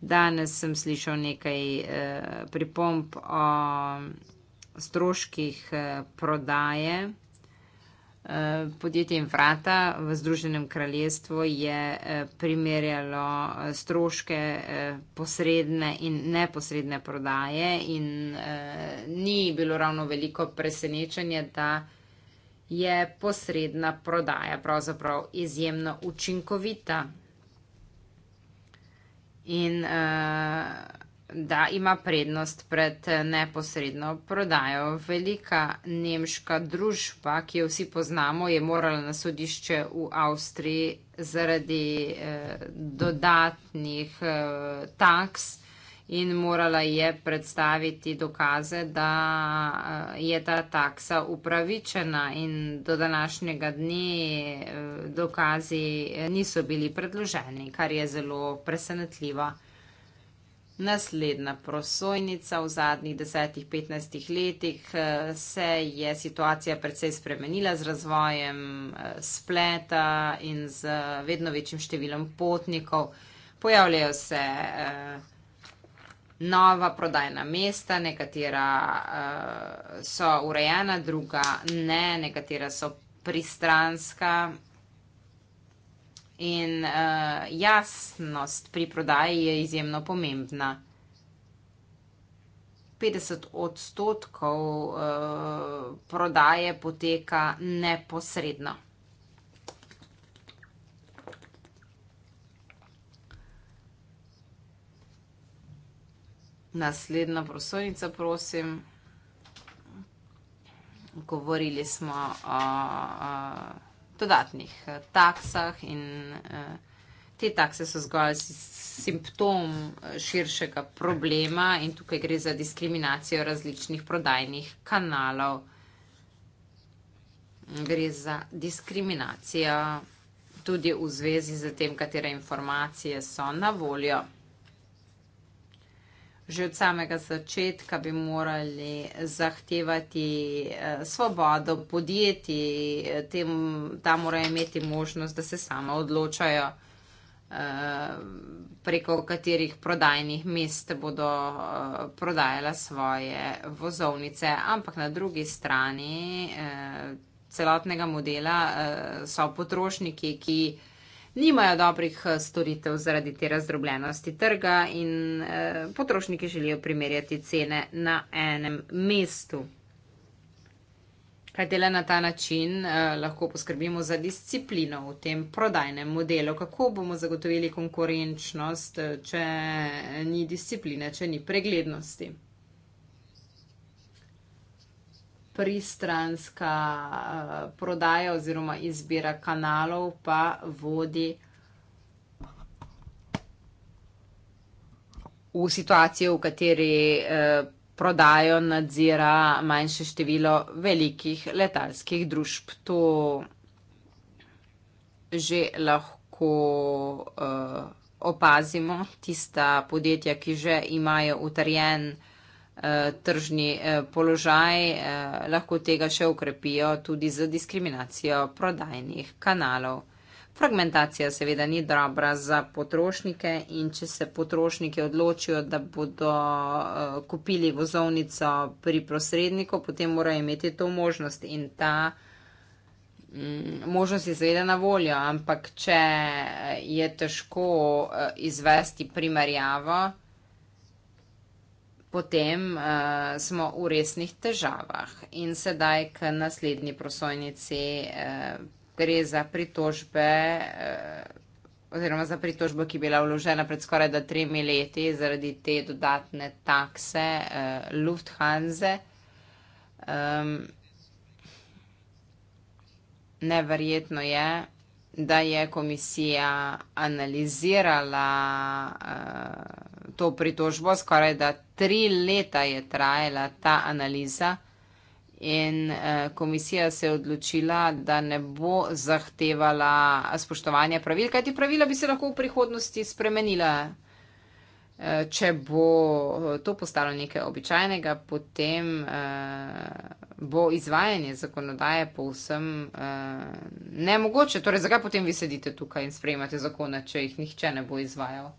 Danes sem slišal nekaj eh, pripomp o stroških eh, prodaje podjetjem Vrata v Združenem kraljestvu je eh, primerjalo eh, stroške eh, posredne in neposredne prodaje in ni bilo ravno veliko presenečenje, da je posredna prodaja pravzaprav izjemno učinkovita. In uh, da ima prednost pred eh, neposredno prodajo. Velika nemška družba, ki jo vsi poznamo, je morala na sodišče v Avstriji zaradi eh, dodatnih eh, taks in morala je predstaviti dokaze, da eh, je ta taksa upravičena in do današnjega dne eh, dokazi eh, niso bili predloženi, kar je zelo presenetljivo. Naslednja prosojnica v zadnjih 10-15 letih eh, se je situacija precej spremenila z razvojem eh, spleta in z vedno večjim številom potnikov. Pojavljajo se eh, nova prodajna mesta, nekatera so urejena, druga ne, nekatera so pristranska. In uh, jasnost pri prodaji je izjemno pomembna. 50 odstotkov uh, prodaje poteka neposredno. Naslednja prosojnica, prosim. Govorili smo o. Uh, uh, dodatnih eh, taksah in eh, te takse so zgolj simptom eh, širšega problema in tukaj gre za diskriminacijo različnih prodajnih kanalov. Gre za diskriminacijo tudi v zvezi z tem, katere informacije so na voljo že od samega začetka bi morali zahtevati eh, svobodo podjetij, eh, tem, da morajo imeti možnost, da se sama odločajo, eh, preko katerih prodajnih mest bodo prodajala svoje vozovnice. Ampak na drugi strani celotnega modela so potrošniki, ki nimajo dobrih eh, storitev zaradi te razdrobljenosti trga in eh, potrošniki želijo primerjati cene na enem mestu. Kaj dela na ta način, eh, lahko poskrbimo za disciplino v tem prodajnem modelu. Kako bomo zagotovili konkurenčnost, eh, če ni discipline, če ni preglednosti? pristranska uh, prodaja oziroma izbira kanalov pa vodi v situacijo, v kateri uh, prodajo nadzira manjše število velikih letalskih družb. To že lahko uh, opazimo. Tista podjetja, ki že imajo utrjen uh, Eh, tržni eh, položaj, eh, lahko tega še ukrepijo tudi z diskriminacijo prodajnih kanalov. Fragmentacija seveda ni dobra za potrošnike in če se potrošniki odločijo, da bodo kupili vozovnico pri prosredniku, potem morajo imeti to možnost in ta mm, možnost je seveda na voljo, ampak če je težko izvesti primerjavo, potem uh, smo v resnih težavah. In sedaj k naslednji prosojnici uh, gre za pritožbe. Uh, oziroma za pritožbo, ki je bila vložena pred skoraj da tremi leti zaradi te dodatne takse eh, Lufthansa. Um, neverjetno je, da je komisija analizirala eh, to pritožbo, skoraj da tri leta je trajala ta analiza in eh, komisija se je odločila, da ne bo zahtevala spoštovanja pravil, kajti pravila bi se lahko v prihodnosti spremenila. Eh, če bo eh, to postalo nekaj običajnega, potem eh, bo izvajanje zakonodaje povsem eh, nemogoče. Torej, zakaj potem vi sedite tukaj in sprejemate zakone, če jih nihče ne bo izvajal?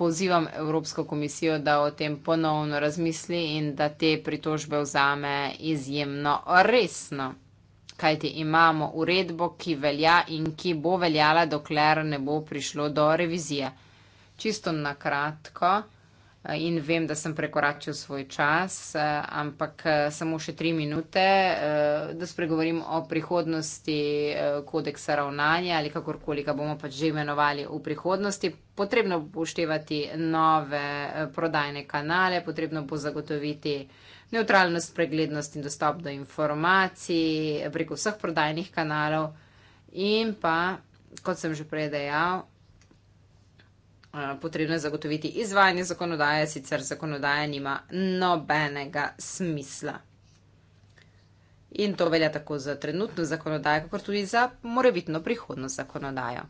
pozivam Evropsko komisijo, da o tem ponovno razmisli in da te pritožbe vzame izjemno resno. Kajti imamo uredbo, ki velja in ki bo veljala, dokler ne bo prišlo do revizije. Čisto na kratko. Eh, in vem, da sem prekoračil svoj čas, eh, ampak eh, samo še tri minute, da spregovorim o prihodnosti kodeksa ravnanja ali kakorkoli ga bomo pač že imenovali v prihodnosti. Potrebno bo uštevati nove prodajne kanale, potrebno bo zagotoviti neutralnost, preglednost in dostop do informacij preko vseh prodajnih kanalov in pa, kot sem že prej dejal, Eh, potrebno je zagotoviti izvajanje zakonodaje, sicer zakonodaja nima nobenega smisla. In to velja tako za trenutno zakonodajo, kakor tudi za morebitno prihodno zakonodajo.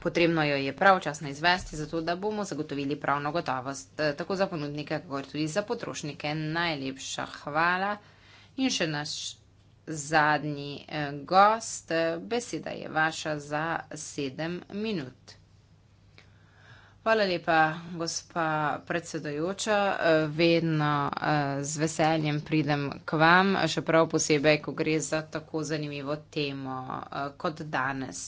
Potrebno jo je pravočasno izvesti, zato da bomo zagotovili pravno gotovost eh, tako za ponudnike, kakor tudi za potrošnike. Najlepša hvala in še naš zadnji eh, gost. Beseda je vaša za sedem minut. Hvala lepa, gospa predsedajoča. Vedno z veseljem pridem k vam, še prav posebej, ko gre za tako zanimivo temo kot danes.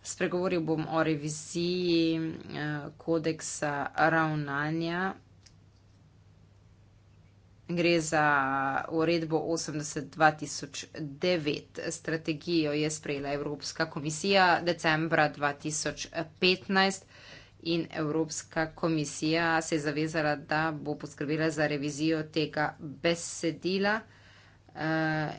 Spregovoril bom o reviziji kodeksa ravnanja. Gre za uredbo 80-2009. Strategijo je sprejela Evropska komisija decembra 2015 in Evropska komisija se je zavezala, da bo poskrbela za revizijo tega besedila. Uh,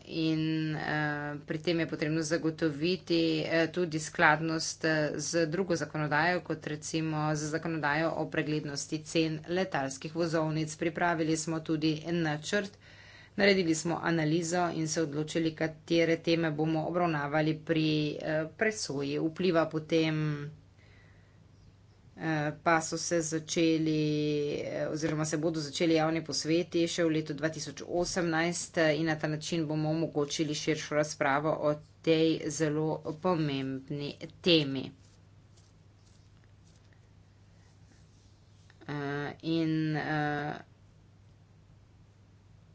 in uh, pri tem je potrebno zagotoviti uh, tudi skladnost z drugo zakonodajo, kot recimo z zakonodajo o preglednosti cen letalskih vozovnic. Pripravili smo tudi en načrt, naredili smo analizo in se odločili, katere teme bomo obravnavali pri uh, presoji vpliva potem. Eh, pa so se začeli eh, oziroma se bodo začeli javni posveti še v letu 2018 eh, in na ta način bomo omogočili širšo razpravo o tej zelo pomembni temi. Uh, in uh,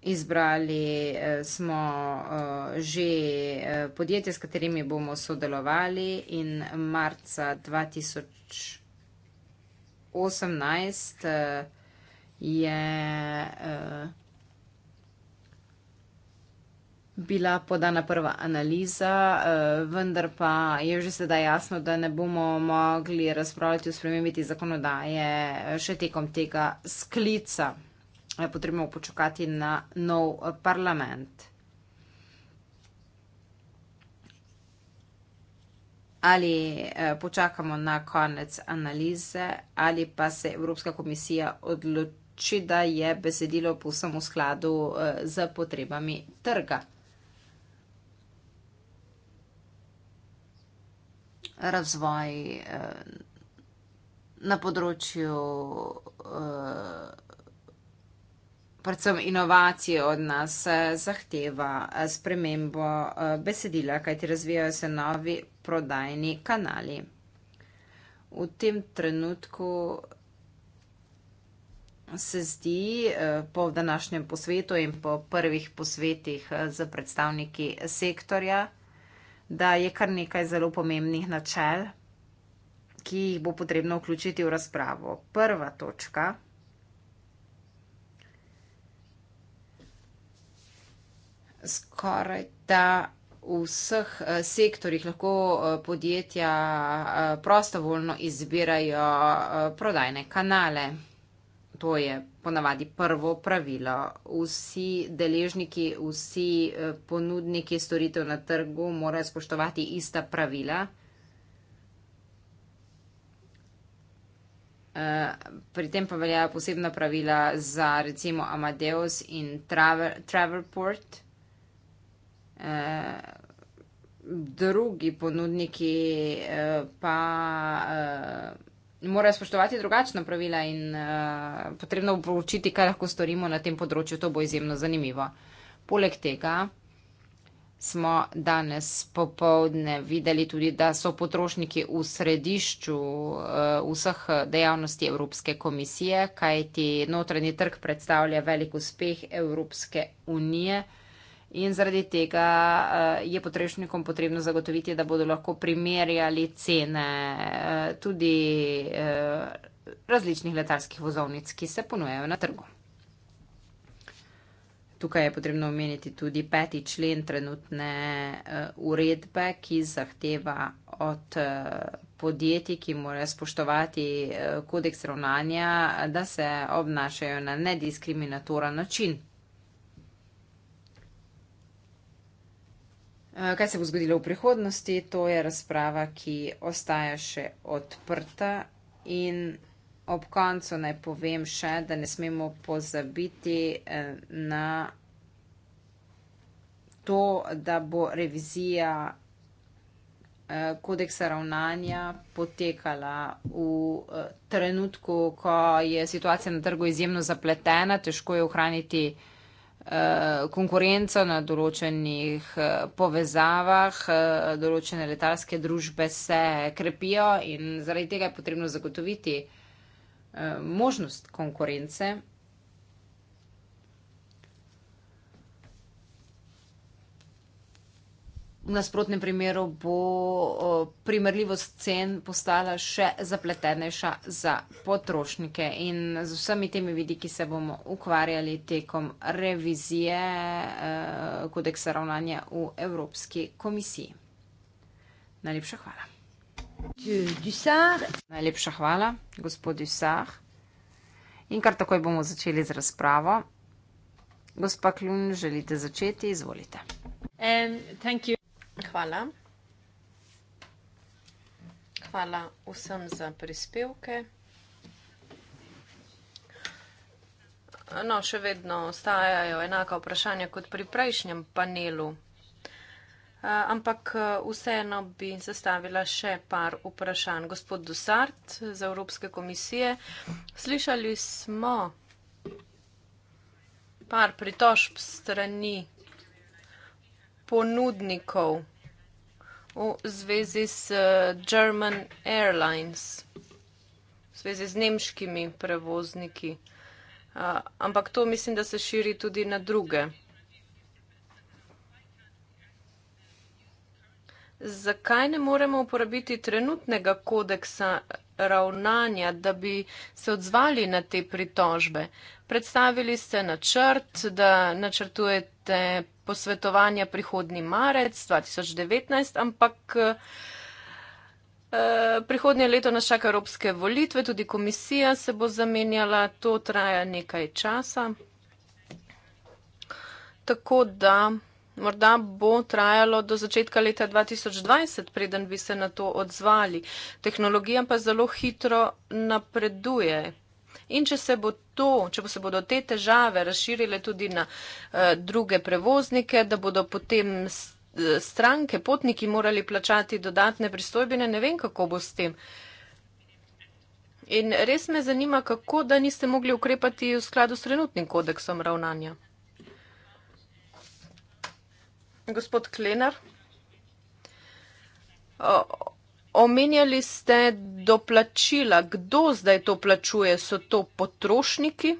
izbrali uh, smo uh, že uh, podjetje, s katerimi bomo sodelovali in marca 2018. 18 uh, eh, je uh, bila podana prva analiza, uh, vendar pa je že sedaj jasno, da ne bomo mogli razpravljati o spremembi zakonodaje še tekom tega sklica. Potrebno počakati na nov parlament. ali eh, počakamo na konec analize, ali pa se Evropska komisija odloči, da je besedilo povsem v skladu eh, z potrebami trga. Razvoj eh, na področju. Eh, predvsem inovacije od nas eh, zahteva eh, spremembo eh, besedila, kajti razvijajo se novi prodajni kanali. V tem trenutku se zdi po današnjem posvetu in po prvih posvetih z predstavniki sektorja, da je kar nekaj zelo pomembnih načel, ki jih bo potrebno vključiti v razpravo. Prva točka. skoraj da v vseh eh, sektorjih lahko eh, podjetja eh, prostovoljno izbirajo prodajne kanale. To je ponavadi prvo pravilo. Vsi deležniki, vsi ponudniki storitev na trgu morajo spoštovati ista pravila. Pri tem pa veljajo posebna pravila za recimo Amadeus in Travelport. Travel drugi ponudniki eh, pa eh, morajo spoštovati drugačna pravila in eh, potrebno bo učiti, kaj lahko storimo na tem področju. To bo izjemno zanimivo. Poleg tega smo danes popovdne videli tudi, da so potrošniki v središču vseh dejavnosti Evropske komisije, kajti notranji trg predstavlja velik uspeh Evropske unije in zaradi tega eh, je potrošnikom potrebno zagotoviti, da bodo lahko primerjali cene eh, tudi eh, različnih letalskih vozovnic, ki se ponujejo na trgu. Tukaj je potrebno omeniti tudi peti člen trenutne uredbe, ki zahteva od podjetij, ki morajo spoštovati kodeks ravnanja, da se obnašajo na nediskriminatoren način. Eh, kaj se bo zgodilo v prihodnosti, to je razprava, ki ostaja še odprta in ob koncu naj povem še, da ne smemo pozabiti eh, na to, da bo revizija eh, kodeksa ravnanja potekala v trenutku, ko je situacija na trgu izjemno zapletena, težko je ohraniti Eh, konkurenco na določenih eh, povezavah, eh, določene letalske družbe se krepijo in zaradi tega je potrebno zagotoviti možnost konkurence V nasprotnem primeru bo primerljivost cen postala še zapletenejša za potrošnike in z vsemi temi vidiki se bomo ukvarjali tekom revizije e, kodeksa ravnanja v Evropski komisiji. Najlepša hvala. Najlepša hvala, gospod Dussard. In kar takoj bomo začeli z razpravo. Gospa Kljun, želite začeti? Izvolite. Um, Hvala. Hvala vsem za prispevke. No, še vedno ostajajo enaka vprašanja kot pri prejšnjem panelu. Eh, ampak eh, vseeno bi zastavila še par vprašanj. Gospod Dusart z Evropske komisije, slišali smo par pritožb strani ponudnikov v zvezi s eh, German Airlines, v zvezi z nemškimi prevozniki. Ampak to mislim, da se širi tudi na druge. Zakaj ne moremo uporabiti trenutnega kodeksa ravnanja, da bi se odzvali na te pritožbe? Predstavili ste načrt, da načrtujete posvetovanje prihodni marec 2019, ampak eh, eh, prihodnje leto nas čaka evropske volitve, tudi komisija se bo zamenjala, to traja nekaj časa. Tako da morda bo trajalo do začetka leta 2020, preden bi se na to odzvali. Tehnologija pa zelo hitro napreduje. In če se bo to, če se bodo te težave razširile tudi na eh, druge prevoznike, da bodo potem eh, stranke, potniki morali plačati dodatne pristojbine, ne vem, kako bo s tem. In res me zanima, kako da niste mogli ukrepati v skladu s trenutnim kodeksom ravnanja. Gospod Klenar, Omenjali ste doplačila. Kdo zdaj to plačuje? So to potrošniki,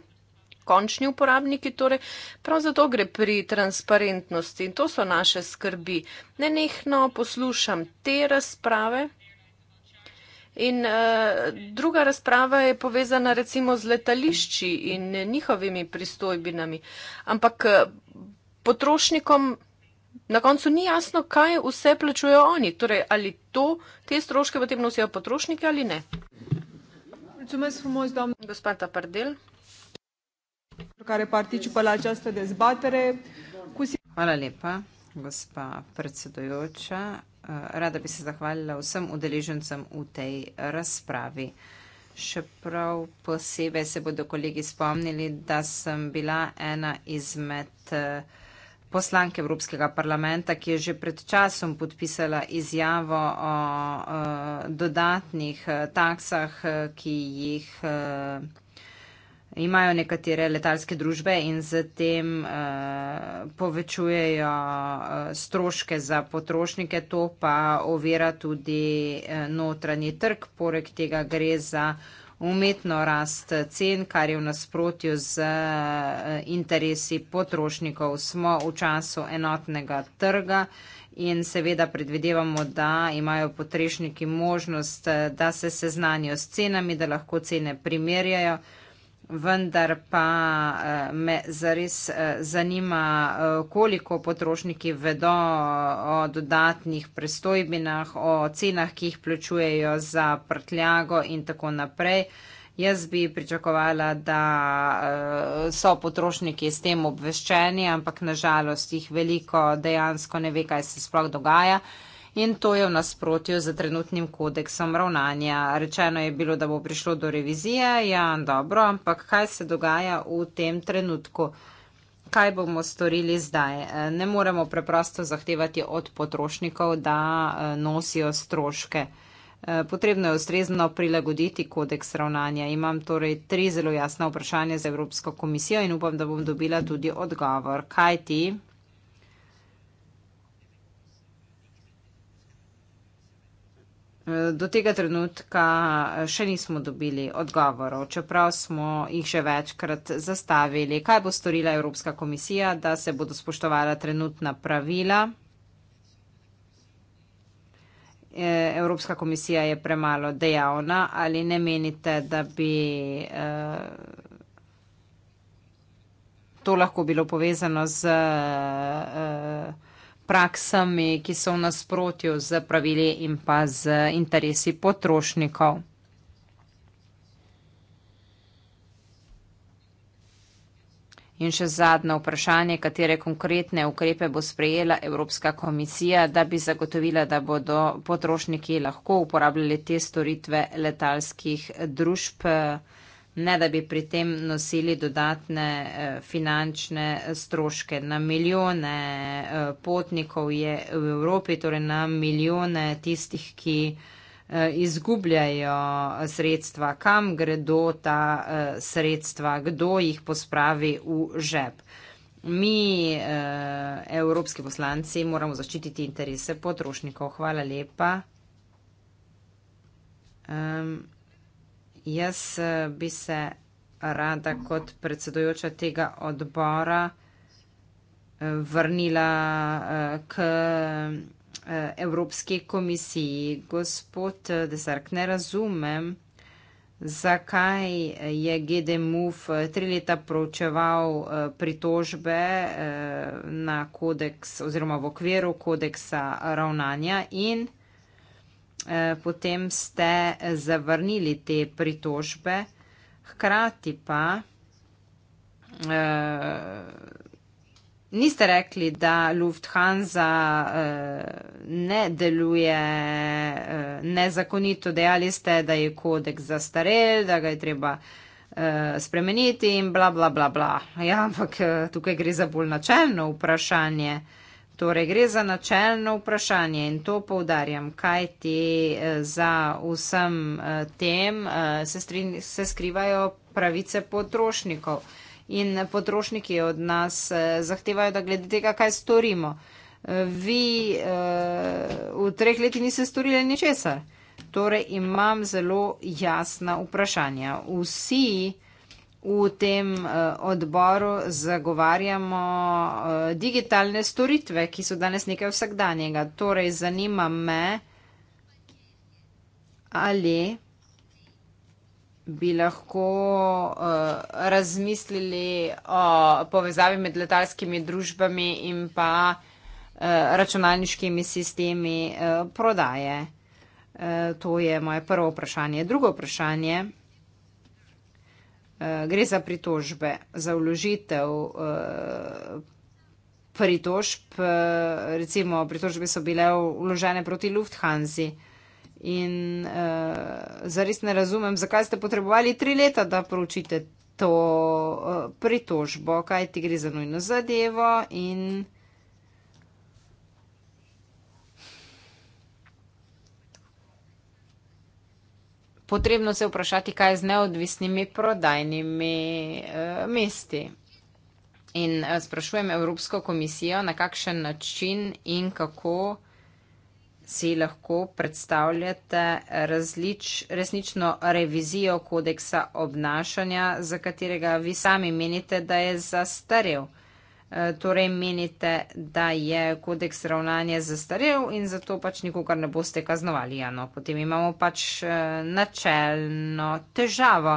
končni uporabniki? Torej, prav zato gre pri transparentnosti in to so naše skrbi. Nenehno poslušam te razprave. In uh, druga razprava je povezana recimo z letališči in njihovimi pristojbinami. Ampak uh, potrošnikom na koncu ni jasno, kaj vse plačujejo oni. Torej, ali to, te stroške potem nosijo potrošniki ali ne. Gospod Tapardel. Hvala lepa, gospa predsedujoča. Eh, rada bi se zahvalila vsem udeležencem v tej razpravi. Še prav posebej se bodo kolegi spomnili, da sem bila ena izmed. Uh, poslanke Evropskega parlamenta, ki je že pred časom podpisala izjavo o uh, dodatnih uh, taksah, uh, ki jih uh, imajo nekatere letalske družbe in z tem uh, povečujejo uh, stroške za potrošnike. To pa ovira tudi uh, notranji trg. Poleg tega gre za umetno rast cen, kar je v nasprotju z eh, interesi potrošnikov. Smo v času enotnega trga. In seveda predvidevamo, da imajo potrešniki možnost, eh, da se seznanijo s cenami, da lahko cene primerjajo vendar pa eh, me zares eh, zanima, eh, koliko potrošniki vedo o dodatnih prestojbinah, o cenah, ki jih plačujejo za prtljago in tako naprej. Jaz bi pričakovala, da so potrošniki s tem obveščeni, ampak nažalost jih veliko dejansko ne ve, kaj se sploh dogaja in to je v nasprotju z trenutnim kodeksom ravnanja. Rečeno je bilo, da bo prišlo do revizije, ja, dobro, ampak kaj se dogaja v tem trenutku? Kaj bomo storili zdaj? Ne moremo preprosto zahtevati od potrošnikov, da e, nosijo stroške. E, potrebno je ustrezno prilagoditi kodeks ravnanja. Imam torej tri zelo jasna vprašanja za Evropsko komisijo in upam, da bom dobila tudi odgovor. Kaj ti? Do tega trenutka eh, še nismo dobili odgovorov, čeprav smo jih že večkrat zastavili. Kaj bo storila Evropska komisija, da se bodo spoštovala trenutna pravila? Eh, Evropska komisija je premalo dejavna. Ali ne menite, da bi eh, to lahko bilo povezano z praksami, ki so v nasprotju z pravili in pa z interesi potrošnikov. In še zadnje vprašanje, katere konkretne ukrepe bo sprejela Evropska komisija, da bi zagotovila, da bodo potrošniki lahko uporabljali te storitve letalskih družb ne da bi pri tem nosili dodatne eh, finančne stroške. Na milijone eh, potnikov je v Evropi, torej na milijone tistih, ki eh, izgubljajo sredstva, kam gredo ta sredstva, kdo jih pospravi v žep. Mi, evropski poslanci, moramo zaščititi interese potrošnikov. Hvala lepa. Um. Jaz eh, bi se rada kot predsedujoča tega odbora eh, vrnila eh, k Evropski komisiji. Gospod Desark, ne razumem, zakaj je GDMUF tri leta proučeval pritožbe na kodeks oziroma v okviru kodeksa ravnanja in Eh, potem ste zavrnili te pritožbe, hkrati pa eh, niste rekli, da Lufthansa eh, ne deluje nezakonito, dejali ste, da je kodek zastarel, da ga je treba spremeniti in bla bla bla bla. Ja, ampak tukaj gre za bolj načelno vprašanje. Torej, gre za načelno vprašanje in to povdarjam, kaj ti eh, za vsem eh, tem eh, se, strin, se skrivajo pravice potrošnikov. In potrošniki od nas zahtevajo, da glede tega, kaj storimo. Vi v treh leti niste storili ničesar. Torej, imam zelo jasna vprašanja. Vsi v tem eh, odboru zagovarjamo eh, digitalne storitve, ki so danes nekaj vsakdanjega. Torej, zanima me, ali bi lahko eh, razmislili o povezavi med letalskimi družbami in pa računalniškimi sistemi prodaje. To je moje prvo vprašanje. Drugo vprašanje. Eh, gre za pritožbe, za vložitev eh, pritožb. Eh, recimo, pritožbe so bile vložene proti Lufthansi. In uh, zares ne razumem, zakaj ste potrebovali tri leta, da proučite to uh, pritožbo, kaj ti gre za nujno zadevo in uh, potrebno se vprašati, kaj je z neodvisnimi prodajnimi uh, mesti. In uh, sprašujem Evropsko komisijo, na kakšen način in kako si lahko predstavljate različ, resnično revizijo kodeksa obnašanja, za katerega vi sami menite, da je zastarel. Eh, torej menite, da je kodeks ravnanja zastarel in zato pač nikogar ne boste kaznovali. Ja, no, potem imamo pač eh, načelno težavo.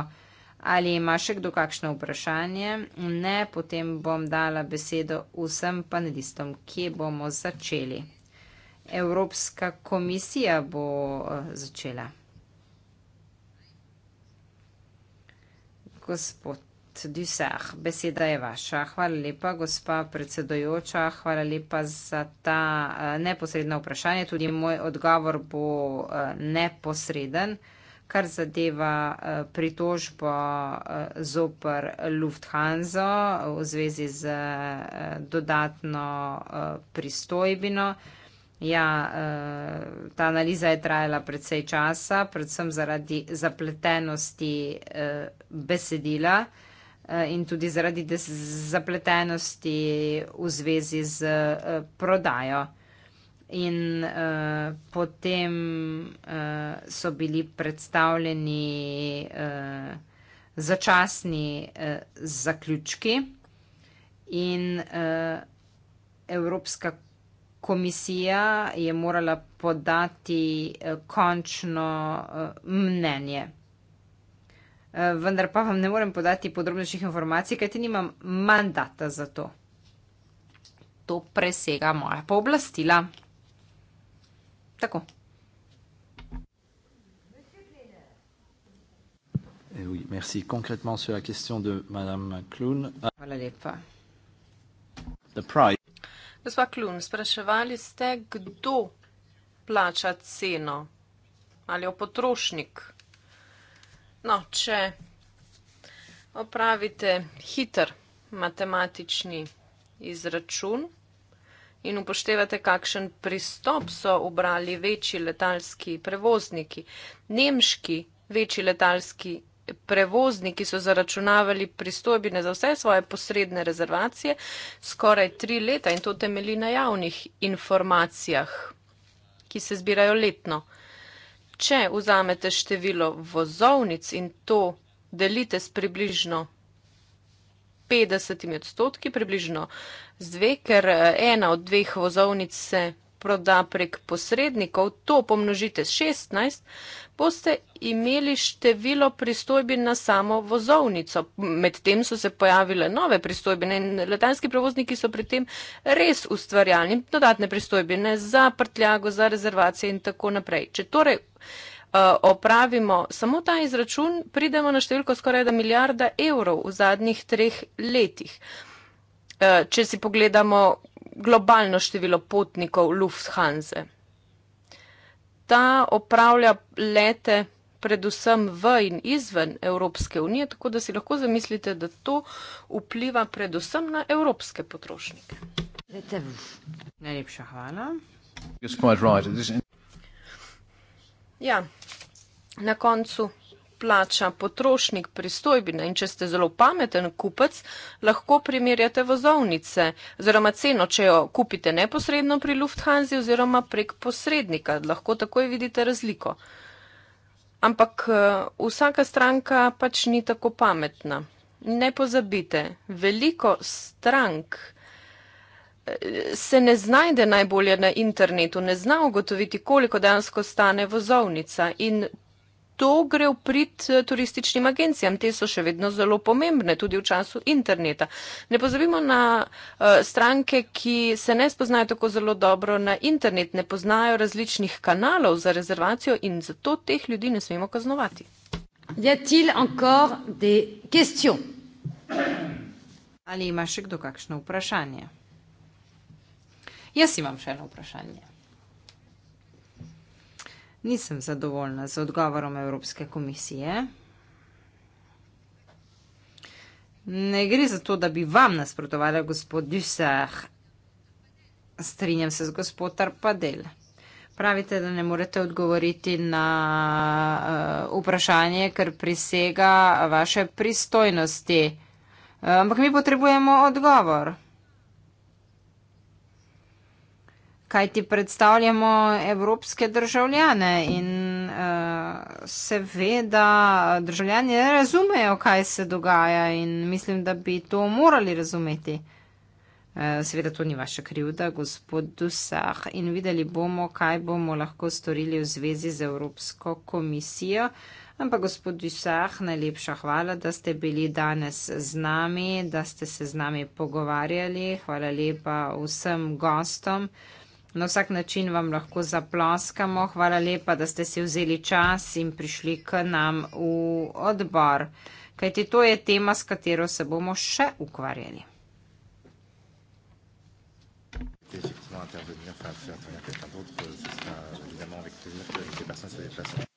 Ali ima še kdo kakšno vprašanje? Ne, potem bom dala besedo vsem panelistom, kje bomo začeli. Evropska komisija bo eh, začela. Gospod. Dussert. Beseda je vaša. Hvala lepa, gospa predsedojoča. Hvala lepa za ta eh, neposredna vprašanja. Tudi moj odgovor bo eh, neposreden, kar zadeva eh, pritožbo zoper Lufthansa v zvezi z dodatno pristojbino. Ja, ta analiza je trajala predvsej časa, predvsem zaradi zapletenosti besedila. Eh, in tudi zaradi zapletenosti v zvezi z eh, prodajo. In eh, potem eh, so bili predstavljeni eh, začasni eh, zaključki in eh, Evropska komisija je morala podati eh, končno eh, mnenje. Eh, vendar pa vam ne morem podati podrobnejših informacij, kajti nimam mandata za to. To presega moja pooblastila. Tako. Eh Hvala lepa. Gospa Klun, spraševali ste, kdo plača ceno? Ali je potrošnik? No, če opravite hiter matematični izračun in upoštevate, kakšen pristop so ubrali večji letalski prevozniki, nemški večji letalski prevozniki so zaračunavali pristojbine za vse svoje posredne rezervacije skoraj tri leta in to temeli na javnih informacijah, ki se zbirajo letno če vzamete število vozovnic in to delite s približno 50 odstotki, približno z dve, ker eh, ena od dveh vozovnic se proda prek posrednikov, to pomnožite s 16, boste imeli število pristojbin na samo vozovnico. Medtem so se pojavile nove pristojbine in letalski prevozniki so pri tem res ustvarjali dodatne pristojbine za prtljago, za rezervacije in tako naprej. Če torej eh, opravimo samo ta izračun, pridemo na številko skoraj da milijarda evrov v zadnjih treh letih. Eh, če si pogledamo, globalno število potnikov Lufthansa. Ta opravlja lete predvsem v in izven Evropske unije, tako da si lahko zamislite, da to vpliva predvsem na evropske potrošnike. Najlepša hvala. Ja, na koncu plača potrošnik pristojbine in če ste zelo pameten kupec, lahko primerjate vozovnice oziroma ceno, če jo kupite neposredno pri Lufthansi oziroma prek posrednika, lahko takoj vidite razliko. Ampak eh, vsaka stranka pač ni tako pametna. Ne pozabite, veliko strank eh, se ne znajde najbolje na internetu, ne zna ugotoviti, koliko dejansko stane vozovnica in to gre v prid eh, turističnim agencijam. Te so še vedno zelo pomembne, tudi v času interneta. Ne pozabimo na eh, stranke, ki se ne spoznajo tako zelo dobro na internet, ne poznajo različnih kanalov za rezervacijo in zato teh ljudi ne smemo kaznovati. Ali ima še kdo kakšno vprašanje? Jaz imam še eno vprašanje. Nisem zadovoljna z odgovorom Evropske komisije. Ne gre za to, da bi vam nasprotovala gospod Dussert. Strinjam se z gospod Tarpadel. Pravite, da ne morete odgovoriti na uh, vprašanje, ker prisega vaše pristojnosti. Uh, ampak mi potrebujemo odgovor. kaj ti predstavljamo evropske državljane in uh, seveda državljani ne razumejo, kaj se dogaja in mislim, da bi to morali razumeti. Eh, seveda to ni vaša krivda, gospod Dusah, in videli bomo, kaj bomo lahko storili v zvezi z Evropsko komisijo. Ampak, gospod Dusah, najlepša hvala, da ste bili danes z nami, da ste se z nami pogovarjali. Hvala lepa vsem gostom. Na vsak način vam lahko zaplaskamo. Hvala lepa, da ste si vzeli čas in prišli k nam v odbor, kajti to je tema, s katero se bomo še ukvarjali. Merci.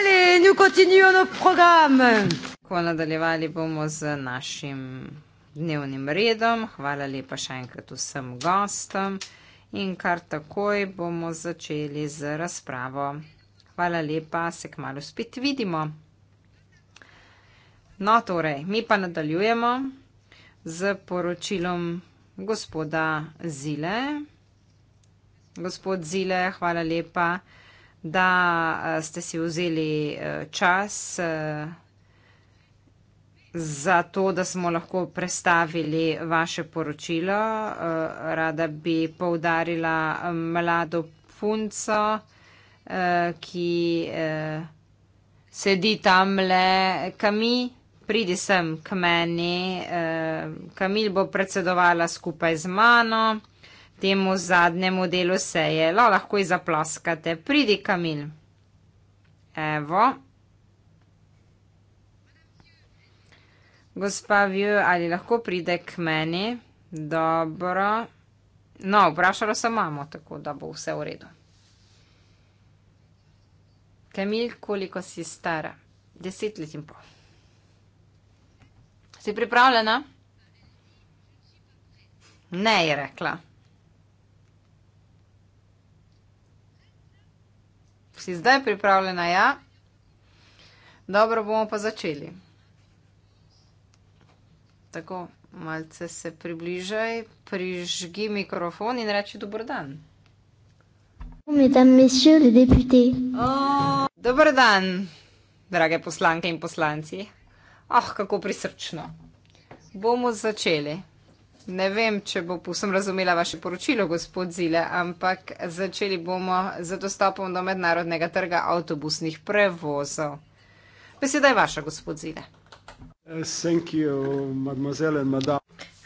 Allez, nous continuons notre programme. Nadaljevali bomo z našim dnevnim redom. Hvala lepa še enkrat vsem gostom in kar takoj bomo začeli z razpravo. Hvala lepa, se kmalo spet vidimo. No, torej, mi pa nadaljujemo z poročilom gospoda Zile. Gospod Zile, hvala lepa da eh, ste si vzeli eh, čas eh, za to, da smo lahko predstavili vaše poročilo. Rada bi poudarila mlado punco, ki sedi tam le kami. Pridi sem k meni, Kamil bo predsedovala skupaj z mano temu zadnjemu delu seje. La, lahko jih zaplaskate. Pridi, Kamil. Evo. Gospa Vju, ali lahko pride k meni? Dobro. No, vprašala sem mamo, tako da bo vse v redu. Kamil, koliko si stara? Deset let in pol. Si pripravljena? Ne, je rekla. Si zdaj pripravljena, ja? Dobro, bomo pa začeli. Tako, malce se približaj, prižgi mikrofon in reči dobro dan. Dobro dan, drage poslanke in poslanci. Ah, oh, kako prisrčno. Bomo začeli. Ne vem, če bo povsem razumela vaše poročilo, gospod Zile, ampak začeli bomo z dostopom do mednarodnega trga avtobusnih prevozov. Beseda je vaša, gospod Zile. Thank you, mademoiselle and madame.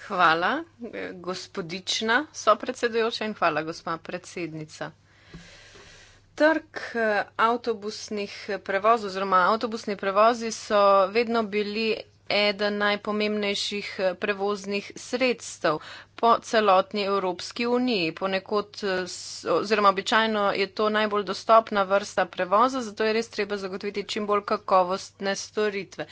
Hvala, gospodična sopredsedujoča in hvala, gospa predsednica. Trg eh, avtobusnih prevozov oziroma avtobusni prevozi so vedno bili eden najpomembnejših eh, prevoznih sredstev po celotni Evropski uniji. Ponekod, eh, oziroma običajno je to najbolj dostopna vrsta prevoza, zato je res treba zagotoviti čim bolj kakovostne storitve.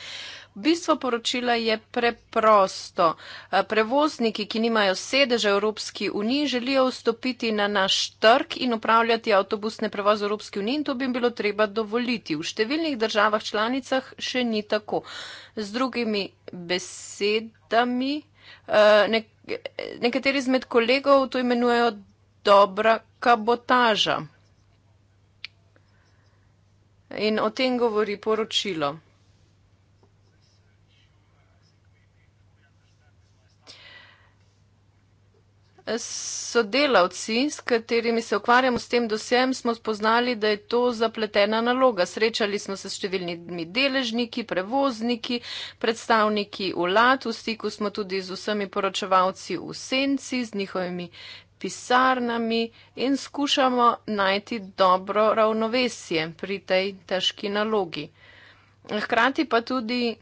Bistvo poročila je preprosto. Eh, prevozniki, ki nimajo sedeža v Evropski uniji, želijo vstopiti na naš trg in upravljati avtobusne prevoze v Evropski uniji in to bi jim bilo treba dovoliti. V številnih državah članicah še ni tako. Z drugimi besedami, eh, nek nekateri izmed kolegov to imenujejo dobra kabotaža. In o tem govori poročilo. sodelavci, s katerimi se ukvarjamo s tem dosjem, smo spoznali, da je to zapletena naloga. Srečali smo se s številnimi deležniki, prevozniki, predstavniki vlad, v stiku smo tudi z vsemi poročevalci v senci, z njihovimi pisarnami in skušamo najti dobro ravnovesje pri tej težki nalogi. Hkrati pa tudi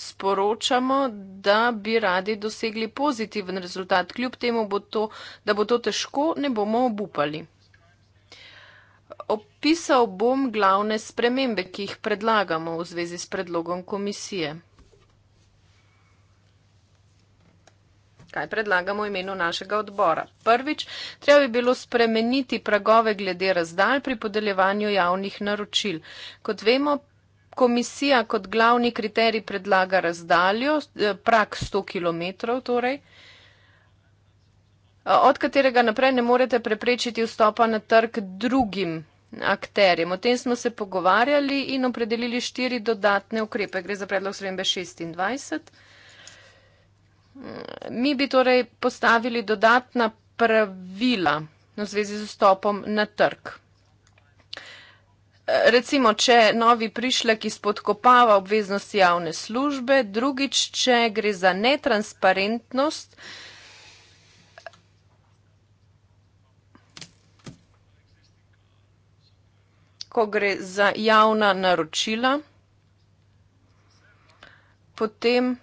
sporočamo, da bi radi dosegli pozitiven rezultat. Kljub temu, bo to, da bo to težko, ne bomo obupali. Opisal bom glavne spremembe, ki jih predlagamo v zvezi s predlogom komisije. Kaj predlagamo v imenu našega odbora? Prvič, treba bi bilo spremeniti pragove glede razdalj pri podeljevanju javnih naročil. Kot vemo, komisija kot glavni kriterij predlaga razdaljo, prak 100 km, torej, eh, od katerega naprej ne morete preprečiti vstopa na trg drugim akterjem. O tem smo se pogovarjali in opredelili štiri dodatne ukrepe. Gre za predlog Srembe 26. Mm, mi bi torej postavili dodatna pravila v zvezi z vstopom na trg recimo, če novi prišlek izpodkopava obveznosti javne službe, drugič, če gre za netransparentnost. Ko gre za javna naročila, potem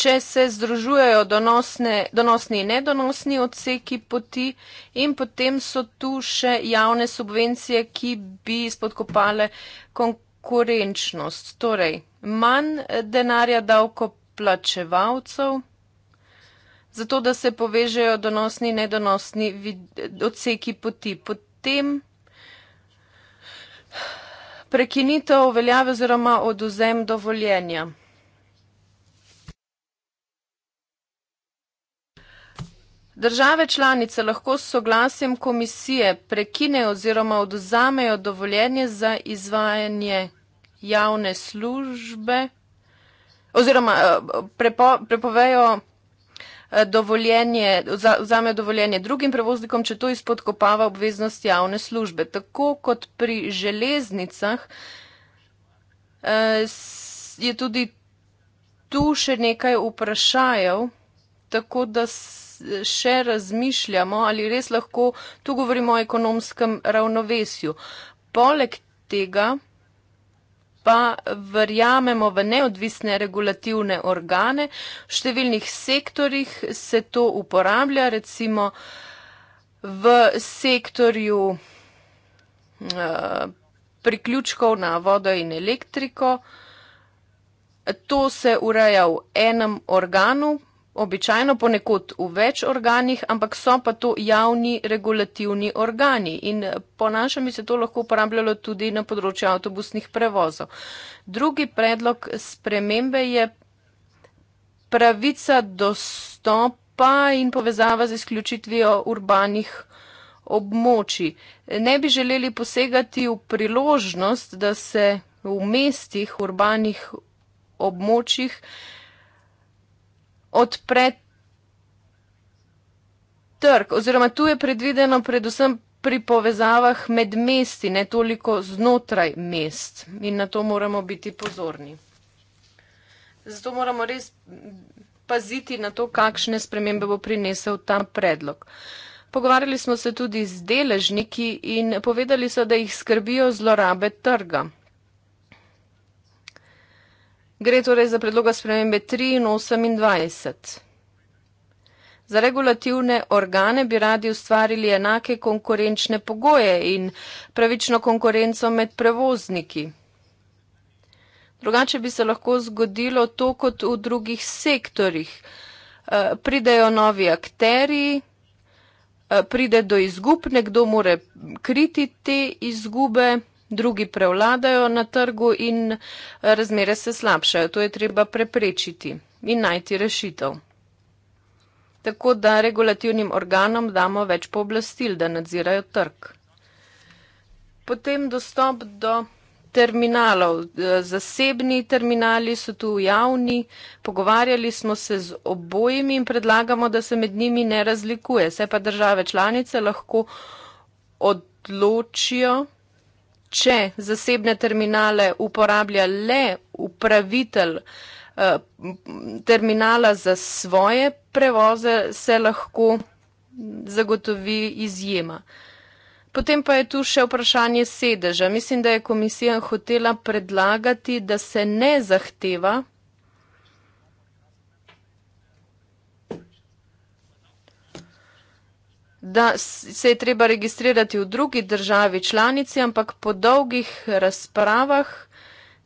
če se združujejo donosne, donosni in nedonosni odseki poti in potem so tu še javne subvencije, ki bi spodkopale konkurenčnost. Torej, manj denarja davkoplačevalcev, zato da se povežejo donosni in nedonosni odseki poti. Potem prekinitev veljave oziroma oduzem dovoljenja. Države članice lahko s soglasjem komisije prekinejo oziroma oduzamejo dovoljenje za izvajanje javne službe oziroma eh, prepo, prepovejo eh, dovoljenje, vzamejo dovoljenje drugim prevoznikom, če to izpodkopava obveznost javne službe. Tako kot pri železnicah eh, je tudi tu še nekaj vprašajev, tako da se še razmišljamo, ali res lahko tu govorimo o ekonomskem ravnovesju. Poleg tega pa verjamemo v neodvisne regulativne organe. V številnih sektorjih se to uporablja, recimo v sektorju eh, priključkov na vodo in elektriko. To se ureja v enem organu, Običajno ponekod v več organih, ampak so pa to javni regulativni organi in eh, po našem bi se to lahko uporabljalo tudi na področju avtobusnih prevozov. Drugi predlog spremembe je pravica dostopa in povezava z izključitvijo urbanih območij. Ne bi želeli posegati v priložnost, da se v mestih, urbanih območjih, odpre trg, oziroma tu je predvideno predvsem pri povezavah med mesti, ne toliko znotraj mest in na to moramo biti pozorni. Zato moramo res paziti na to, kakšne spremembe bo prinesel ta predlog. Pogovarjali smo se tudi z deležniki in povedali so, da jih skrbijo zlorabe trga. Gre torej za predloga spremembe 3 in 28. Za regulativne organe bi radi ustvarili enake konkurenčne pogoje in pravično konkurenco med prevozniki. Drugače bi se lahko zgodilo to kot v drugih sektorjih. Eh, pridejo novi akteri, eh, pride do izgub, nekdo more kriti te izgube drugi prevladajo na trgu in razmere se slabšajo. To je treba preprečiti in najti rešitev. Tako da regulativnim organom damo več pooblastil, da nadzirajo trg. Potem dostop do terminalov. Zasebni terminali so tu javni, pogovarjali smo se z obojimi in predlagamo, da se med njimi ne razlikuje. Se pa države članice lahko odločijo če zasebne terminale uporablja le upravitelj eh, terminala za svoje prevoze, se lahko zagotovi izjema. Potem pa je tu še vprašanje sedeža. Mislim, da je komisija hotela predlagati, da se ne zahteva da se je treba registrirati v drugi državi članici, ampak po dolgih razpravah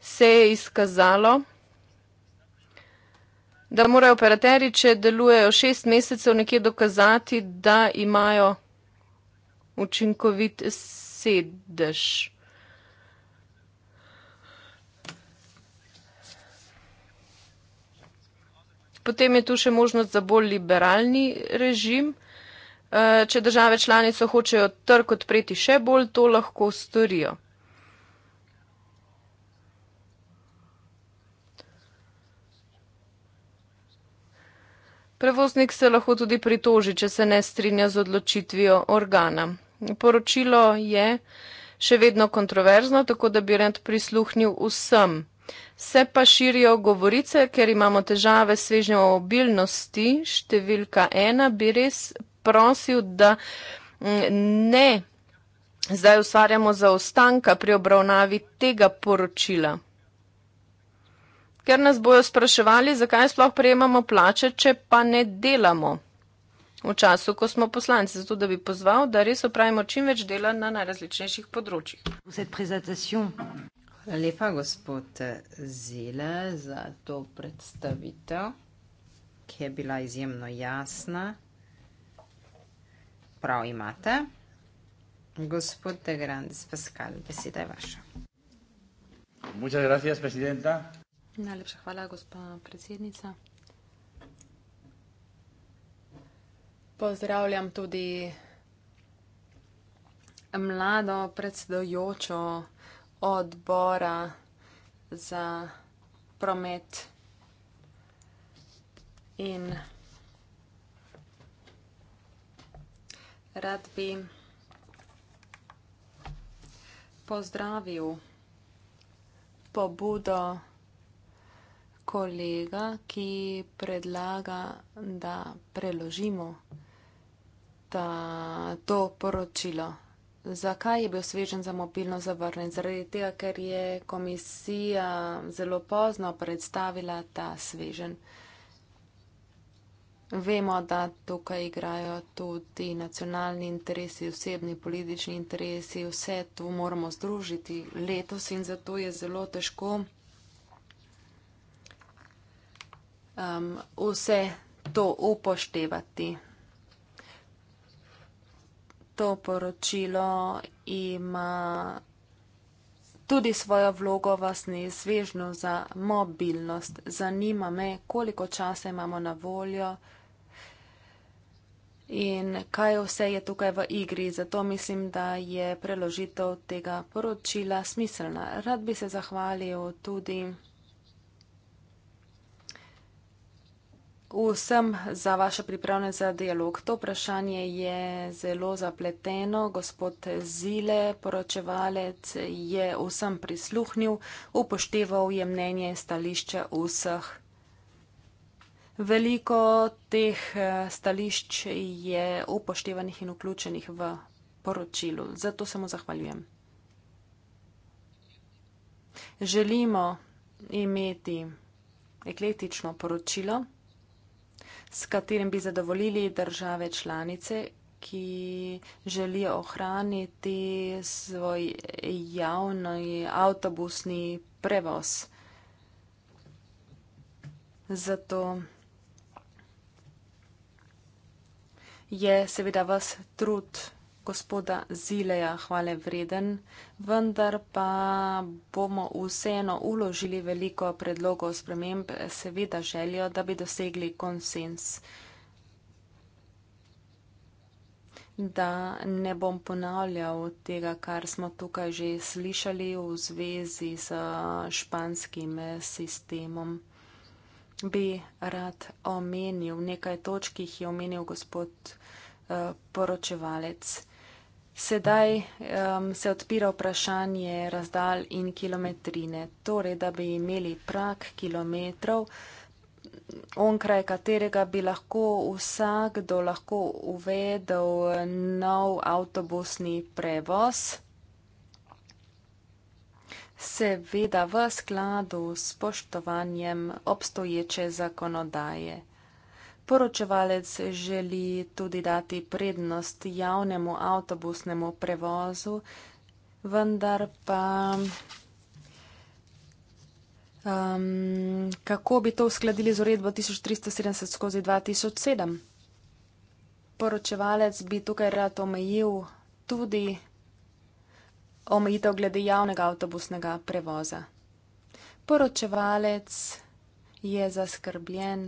se je izkazalo, da morajo operateri, če delujejo šest mesecev, nekje dokazati, da imajo učinkovit sedež. Potem je tu še možnost za bolj liberalni režim. Eh, če države članice hočejo trg odpreti še bolj, to lahko storijo. Prevoznik se lahko tudi pritoži, če se ne strinja z odločitvijo organa. Poročilo je še vedno kontroverzno, tako da bi rad prisluhnil vsem. Se pa širijo govorice, ker imamo težave s svežnjo obilnosti, številka ena bi res prosil, da mm, ne zdaj ustvarjamo zaostanka pri obravnavi tega poročila. Ker nas bojo spraševali, zakaj sploh prejemamo plače, če pa ne delamo v času, ko smo poslanci, zato da bi pozval, da res opravimo čim več dela na najrazličnejših področjih. Hvala lepa, gospod Zile, za to predstavitev, ki je bila izjemno jasna. Prav imate. Gospod De Grandes Pascal, beseda je vaša. Muchas gracias, presidenta. Najlepša hvala, gospa predsednica. Pozdravljam tudi mlado predsedojočo odbora za promet in rad bi pozdravil pobudo kolega, ki predlaga, da preložimo ta, to poročilo. Zakaj je bil svežen za mobilno zavrnjen? Zaradi tega, ker je komisija zelo pozno predstavila ta svežen. Vemo, da tukaj igrajo tudi nacionalni interesi, osebni politični interesi, vse to moramo združiti letos in zato je zelo težko um, vse to upoštevati. To poročilo ima tudi svojo vlogo vasni svežno za mobilnost. Zanima me, koliko časa imamo na voljo in kaj vse je tukaj v igri. Zato mislim, da je preložitev tega poročila smiselna. Rad bi se zahvalil tudi vsem za vaše pripravljanje za dialog. To vprašanje je zelo zapleteno. Gospod Zile, poročevalec, je vsem prisluhnil, upošteval je mnenje in stališče vseh. Veliko teh eh, stališč je upoštevanih in vključenih v poročilu, zato se mu zahvaljujem. Želimo imeti ekletično poročilo, s katerim bi zadovoljili države članice, ki želijo ohraniti svoj javni avtobusni prevoz. Zato je seveda vas trud gospoda Zileja hvale vreden, vendar pa bomo vseeno uložili veliko predlogov sprememb, seveda željo, da bi dosegli konsens. Da ne bom ponavljal tega, kar smo tukaj že slišali v zvezi s španskim sistemom bi rad omenil, nekaj točk, ki jih je omenil gospod uh, poročevalec. Sedaj um, se odpira vprašanje razdalj in kilometrine, torej da bi imeli prak kilometrov, onkraj katerega bi lahko vsakdo lahko uvedel eh, nov avtobusni prevoz seveda v skladu s poštovanjem obstoječe zakonodaje. Poročevalec želi tudi dati prednost javnemu avtobusnemu prevozu, vendar pa um, kako bi to uskladili z uredbo 1370 skozi 2007? Poročevalec bi tukaj rad omejil tudi omejitev glede javnega avtobusnega prevoza. Poročevalec je zaskrbljen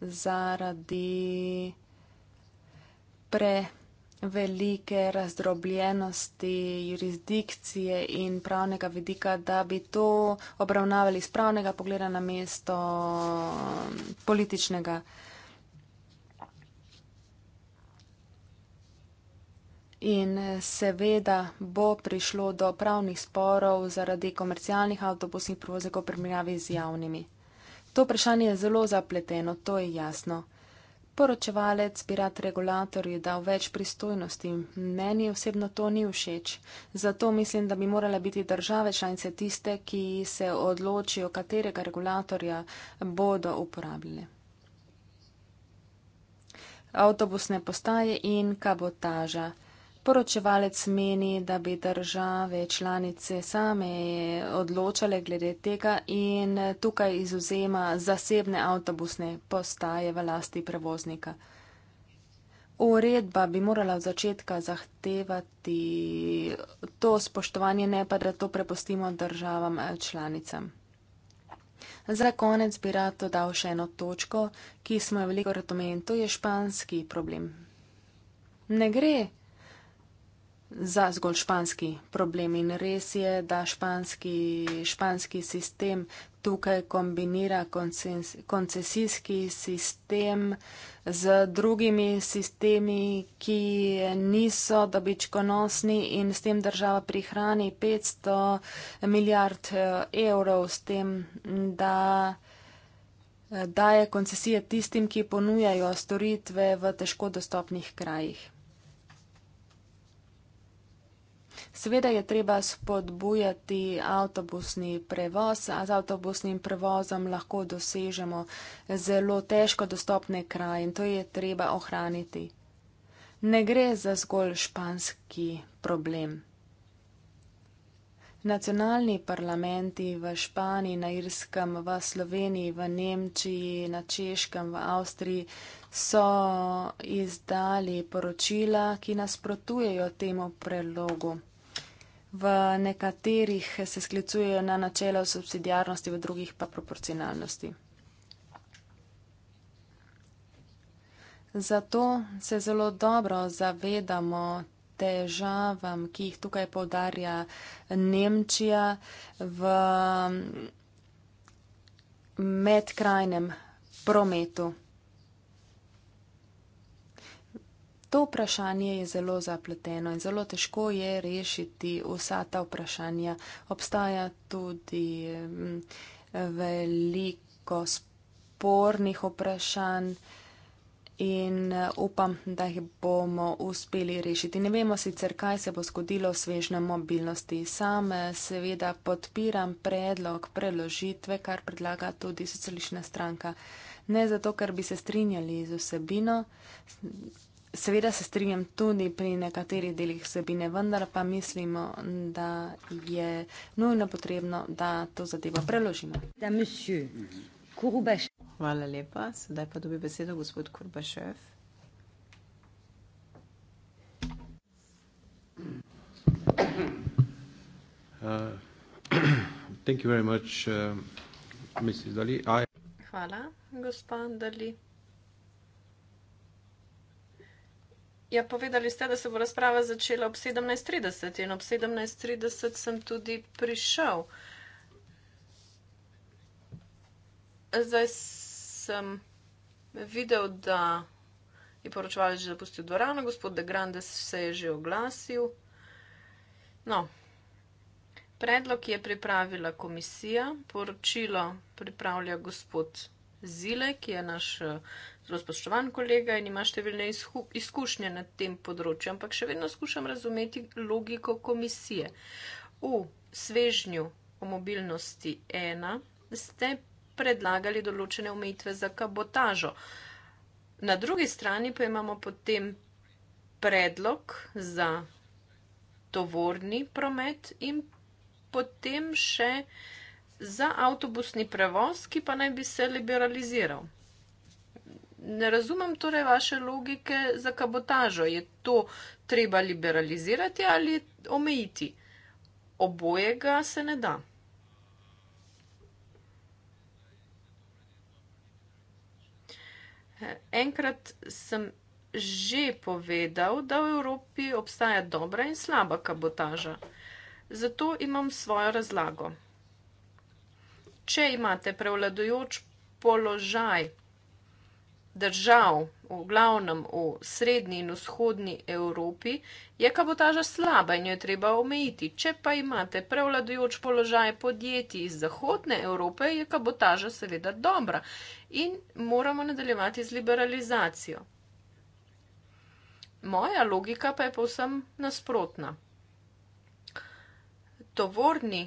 zaradi prevelike razdrobljenosti jurisdikcije in pravnega vidika, da bi to obravnavali iz pravnega pogleda na mesto političnega. In eh, seveda bo prišlo do pravnih sporov zaradi komercialnih avtobusnih prevozov v primerjavi z javnimi. To vprašanje je zelo zapleteno, to je jasno. Poročevalec, pirat regulator je dal več pristojnosti. Meni osebno to ni všeč. Zato mislim, da bi morale biti države članice tiste, ki se odločijo, katerega regulatorja bodo uporabljali. Avtobusne postaje in kabotaža. Poročevalec meni, da bi države članice same odločale glede tega in tukaj izuzema zasebne avtobusne postaje v lasti prevoznika. Uredba bi morala od začetka zahtevati to spoštovanje, ne pa da to prepustimo državam eh, članicam. Za konec bi rad dodal še eno točko, ki smo jo veliko razumeli, to je španski problem. Ne gre za zgolj španski problem. In res je, da španski, španski sistem tukaj kombinira konces, koncesijski sistem z drugimi sistemi, ki niso dobičkonosni in s tem država prihrani 500 milijard eh, evrov s tem, da eh, daje koncesije tistim, ki ponujajo storitve v težko dostopnih krajih. Seveda je treba spodbujati avtobusni prevoz, a z avtobusnim prevozom lahko dosežemo zelo težko dostopne kraje in to je treba ohraniti. Ne gre za zgolj španski problem. Nacionalni parlamenti v Španiji, na Irskem, v Sloveniji, v Nemčiji, na Češkem, v Avstriji so izdali poročila, ki nasprotujejo temu prelogu v nekaterih se sklicujejo na načelo subsidijarnosti, v drugih pa proporcionalnosti. Zato se zelo dobro zavedamo težavam, ki jih tukaj povdarja Nemčija v mm, medkrajnem prometu. To vprašanje je zelo zapleteno in zelo težko je rešiti vsa ta vprašanja. Obstaja tudi mm, veliko spornih vprašanj in upam, da jih bomo uspeli rešiti. Ne vemo sicer, kaj se bo zgodilo s svežnjo mobilnosti. Sam eh, seveda podpiram predlog preložitve, kar predlaga tudi socialična stranka. Ne zato, ker bi se strinjali z vsebino, Seveda se strinjam tudi pri nekaterih delih sebine, vendar pa mislimo, da je nujno potrebno, da to zadevo preložimo. Hvala lepa. Sedaj pa dobi besedo gospod Kurbašev. Uh, <clears throat> much, uh, Hvala, gospod Dali. Ja, povedali ste, da se bo razprava začela ob 17.30 in ob 17.30 sem tudi prišel. Zdaj sem videl, da je poročevalec že zapustil dvorano, gospod De Grande se je že oglasil. No, predlog je pripravila komisija, poročilo pripravlja gospod. Zile, ki je naš eh, zelo spoštovan kolega in ima številne izkušnje na tem področju, ampak še vedno skušam razumeti logiko komisije. V svežnju o mobilnosti ena ste predlagali določene omejitve za kabotažo. Na drugi strani pa imamo potem predlog za tovorni promet in potem še za avtobusni prevoz, ki pa naj bi se liberaliziral. Ne razumem torej vaše logike za kabotažo. Je to treba liberalizirati ali omejiti? Obojega se ne da. Enkrat sem že povedal, da v Evropi obstaja dobra in slaba kabotaža. Zato imam svojo razlago če imate prevladujoč položaj držav, v glavnem v srednji in vzhodni Evropi, je kabotaža slaba in jo je treba omejiti. Če pa imate prevladujoč položaj podjetij iz zahodne Evrope, je kabotaža seveda dobra in moramo nadaljevati z liberalizacijo. Moja logika pa je povsem nasprotna. Tovorni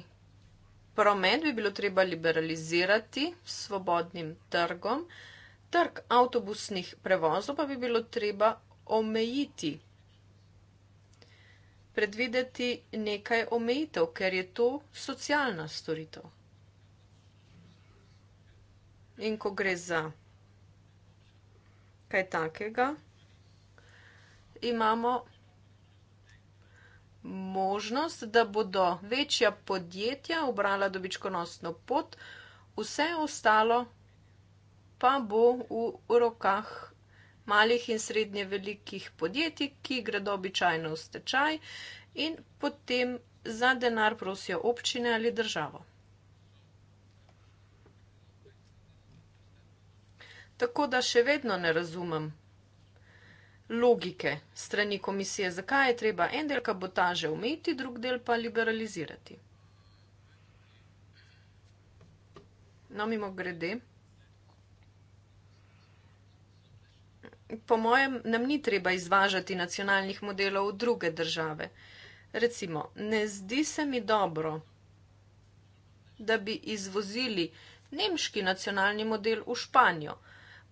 promet bi bilo treba liberalizirati s svobodnim trgom, trg avtobusnih prevozov pa bi bilo treba omejiti. Predvideti nekaj omejitev, ker je to socialna storitev. In ko gre za kaj takega, imamo možnost, da bodo večja podjetja obrala dobičkonosno pot, vse ostalo pa bo v rokah malih in srednje velikih podjetij, ki gredo običajno v stečaj in potem za denar prosijo občine ali državo. Tako da še vedno ne razumem, logike strani komisije, zakaj je treba en del kabotaže umeti, drug del pa liberalizirati. No, mimo grede. Po mojem, nam ni treba izvažati nacionalnih modelov v druge države. Recimo, ne zdi se mi dobro, da bi izvozili nemški nacionalni model v Španijo.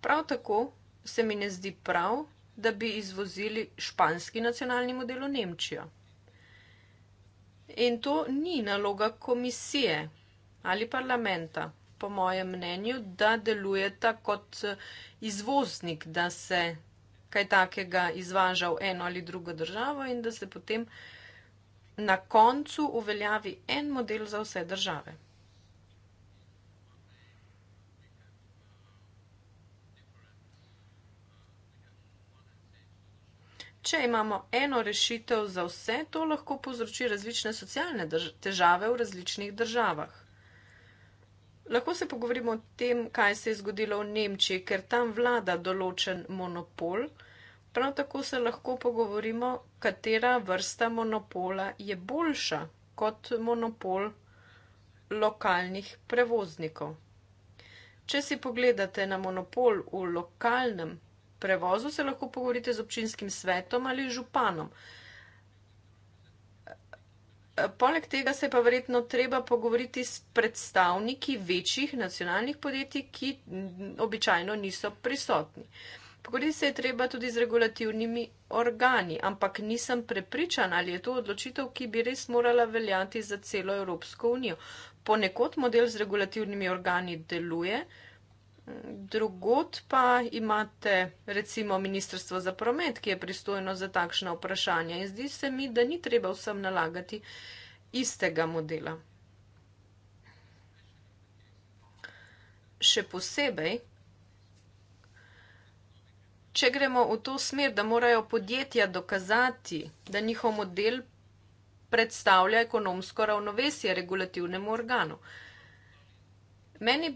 Prav tako se mi ne zdi prav, da bi izvozili španski nacionalni model v Nemčijo. In to ni naloga komisije ali parlamenta, po mojem mnenju, da delujeta kot izvoznik, da se kaj takega izvaža v eno ali drugo državo in da se potem na koncu uveljavi en model za vse države. Če imamo eno rešitev za vse, to lahko povzroči različne socialne težave v različnih državah. Lahko se pogovorimo o tem, kaj se je zgodilo v Nemčiji, ker tam vlada določen monopol. Prav tako se lahko pogovorimo, katera vrsta monopola je boljša kot monopol lokalnih prevoznikov. Če si pogledate na monopol v lokalnem prevozu se lahko pogovorite z občinskim svetom ali županom. Poleg tega se je pa verjetno treba pogovoriti s predstavniki večjih nacionalnih podjetij, ki običajno niso prisotni. Pogovoriti se je treba tudi z regulativnimi organi, ampak nisem prepričan, ali je to odločitev, ki bi res morala veljati za celo Evropsko unijo. Ponekod model z regulativnimi organi deluje, Drugod pa imate recimo Ministrstvo za promet, ki je pristojno za takšna vprašanja in zdi se mi, da ni treba vsem nalagati istega modela. Še posebej, če gremo v to smer, da morajo podjetja dokazati, da njihov model predstavlja ekonomsko ravnovesje regulativnemu organu. Meni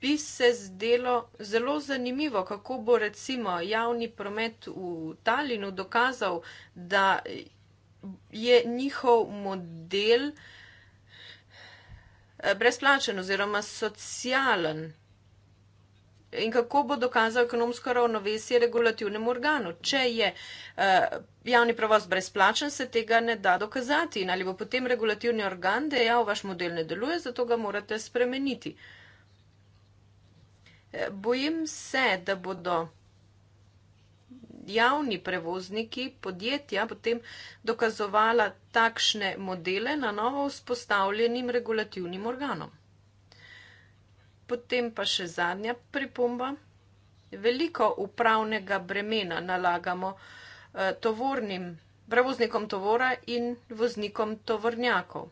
bi se zdelo zelo zanimivo, kako bo recimo javni promet v Talinu dokazal, da je njihov model eh, brezplačen oziroma socialen. In kako bo dokazal ekonomsko ravnovesje regulativnemu organu? Če je uh, javni prevoz brezplačen, se tega ne da dokazati. In ali bo potem regulativni organ dejal, vaš model ne deluje, zato ga morate spremeniti. Uh, Bojim se, da bodo javni prevozniki, podjetja potem dokazovala takšne modele na novo vzpostavljenim regulativnim organom. Potem pa še zadnja pripomba. Veliko upravnega bremena nalagamo eh, tovornim, prevoznikom tovora in voznikom tovornjakov.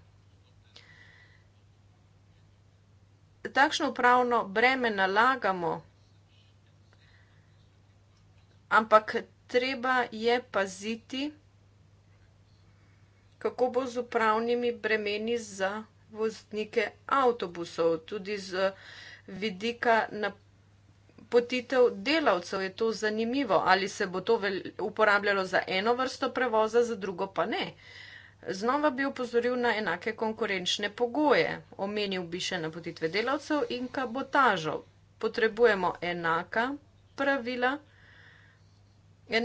takšno upravno breme nalagamo, ampak treba je paziti, kako bo z upravnimi bremeni za voznike avtobusov, tudi z vidika na potitev delavcev je to zanimivo, ali se bo to uporabljalo za eno vrsto prevoza, za drugo pa ne. Uh, Znova bi upozoril na enake konkurenčne pogoje. Omenil bi še napotitve delavcev in kabotažo. Potrebujemo enaka pravila,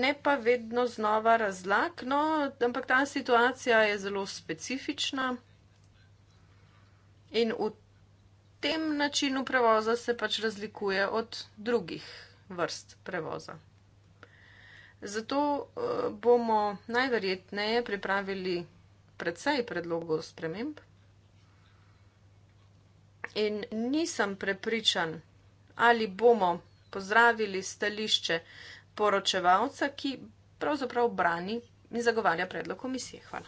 ne pa vedno znova razlag, no, ampak ta situacija je zelo specifična in v tem načinu prevoza se pač razlikuje od drugih vrst prevoza. Zato eh, bomo najverjetneje pripravili precej predlogov sprememb. In nisem prepričan, ali bomo pozdravili stališče poročevalca, ki pravzaprav brani in zagovarja predlog komisije. Hvala.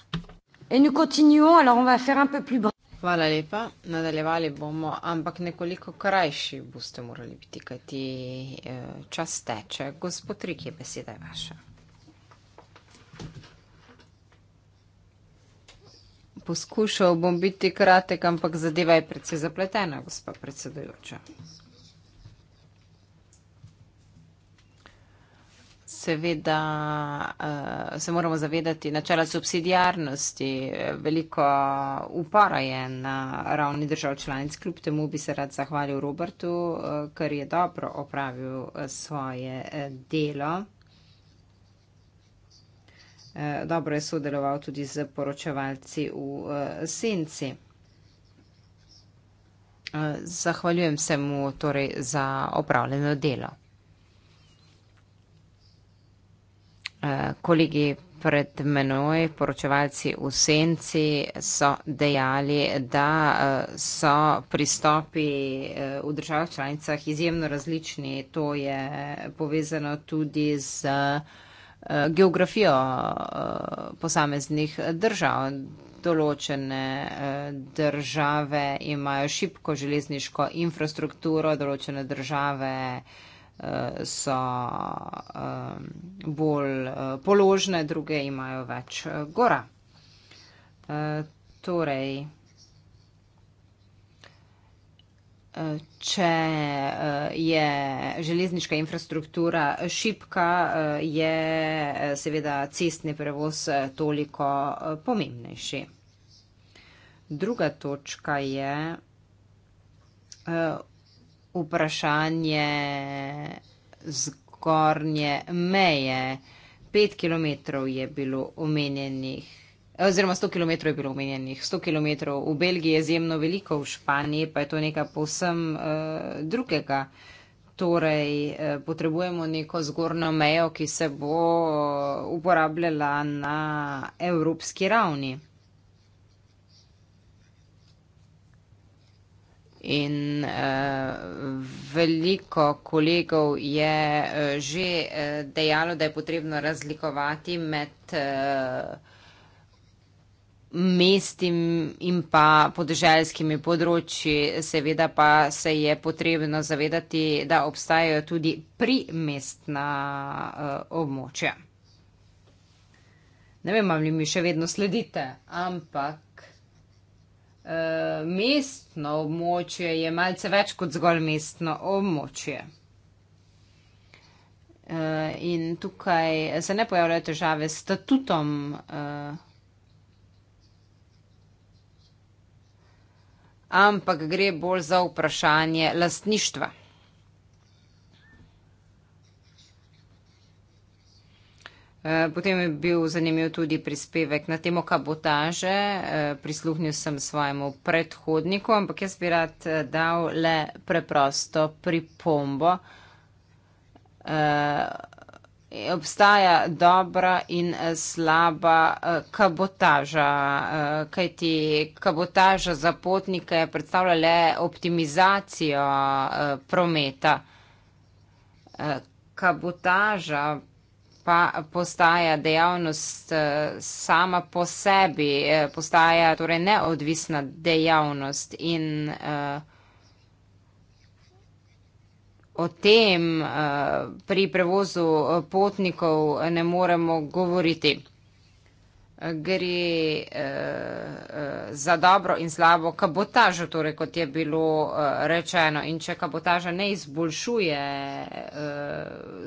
Hvala lepa. Nadaljevali bomo, ampak nekoliko krajši boste morali biti, kajti eh, čas teče. Gospod Rik je beseda vaša. poskušal bom biti kratek, ampak zadeva je predvsej zapletena, gospa predsedojoča. Seveda eh, se moramo zavedati načela subsidijarnosti. Veliko upora je na ravni držav članic. Kljub temu bi se rad zahvalil Robertu, eh, ker je dobro opravil eh, svoje delo. Eh, dobro je sodeloval tudi z poročevalci v eh, Senci. Eh, zahvaljujem se mu torej za opravljeno delo. Kolegi pred menoj, poročevalci v Senci, so dejali, da so pristopi v državah članicah izjemno različni. To je povezano tudi z geografijo eh, posameznih držav. Določene eh, države imajo šipko železniško infrastrukturo, določene države eh, so bolj položne, druge imajo več gora. Torej, Če eh, je železniška infrastruktura šipka, eh, je eh, seveda cestni prevoz toliko pomembnejši. Druga točka je vprašanje zgornje meje. 5 km je bilo omenjenih Oziroma 100 km je bilo omenjenih. 100 km v Belgiji je izjemno veliko, v Španiji pa je to nekaj povsem uh, drugega. Torej, eh, potrebujemo neko zgornjo mejo, ki se bo eh, uporabljala na evropski ravni. In eh, veliko kolegov je eh, že eh, dejalo, da je potrebno razlikovati med. Eh, mestim in pa podeželskimi področji, seveda pa se je potrebno zavedati, da obstajajo tudi primestna uh, območja. Ne vem, ali mi še vedno sledite, ampak uh, mestno območje je malce več kot zgolj mestno območje. Uh, in tukaj se ne pojavljajo težave s statutom. Uh, ampak gre bolj za vprašanje lastništva. Eh, potem je bil zanimiv tudi prispevek na temo kabotaže. Eh, prisluhnil sem svojemu predhodniku, ampak jaz bi rad eh, dal le preprosto pripombo obstaja dobra in eh, slaba eh, kabotaža, eh, kajti kabotaža za potnike predstavlja le optimizacijo prometa. Kabotaža pa postaja dejavnost sama po sebi, postaja torej neodvisna dejavnost in o tem eh, pri prevozu eh, potnikov ne moremo govoriti. Eh, gre za dobro in slabo kabotažo, torej kot je bilo rečeno. In če kabotaža ne izboljšuje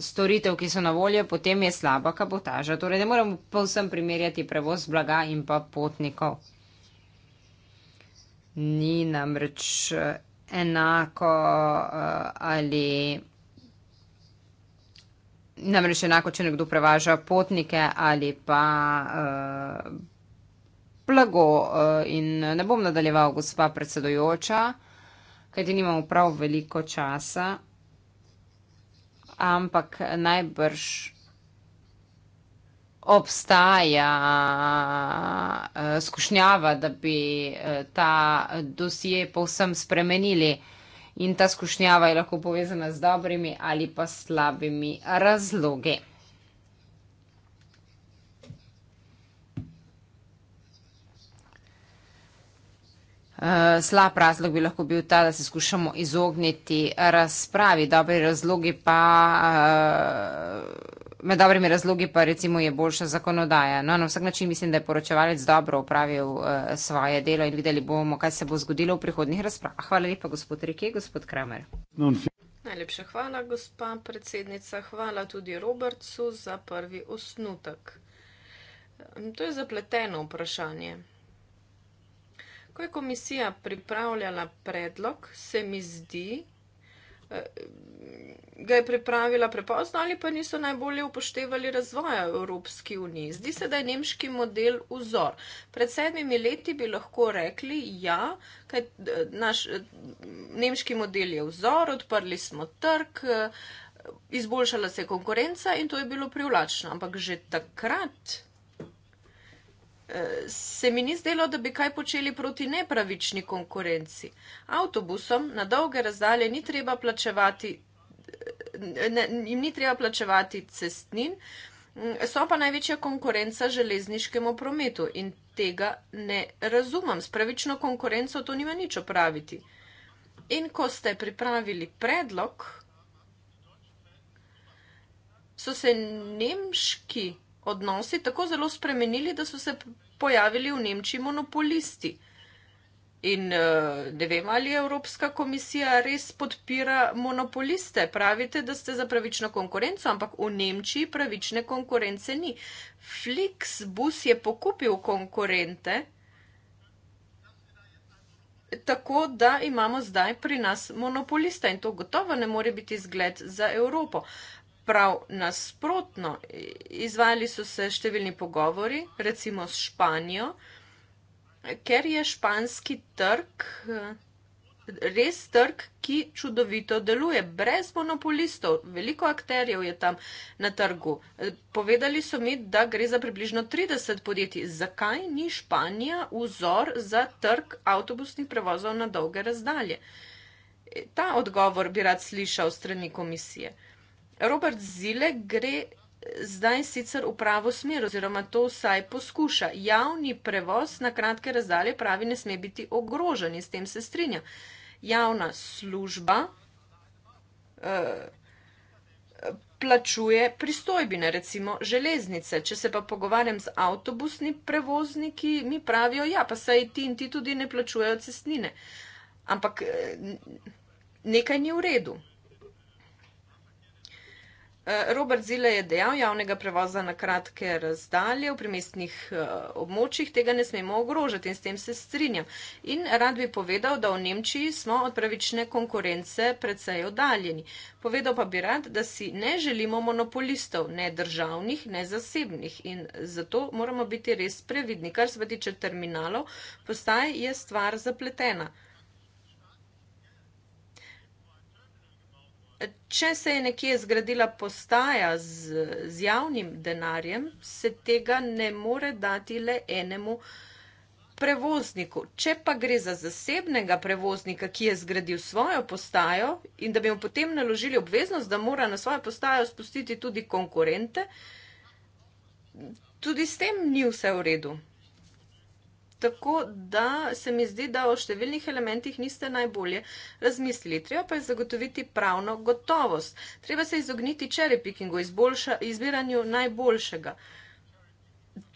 storitev, ki so na voljo, potem je slaba kabotaža. Torej ne moremo povsem primerjati prevoz blaga in pa potnikov. Ni namreč enako eh, ali. Namreč enako, če nekdo prevaža potnike ali pa uh, blago. Uh, in ne bom nadaljeval, gospa predsedojoča, kajti nimamo prav veliko časa, ampak najbrž obstaja uh, skušnjava, da bi uh, ta dosije povsem spremenili. In ta skušnjava je lahko povezana z dobrimi ali pa slabimi razloge. Uh, slab razlog bi lahko bil ta, da se skušamo izogniti razpravi, dobri razlogi pa. Uh, med dobrimi razlogi pa recimo je boljša zakonodaja. No, na vsak način mislim, da je poročevalec dobro upravil uh, eh, svoje delo in videli bomo, kaj se bo zgodilo v prihodnih razpravah. Hvala lepa, gospod Rike, gospod Kramer. Najlepša hvala, gospa predsednica. Hvala tudi Robertsu za prvi osnutek. To je zapleteno vprašanje. Ko je komisija pripravljala predlog, se mi zdi, ga je pripravila prepozno ali pa niso najbolje upoštevali razvoja Evropske unije. Zdi se, da je nemški model vzor. Pred sedmimi leti bi lahko rekli, ja, kaj naš nemški model je vzor, odprli smo trg, izboljšala se je konkurenca in to je bilo privlačno. Ampak že takrat se mi ni zdelo, da bi kaj počeli proti nepravični konkurenci. Avtobusom na dolge razdalje ni treba plačevati, ne, jim ni treba plačevati cestnin, so pa največja konkurenca železniškemu prometu in tega ne razumem. S pravično konkurenco to nima nič opraviti. In ko ste pripravili predlog, so se nemški odnosi tako zelo spremenili, da so se pojavili v Nemčiji monopolisti. In eh, ne vem, ali Evropska komisija res podpira monopoliste. Pravite, da ste za pravično konkurenco, ampak v Nemčiji pravične konkurence ni. Flixbus je pokupil konkurente, tako da imamo zdaj pri nas monopolista in to gotovo ne more biti zgled za Evropo. Uh, prav nasprotno, izvajali so se številni pogovori, recimo s Španijo, ker je španski trg eh, res trg, ki čudovito deluje, brez monopolistov, veliko akterjev je tam na trgu. Eh, povedali so mi, da gre za približno 30 podjetij. Zakaj ni Španija vzor za trg avtobusnih prevozov na dolge razdalje? Eh, ta odgovor bi rad slišal strani komisije. Robert Zile gre zdaj sicer v pravo smer, oziroma to vsaj poskuša. Javni prevoz na kratke razdalje pravi, ne sme biti ogrožen in s tem se strinja. Javna služba uh, plačuje pristojbine, recimo železnice. Če se pa pogovarjam z avtobusni prevozniki, mi pravijo, ja, pa saj ti in ti tudi ne plačujejo cestnine. Ampak eh, nekaj ni v redu. Eh, Robert Zile je dejal, javnega prevoza na kratke razdalje v primestnih eh, območjih tega ne smemo ogrožati in s tem se strinjam. In rad bi povedal, da v Nemčiji smo od pravične konkurence predvsej oddaljeni. Povedal pa bi rad, da si ne želimo monopolistov, ne državnih, ne zasebnih in zato moramo biti res previdni. Kar se pa tiče terminalov, postaj je stvar zapletena. če se je nekje zgradila postaja z, z javnim denarjem, se tega ne more dati le enemu prevozniku. Če pa gre za zasebnega prevoznika, ki je zgradil svojo postajo in da bi mu potem naložili obveznost, da mora na svojo postajo spustiti tudi konkurente, tudi s tem ni vse v redu. Tako da se mi zdi, da o številnih elementih niste najbolje razmislili. Treba pa je zagotoviti pravno gotovost. Treba se izogniti čerepikingu, izbiranju najboljšega.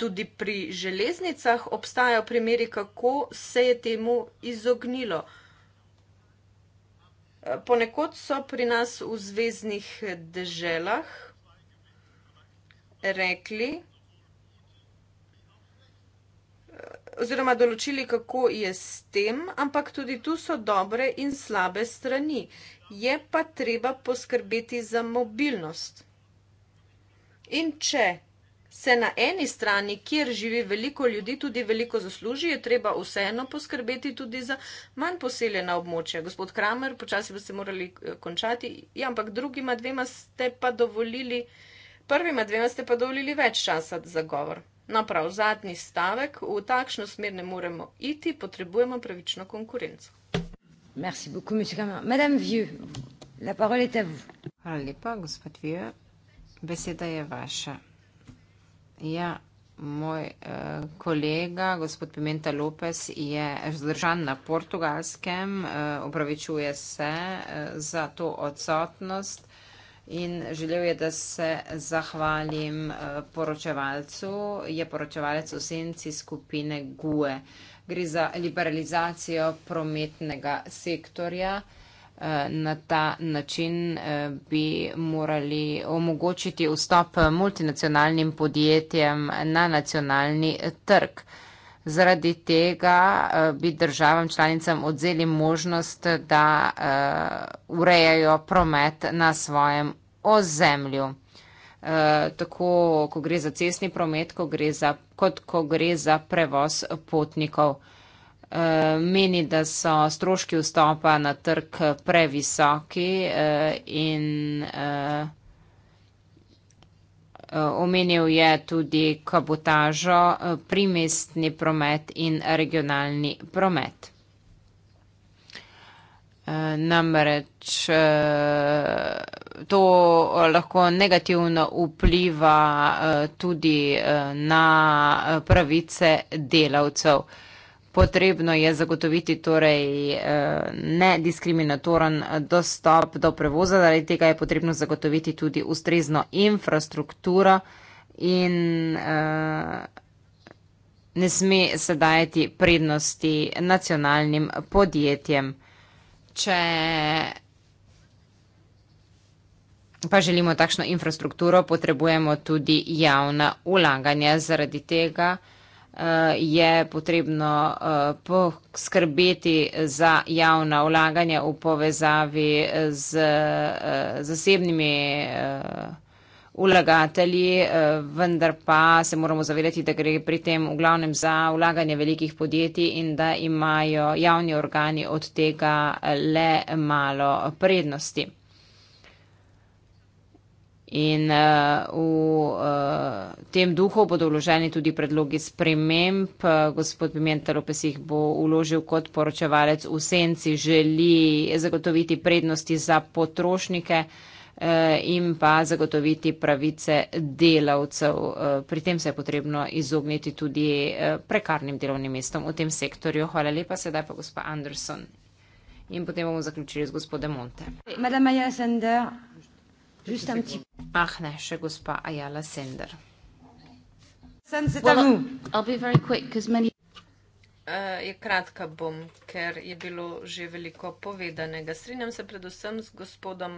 Tudi pri železnicah obstajajo primeri, kako se je temu izognilo. Ponekod so pri nas v zvezdnih deželah rekli, oziroma določili, kako je s tem, ampak tudi tu so dobre in slabe strani. Je pa treba poskrbeti za mobilnost. In če se na eni strani, kjer živi veliko ljudi, tudi veliko zasluži, je treba vseeno poskrbeti tudi za manj poseljena območja. Gospod Kramer, počasi boste morali eh, končati, ja, ampak drugima dvema ste pa dovolili. Prvima dvema ste pa dovolili več časa za govor. No, prav zadnji stavek, v takšno smer ne moremo iti, potrebujemo pravično konkurenco. Merci beaucoup, monsieur Gamin. Madame Vieux, la parole est à vous. Hvala lepa, gospod Vieux. Beseda je vaša. Ja, moj uh, kolega, gospod Pimenta Lopes, je zdržan na portugalskem, uh, opravičuje se uh, za to odsotnost in želel je, da se zahvalim eh, poročevalcu, je poročevalec v senci skupine GUE. Gre za liberalizacijo prometnega sektorja. Eh, na ta način eh, bi morali omogočiti vstop multinacionalnim podjetjem na nacionalni trg. Zaradi tega eh, bi državam članicam odzeli možnost, da eh, urejajo promet na svojem ozemlju. Eh, tako, ko gre za cestni promet, ko gre za, kot ko gre za prevoz potnikov. Meni, da so stroški vstopa na trg previsoki in Omenil je tudi kabotažo, eh, primestni promet in regionalni promet. Eh, namreč eh, to lahko negativno vpliva tudi na pravice delavcev. Potrebno je zagotoviti torej eh, nediskriminatoren eh, dostop do prevoza, zaradi tega je potrebno zagotoviti tudi ustrezno infrastrukturo in eh, ne sme se dajati prednosti nacionalnim podjetjem. Če pa želimo takšno infrastrukturo, potrebujemo tudi javna ulaganja zaradi tega, Eh, je potrebno eh, poskrbeti za javna vlaganja v povezavi z eh, zasebnimi vlagatelji, vendar pa se moramo zavedati, da gre pri tem v glavnem za vlaganje velikih podjetij in da imajo javni organi od tega le malo prednosti. In uh, v uh, tem duhu bodo vloženi tudi predlogi sprememb. Uh, gospod Pimentar Opesih bo uložil kot poročevalec v senci, želi zagotoviti prednosti za potrošnike uh, in pa zagotoviti pravice delavcev. Uh, pri tem se je potrebno izogniti tudi uh, prekarnim delovnim mestom v tem sektorju. Hvala lepa, sedaj pa gospod Anderson. In potem bomo zaključili z gospodem Monte. Madame, Juste un petit. Ah, ne, je gospa Ayala Sender. Eh, je kratka bom, ker je bilo že veliko povedanega. Strinjam se predvsem z gospodom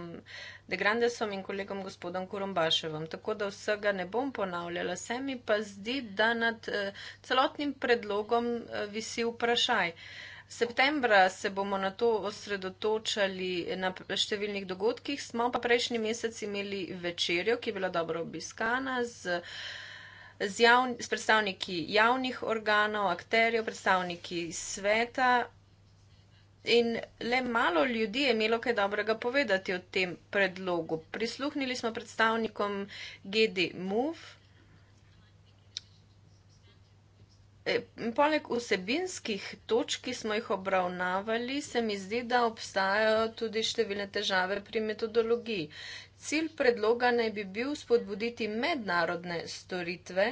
De Grandesom in kolegom gospodom Kurombaševom, tako da vsega ne bom ponavljala. Se mi pa zdi, da nad eh, celotnim predlogom eh, visi vprašaj. Septembra se bomo na to osredotočali na številnih dogodkih, smo pa prejšnji mesec imeli večerjo, ki je bila dobro obiskana z, z, javn, z predstavniki javnih organov, akterjev, predstavniki sveta. In le malo ljudi je imelo kaj dobrega povedati o tem predlogu. Prisluhnili smo predstavnikom GD Move, E, poleg vsebinskih točk, ki smo jih obravnavali, se mi zdi, da obstajajo tudi številne težave pri metodologiji. Cilj predloga naj bi bil spodbuditi mednarodne storitve,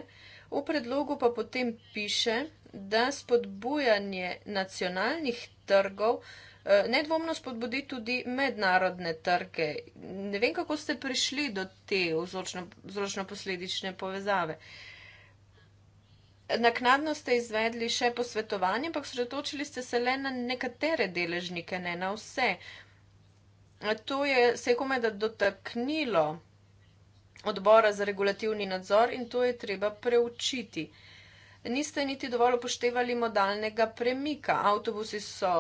v predlogu pa potem piše, da spodbujanje nacionalnih trgov e, nedvomno spodbudi tudi mednarodne trge. Ne vem, kako ste prišli do te vzročno-posledične povezave. Naknadno ste izvedli še posvetovanje, ampak sredotočili ste se le na nekatere deležnike, ne na vse. To je se je komaj da dotaknilo odbora za regulativni nadzor in to je treba preučiti. Niste niti dovolj upoštevali modalnega premika. Avtobusi so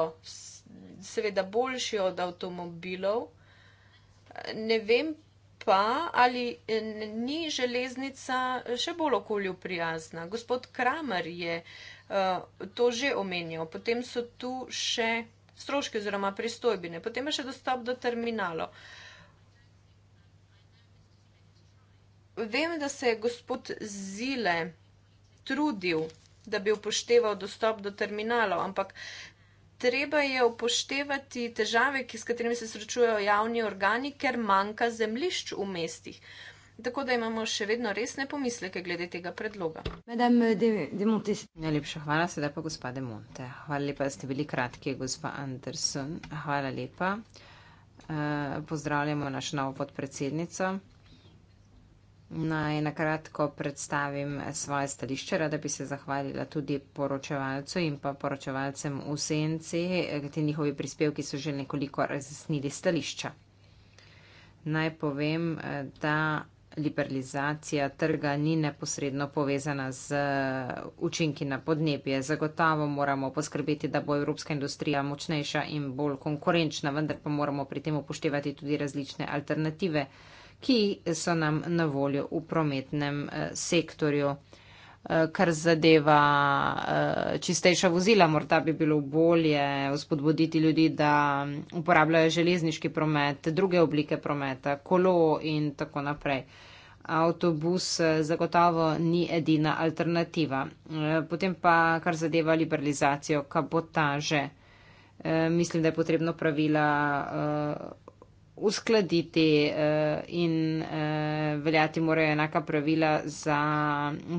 seveda boljši od avtomobilov. Ne vem pa, ali ni železnica še bolj okolju prijazna? Gospod Kramer je uh, to že omenjal. Potem so tu še stroške oziroma pristojbine, potem je še dostop do terminalo. Vem, da se je gospod Zile trudil, da bi upošteval dostop do terminalov, ampak treba je upoštevati težave, ki, s katerimi se srečujejo javni organi, ker manjka zemljišč v mestih. Tako da imamo še vedno resne pomisleke glede tega predloga. Najlepša hvala, sedaj pa gospa Demonte. Hvala lepa, da ste bili kratki, gospa Anderson. Hvala lepa. Uh, pozdravljamo našo novo podpredsednico. Naj na kratko predstavim svoje stališče, rada bi se zahvalila tudi poročevalcu in pa poročevalcem v senci, ti njihovi prispevki so že nekoliko razjasnili stališča. Naj povem, da liberalizacija trga ni neposredno povezana z učinki na podnebje. Zagotovo moramo poskrbeti, da bo evropska industrija močnejša in bolj konkurenčna, vendar pa moramo pri tem upoštevati tudi različne alternative ki so nam na voljo v prometnem eh, sektorju. Eh, kar zadeva eh, čistejša vozila, morda bi bilo bolje vzpodbuditi ljudi, da uporabljajo železniški promet, druge oblike prometa, kolo in tako naprej. Avtobus zagotovo ni edina alternativa. Potem pa, kar zadeva liberalizacijo kabotaže, mislim, da je potrebno pravila uskladiti uh, in uh, veljati morajo enaka pravila za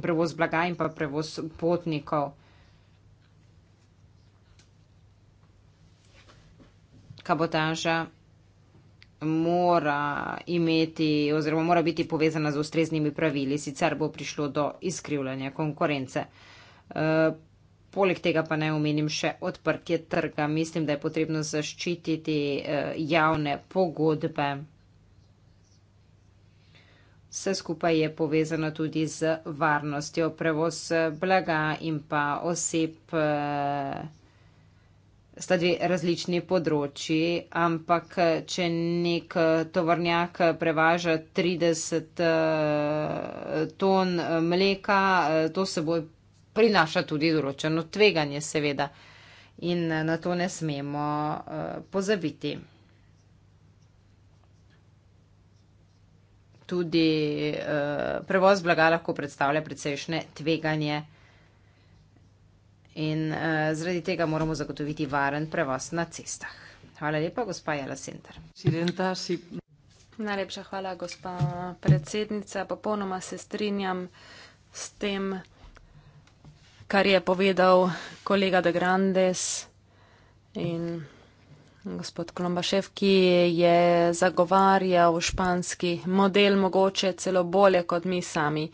prevoz blaga in pa prevoz potnikov. Kabotaža mora imeti oziroma mora biti povezana z ustreznimi pravili, sicer bo prišlo do izkrivljanja konkurence. Uh, Poleg tega pa ne omenim še odprtje trga. Mislim, da je potrebno zaščititi eh, javne pogodbe. Vse skupaj je povezano tudi z varnostjo, prevoz eh, blaga in pa oseb. Eh, sta dve različni področji, ampak če nek tovornjak prevaža 30 ton mleka, to se bo prinaša tudi določeno tveganje, seveda, in eh, na to ne smemo eh, pozabiti. Tudi eh, prevoz blaga lahko predstavlja precejšnje tveganje in zaradi tega moramo zagotoviti varen prevoz na cestah. Hvala lepa, gospa Jela Center. Najlepša hvala, gospa predsednica. Popolnoma se strinjam s tem, kar je povedal kolega De Grandes in gospod Klombašev, ki je zagovarjal španski model, mogoče celo bolje kot mi sami.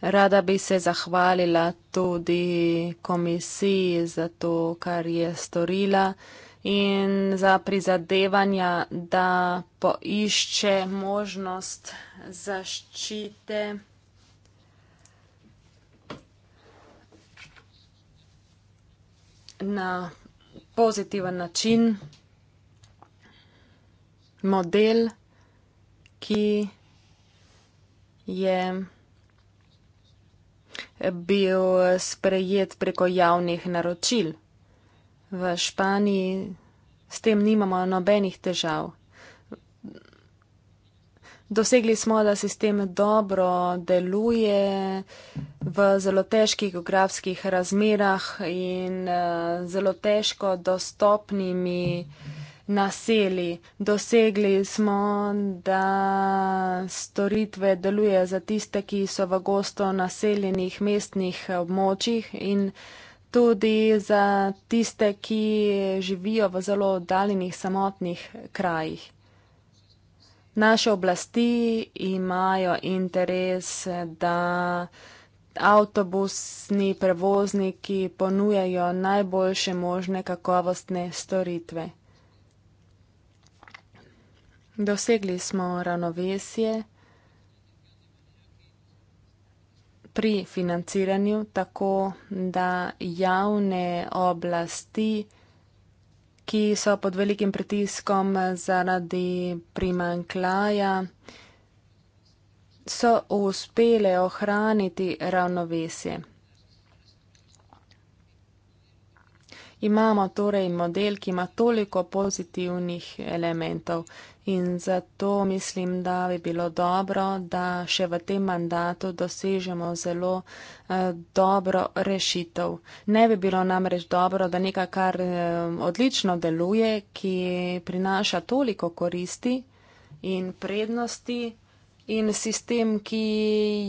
Rada bi se zahvalila tudi komisiji za to, kar je storila in za prizadevanja, da poišče možnost zaščite. na pozitiven način model, ki je bil sprejet preko javnih naročil. V Španiji s tem nimamo nobenih težav dosegli smo, da sistem dobro deluje v zelo težkih geografskih razmerah in eh, zelo težko dostopnimi naseli. Dosegli smo, da storitve deluje za tiste, ki so v gosto naseljenih mestnih območjih in tudi za tiste, ki živijo v zelo oddaljenih samotnih krajih. Naše oblasti imajo interes, da avtobusni prevozniki ponujajo najboljše možne kakovostne storitve. Dosegli smo ravnovesje pri financiranju tako, da javne oblasti ki so pod velikim pritiskom zaradi primankljaja, so uspele ohraniti ravnovesje. imamo torej model, ki ima toliko pozitivnih elementov in zato mislim, da bi bilo dobro, da še v tem mandatu dosežemo zelo eh, dobro rešitev. Ne bi bilo namreč dobro, da nekaj, kar eh, odlično deluje, ki prinaša toliko koristi in prednosti in sistem, ki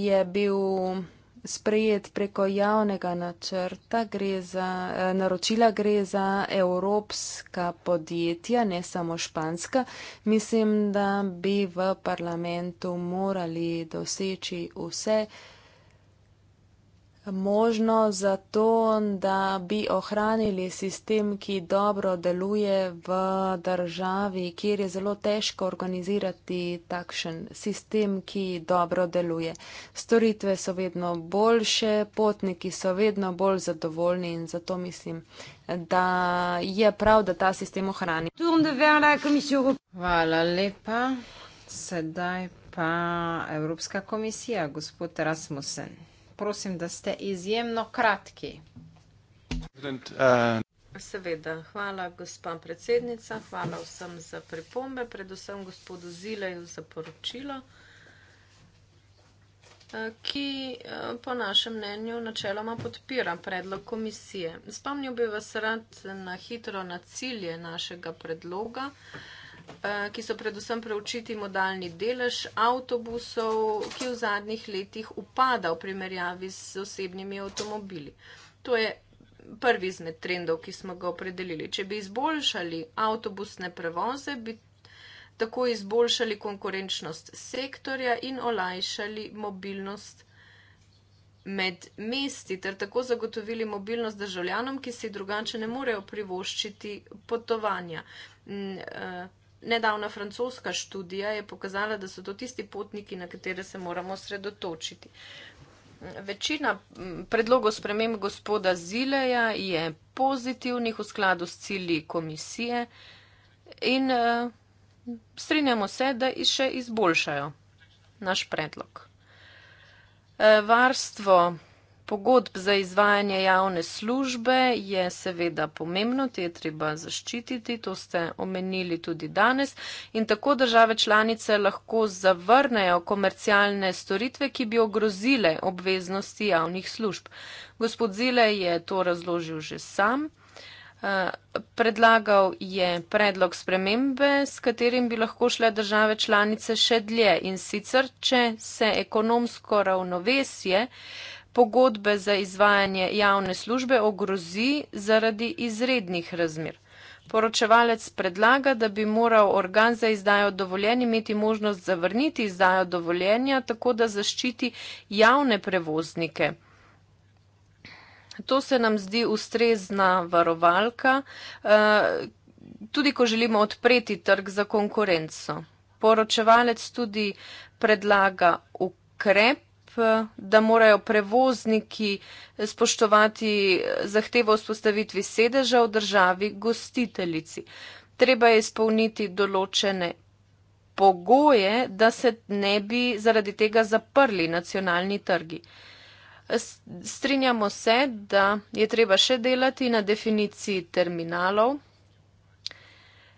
je bil sprejet preko javnega načrta, gre za, eh, naročila gre za evropska podjetja, ne samo španska. Mislim, da bi v parlamentu morali doseči vse, možno za to, da bi ohranili sistem, ki dobro deluje v državi, kjer je zelo težko organizirati takšen sistem, ki dobro deluje. Storitve so vedno boljše, potniki so vedno bolj zadovoljni in zato mislim, da je prav, da ta sistem ohrani. Hvala lepa. Sedaj pa Evropska komisija, gospod Rasmussen prosim, da ste izjemno kratki. Eh, Seveda, hvala gospa predsednica, hvala vsem za pripombe, predvsem gospodu Zileju za poročilo, eh, ki eh, po našem mnenju načeloma podpira predlog komisije. Spomnil bi vas rad na hitro na cilje našega predloga. Eh, ki so predvsem preučiti modalni delež avtobusov, ki v zadnjih letih upada v primerjavi z osebnimi avtomobili. To je prvi izmed trendov, ki smo ga opredelili. Če bi izboljšali avtobusne prevoze, bi tako izboljšali konkurenčnost sektorja in olajšali mobilnost med mesti ter tako zagotovili mobilnost državljanom, ki si drugače ne morejo privoščiti potovanja. Eh, Nedavna francoska študija je pokazala, da so to tisti potniki, na katere se moramo sredotočiti. Večina predlogov spremem gospoda Zileja je pozitivnih v skladu s cilji komisije in uh, strinjamo se, da jih še izboljšajo naš predlog. Uh, varstvo Pogodb za izvajanje javne službe je seveda pomembno, te je treba zaščititi, to ste omenili tudi danes. In tako države članice lahko zavrnejo komercialne storitve, ki bi ogrozile obveznosti javnih služb. Gospod Zile je to razložil že sam. Eh, predlagal je predlog spremembe, s katerim bi lahko šle države članice še dlje in sicer, če se ekonomsko ravnovesje pogodbe za izvajanje javne službe ogrozi zaradi izrednih razmer. Poročevalec predlaga, da bi moral organ za izdajo dovoljenja imeti možnost zavrniti izdajo dovoljenja, tako da zaščiti javne prevoznike. To se nam zdi ustrezna varovalka, eh, tudi ko želimo odpreti trg za konkurenco. Poročevalec tudi predlaga ukrep, da morajo prevozniki spoštovati zahtevo o spostavitvi sedeža v državi gostiteljici. Treba je izpolniti določene pogoje, da se ne bi zaradi tega zaprli nacionalni trgi. Strinjamo se, da je treba še delati na definiciji terminalov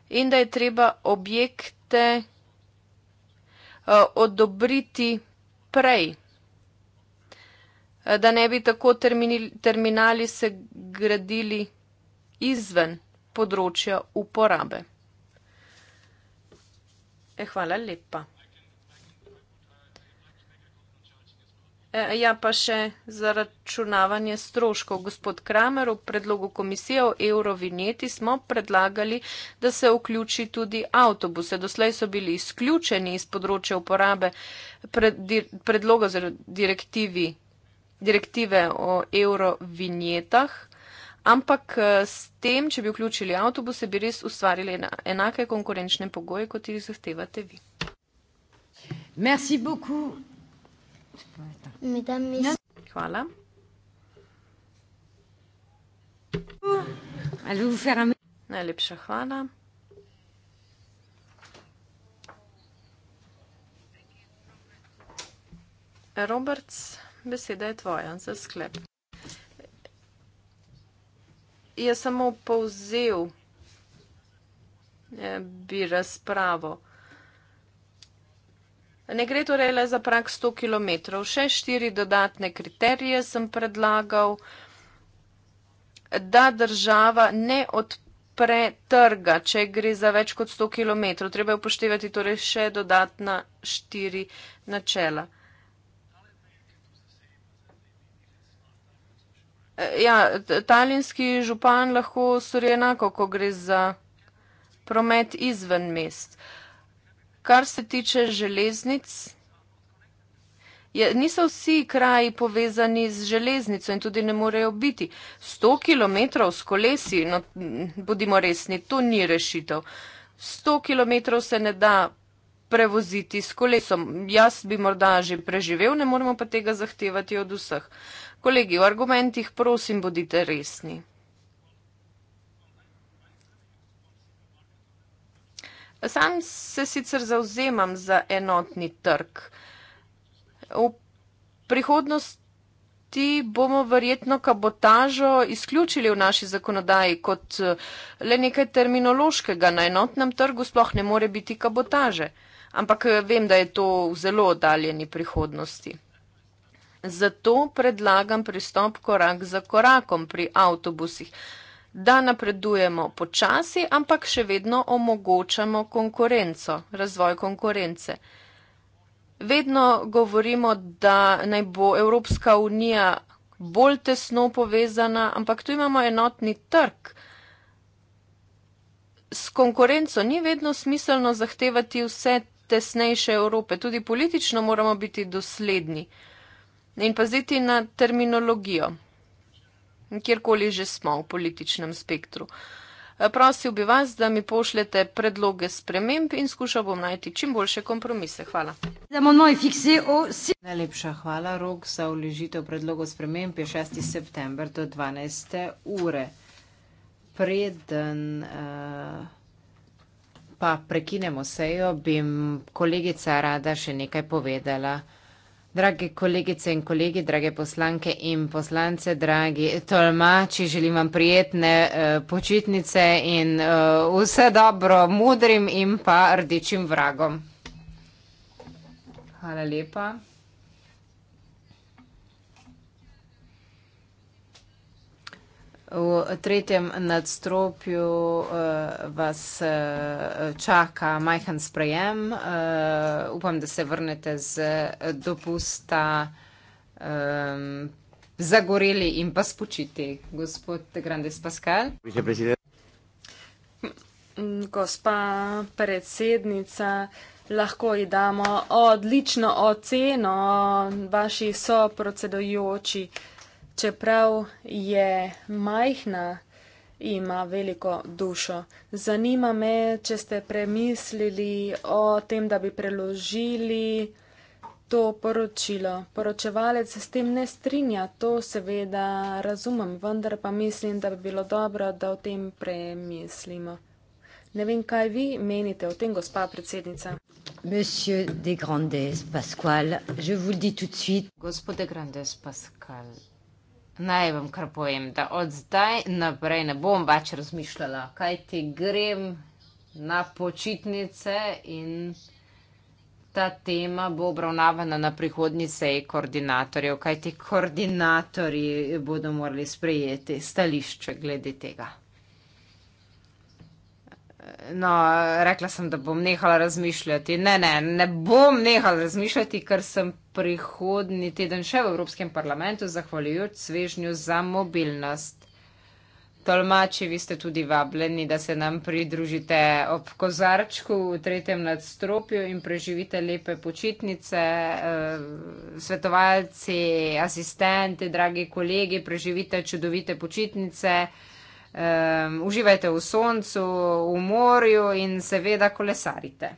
in da je treba objekte eh, odobriti prej, Eh, da ne bi tako termini, terminali se gradili izven področja uporabe. E, hvala lepa. E, ja, pa še za računavanje stroškov. Gospod Kramer, v predlogu komisije o eurovineti smo predlagali, da se vključi tudi avtobuse. Doslej so bili izključeni iz področja uporabe pred, predloga za direktivi direktive o eurovinjetah, ampak eh, s tem, če bi vključili avtobuse, bi res ustvarili enake konkurenčne pogoje, kot jih zahtevate vi. Merci beaucoup. Hvala. Najlepša hvala. Roberts beseda je tvoja za sklep. Je samo povzel, eh, bi razpravo. Ne gre torej le za prak 100 km. Še štiri dodatne kriterije sem predlagal, da država ne odpre trga, če gre za več kot 100 km. Treba je upoštevati torej še dodatna štiri načela. Eh, ja, talinski župan lahko stori enako, ko gre za promet izven mest. Kar se tiče železnic, je, niso vsi kraji povezani z železnico in tudi ne morejo biti. 100 km s kolesi, no, bodimo resni, to ni rešitev. 100 km se ne da prevoziti s kolesom. Jaz bi morda že preživel, ne moremo pa tega zahtevati od vseh. Kolegi, v argumentih prosim, bodite resni. Sam se sicer zauzemam za enotni trg. V prihodnosti bomo verjetno kabotažo izključili v naši zakonodaji kot eh, le nekaj terminološkega. Na enotnem trgu sploh ne more biti kabotaže ampak eh, vem, da je to v zelo oddaljeni prihodnosti. Zato predlagam pristop korak za korakom pri avtobusih, da napredujemo počasi, ampak še vedno omogočamo konkurenco, razvoj konkurence. Vedno govorimo, da naj bo Evropska unija bolj tesno povezana, ampak tu imamo enotni trg. S konkurenco ni vedno smiselno zahtevati vse tesnejše Evrope. Tudi politično moramo biti dosledni in paziti na terminologijo, kjerkoli že smo v političnem spektru. Prosil bi vas, da mi pošljete predloge sprememb in skušal bom najti čim boljše kompromise. Hvala. Najlepša hvala. Rok za uležitev predlogov sprememb je 6. september do 12. ure. Preden. Uh pa prekinemo sejo, bi kolegica rada še nekaj povedala. Dragi kolegice in kolegi, drage poslanke in poslance, dragi tolmači, želim vam prijetne eh, počitnice in eh, vse dobro modrim in pa rdečim vragom. Hvala lepa. V tretjem nadstropju uh, vas uh, čaka majhen sprejem. Uh, upam, da se vrnete z dopusta um, zagoreli in pa spočiti. Gospod Grandes Pascal. Gospa predsednica, lahko ji damo odlično oceno vaši soprocedujoči. Uh, Čeprav je majhna, ima veliko dušo. Zanima me, če ste premislili o tem, da bi preložili to poročilo. Poročevalec se s tem ne strinja, to seveda razumem, vendar pa mislim, da bi bilo dobro, da o tem premislimo. Ne vem, kaj vi menite o tem, gospa predsednica. Gospod de Grandes Pascal, je vam dit tudi svet. Gospod de Grandes Pascal. Naj vam kar povem, da od zdaj naprej ne bom več razmišljala, kaj ti grem na počitnice in ta tema bo obravnavana na prihodnji seji koordinatorjev, kaj ti koordinatorji bodo morali sprejeti stališče glede tega. No, rekla sem, da bom nehala razmišljati. Ne, ne, ne bom nehala razmišljati, ker sem prihodni teden še v Evropskem parlamentu, zahvaljujoč svežnju za mobilnost. Tolmači, vi ste tudi vabljeni, da se nam pridružite ob kozarčku v tretjem nadstropju in preživite lepe počitnice. Eh, svetovalci, asistenti, dragi kolegi, preživite čudovite počitnice. Um, uživajte v soncu, v morju in seveda kolesarite.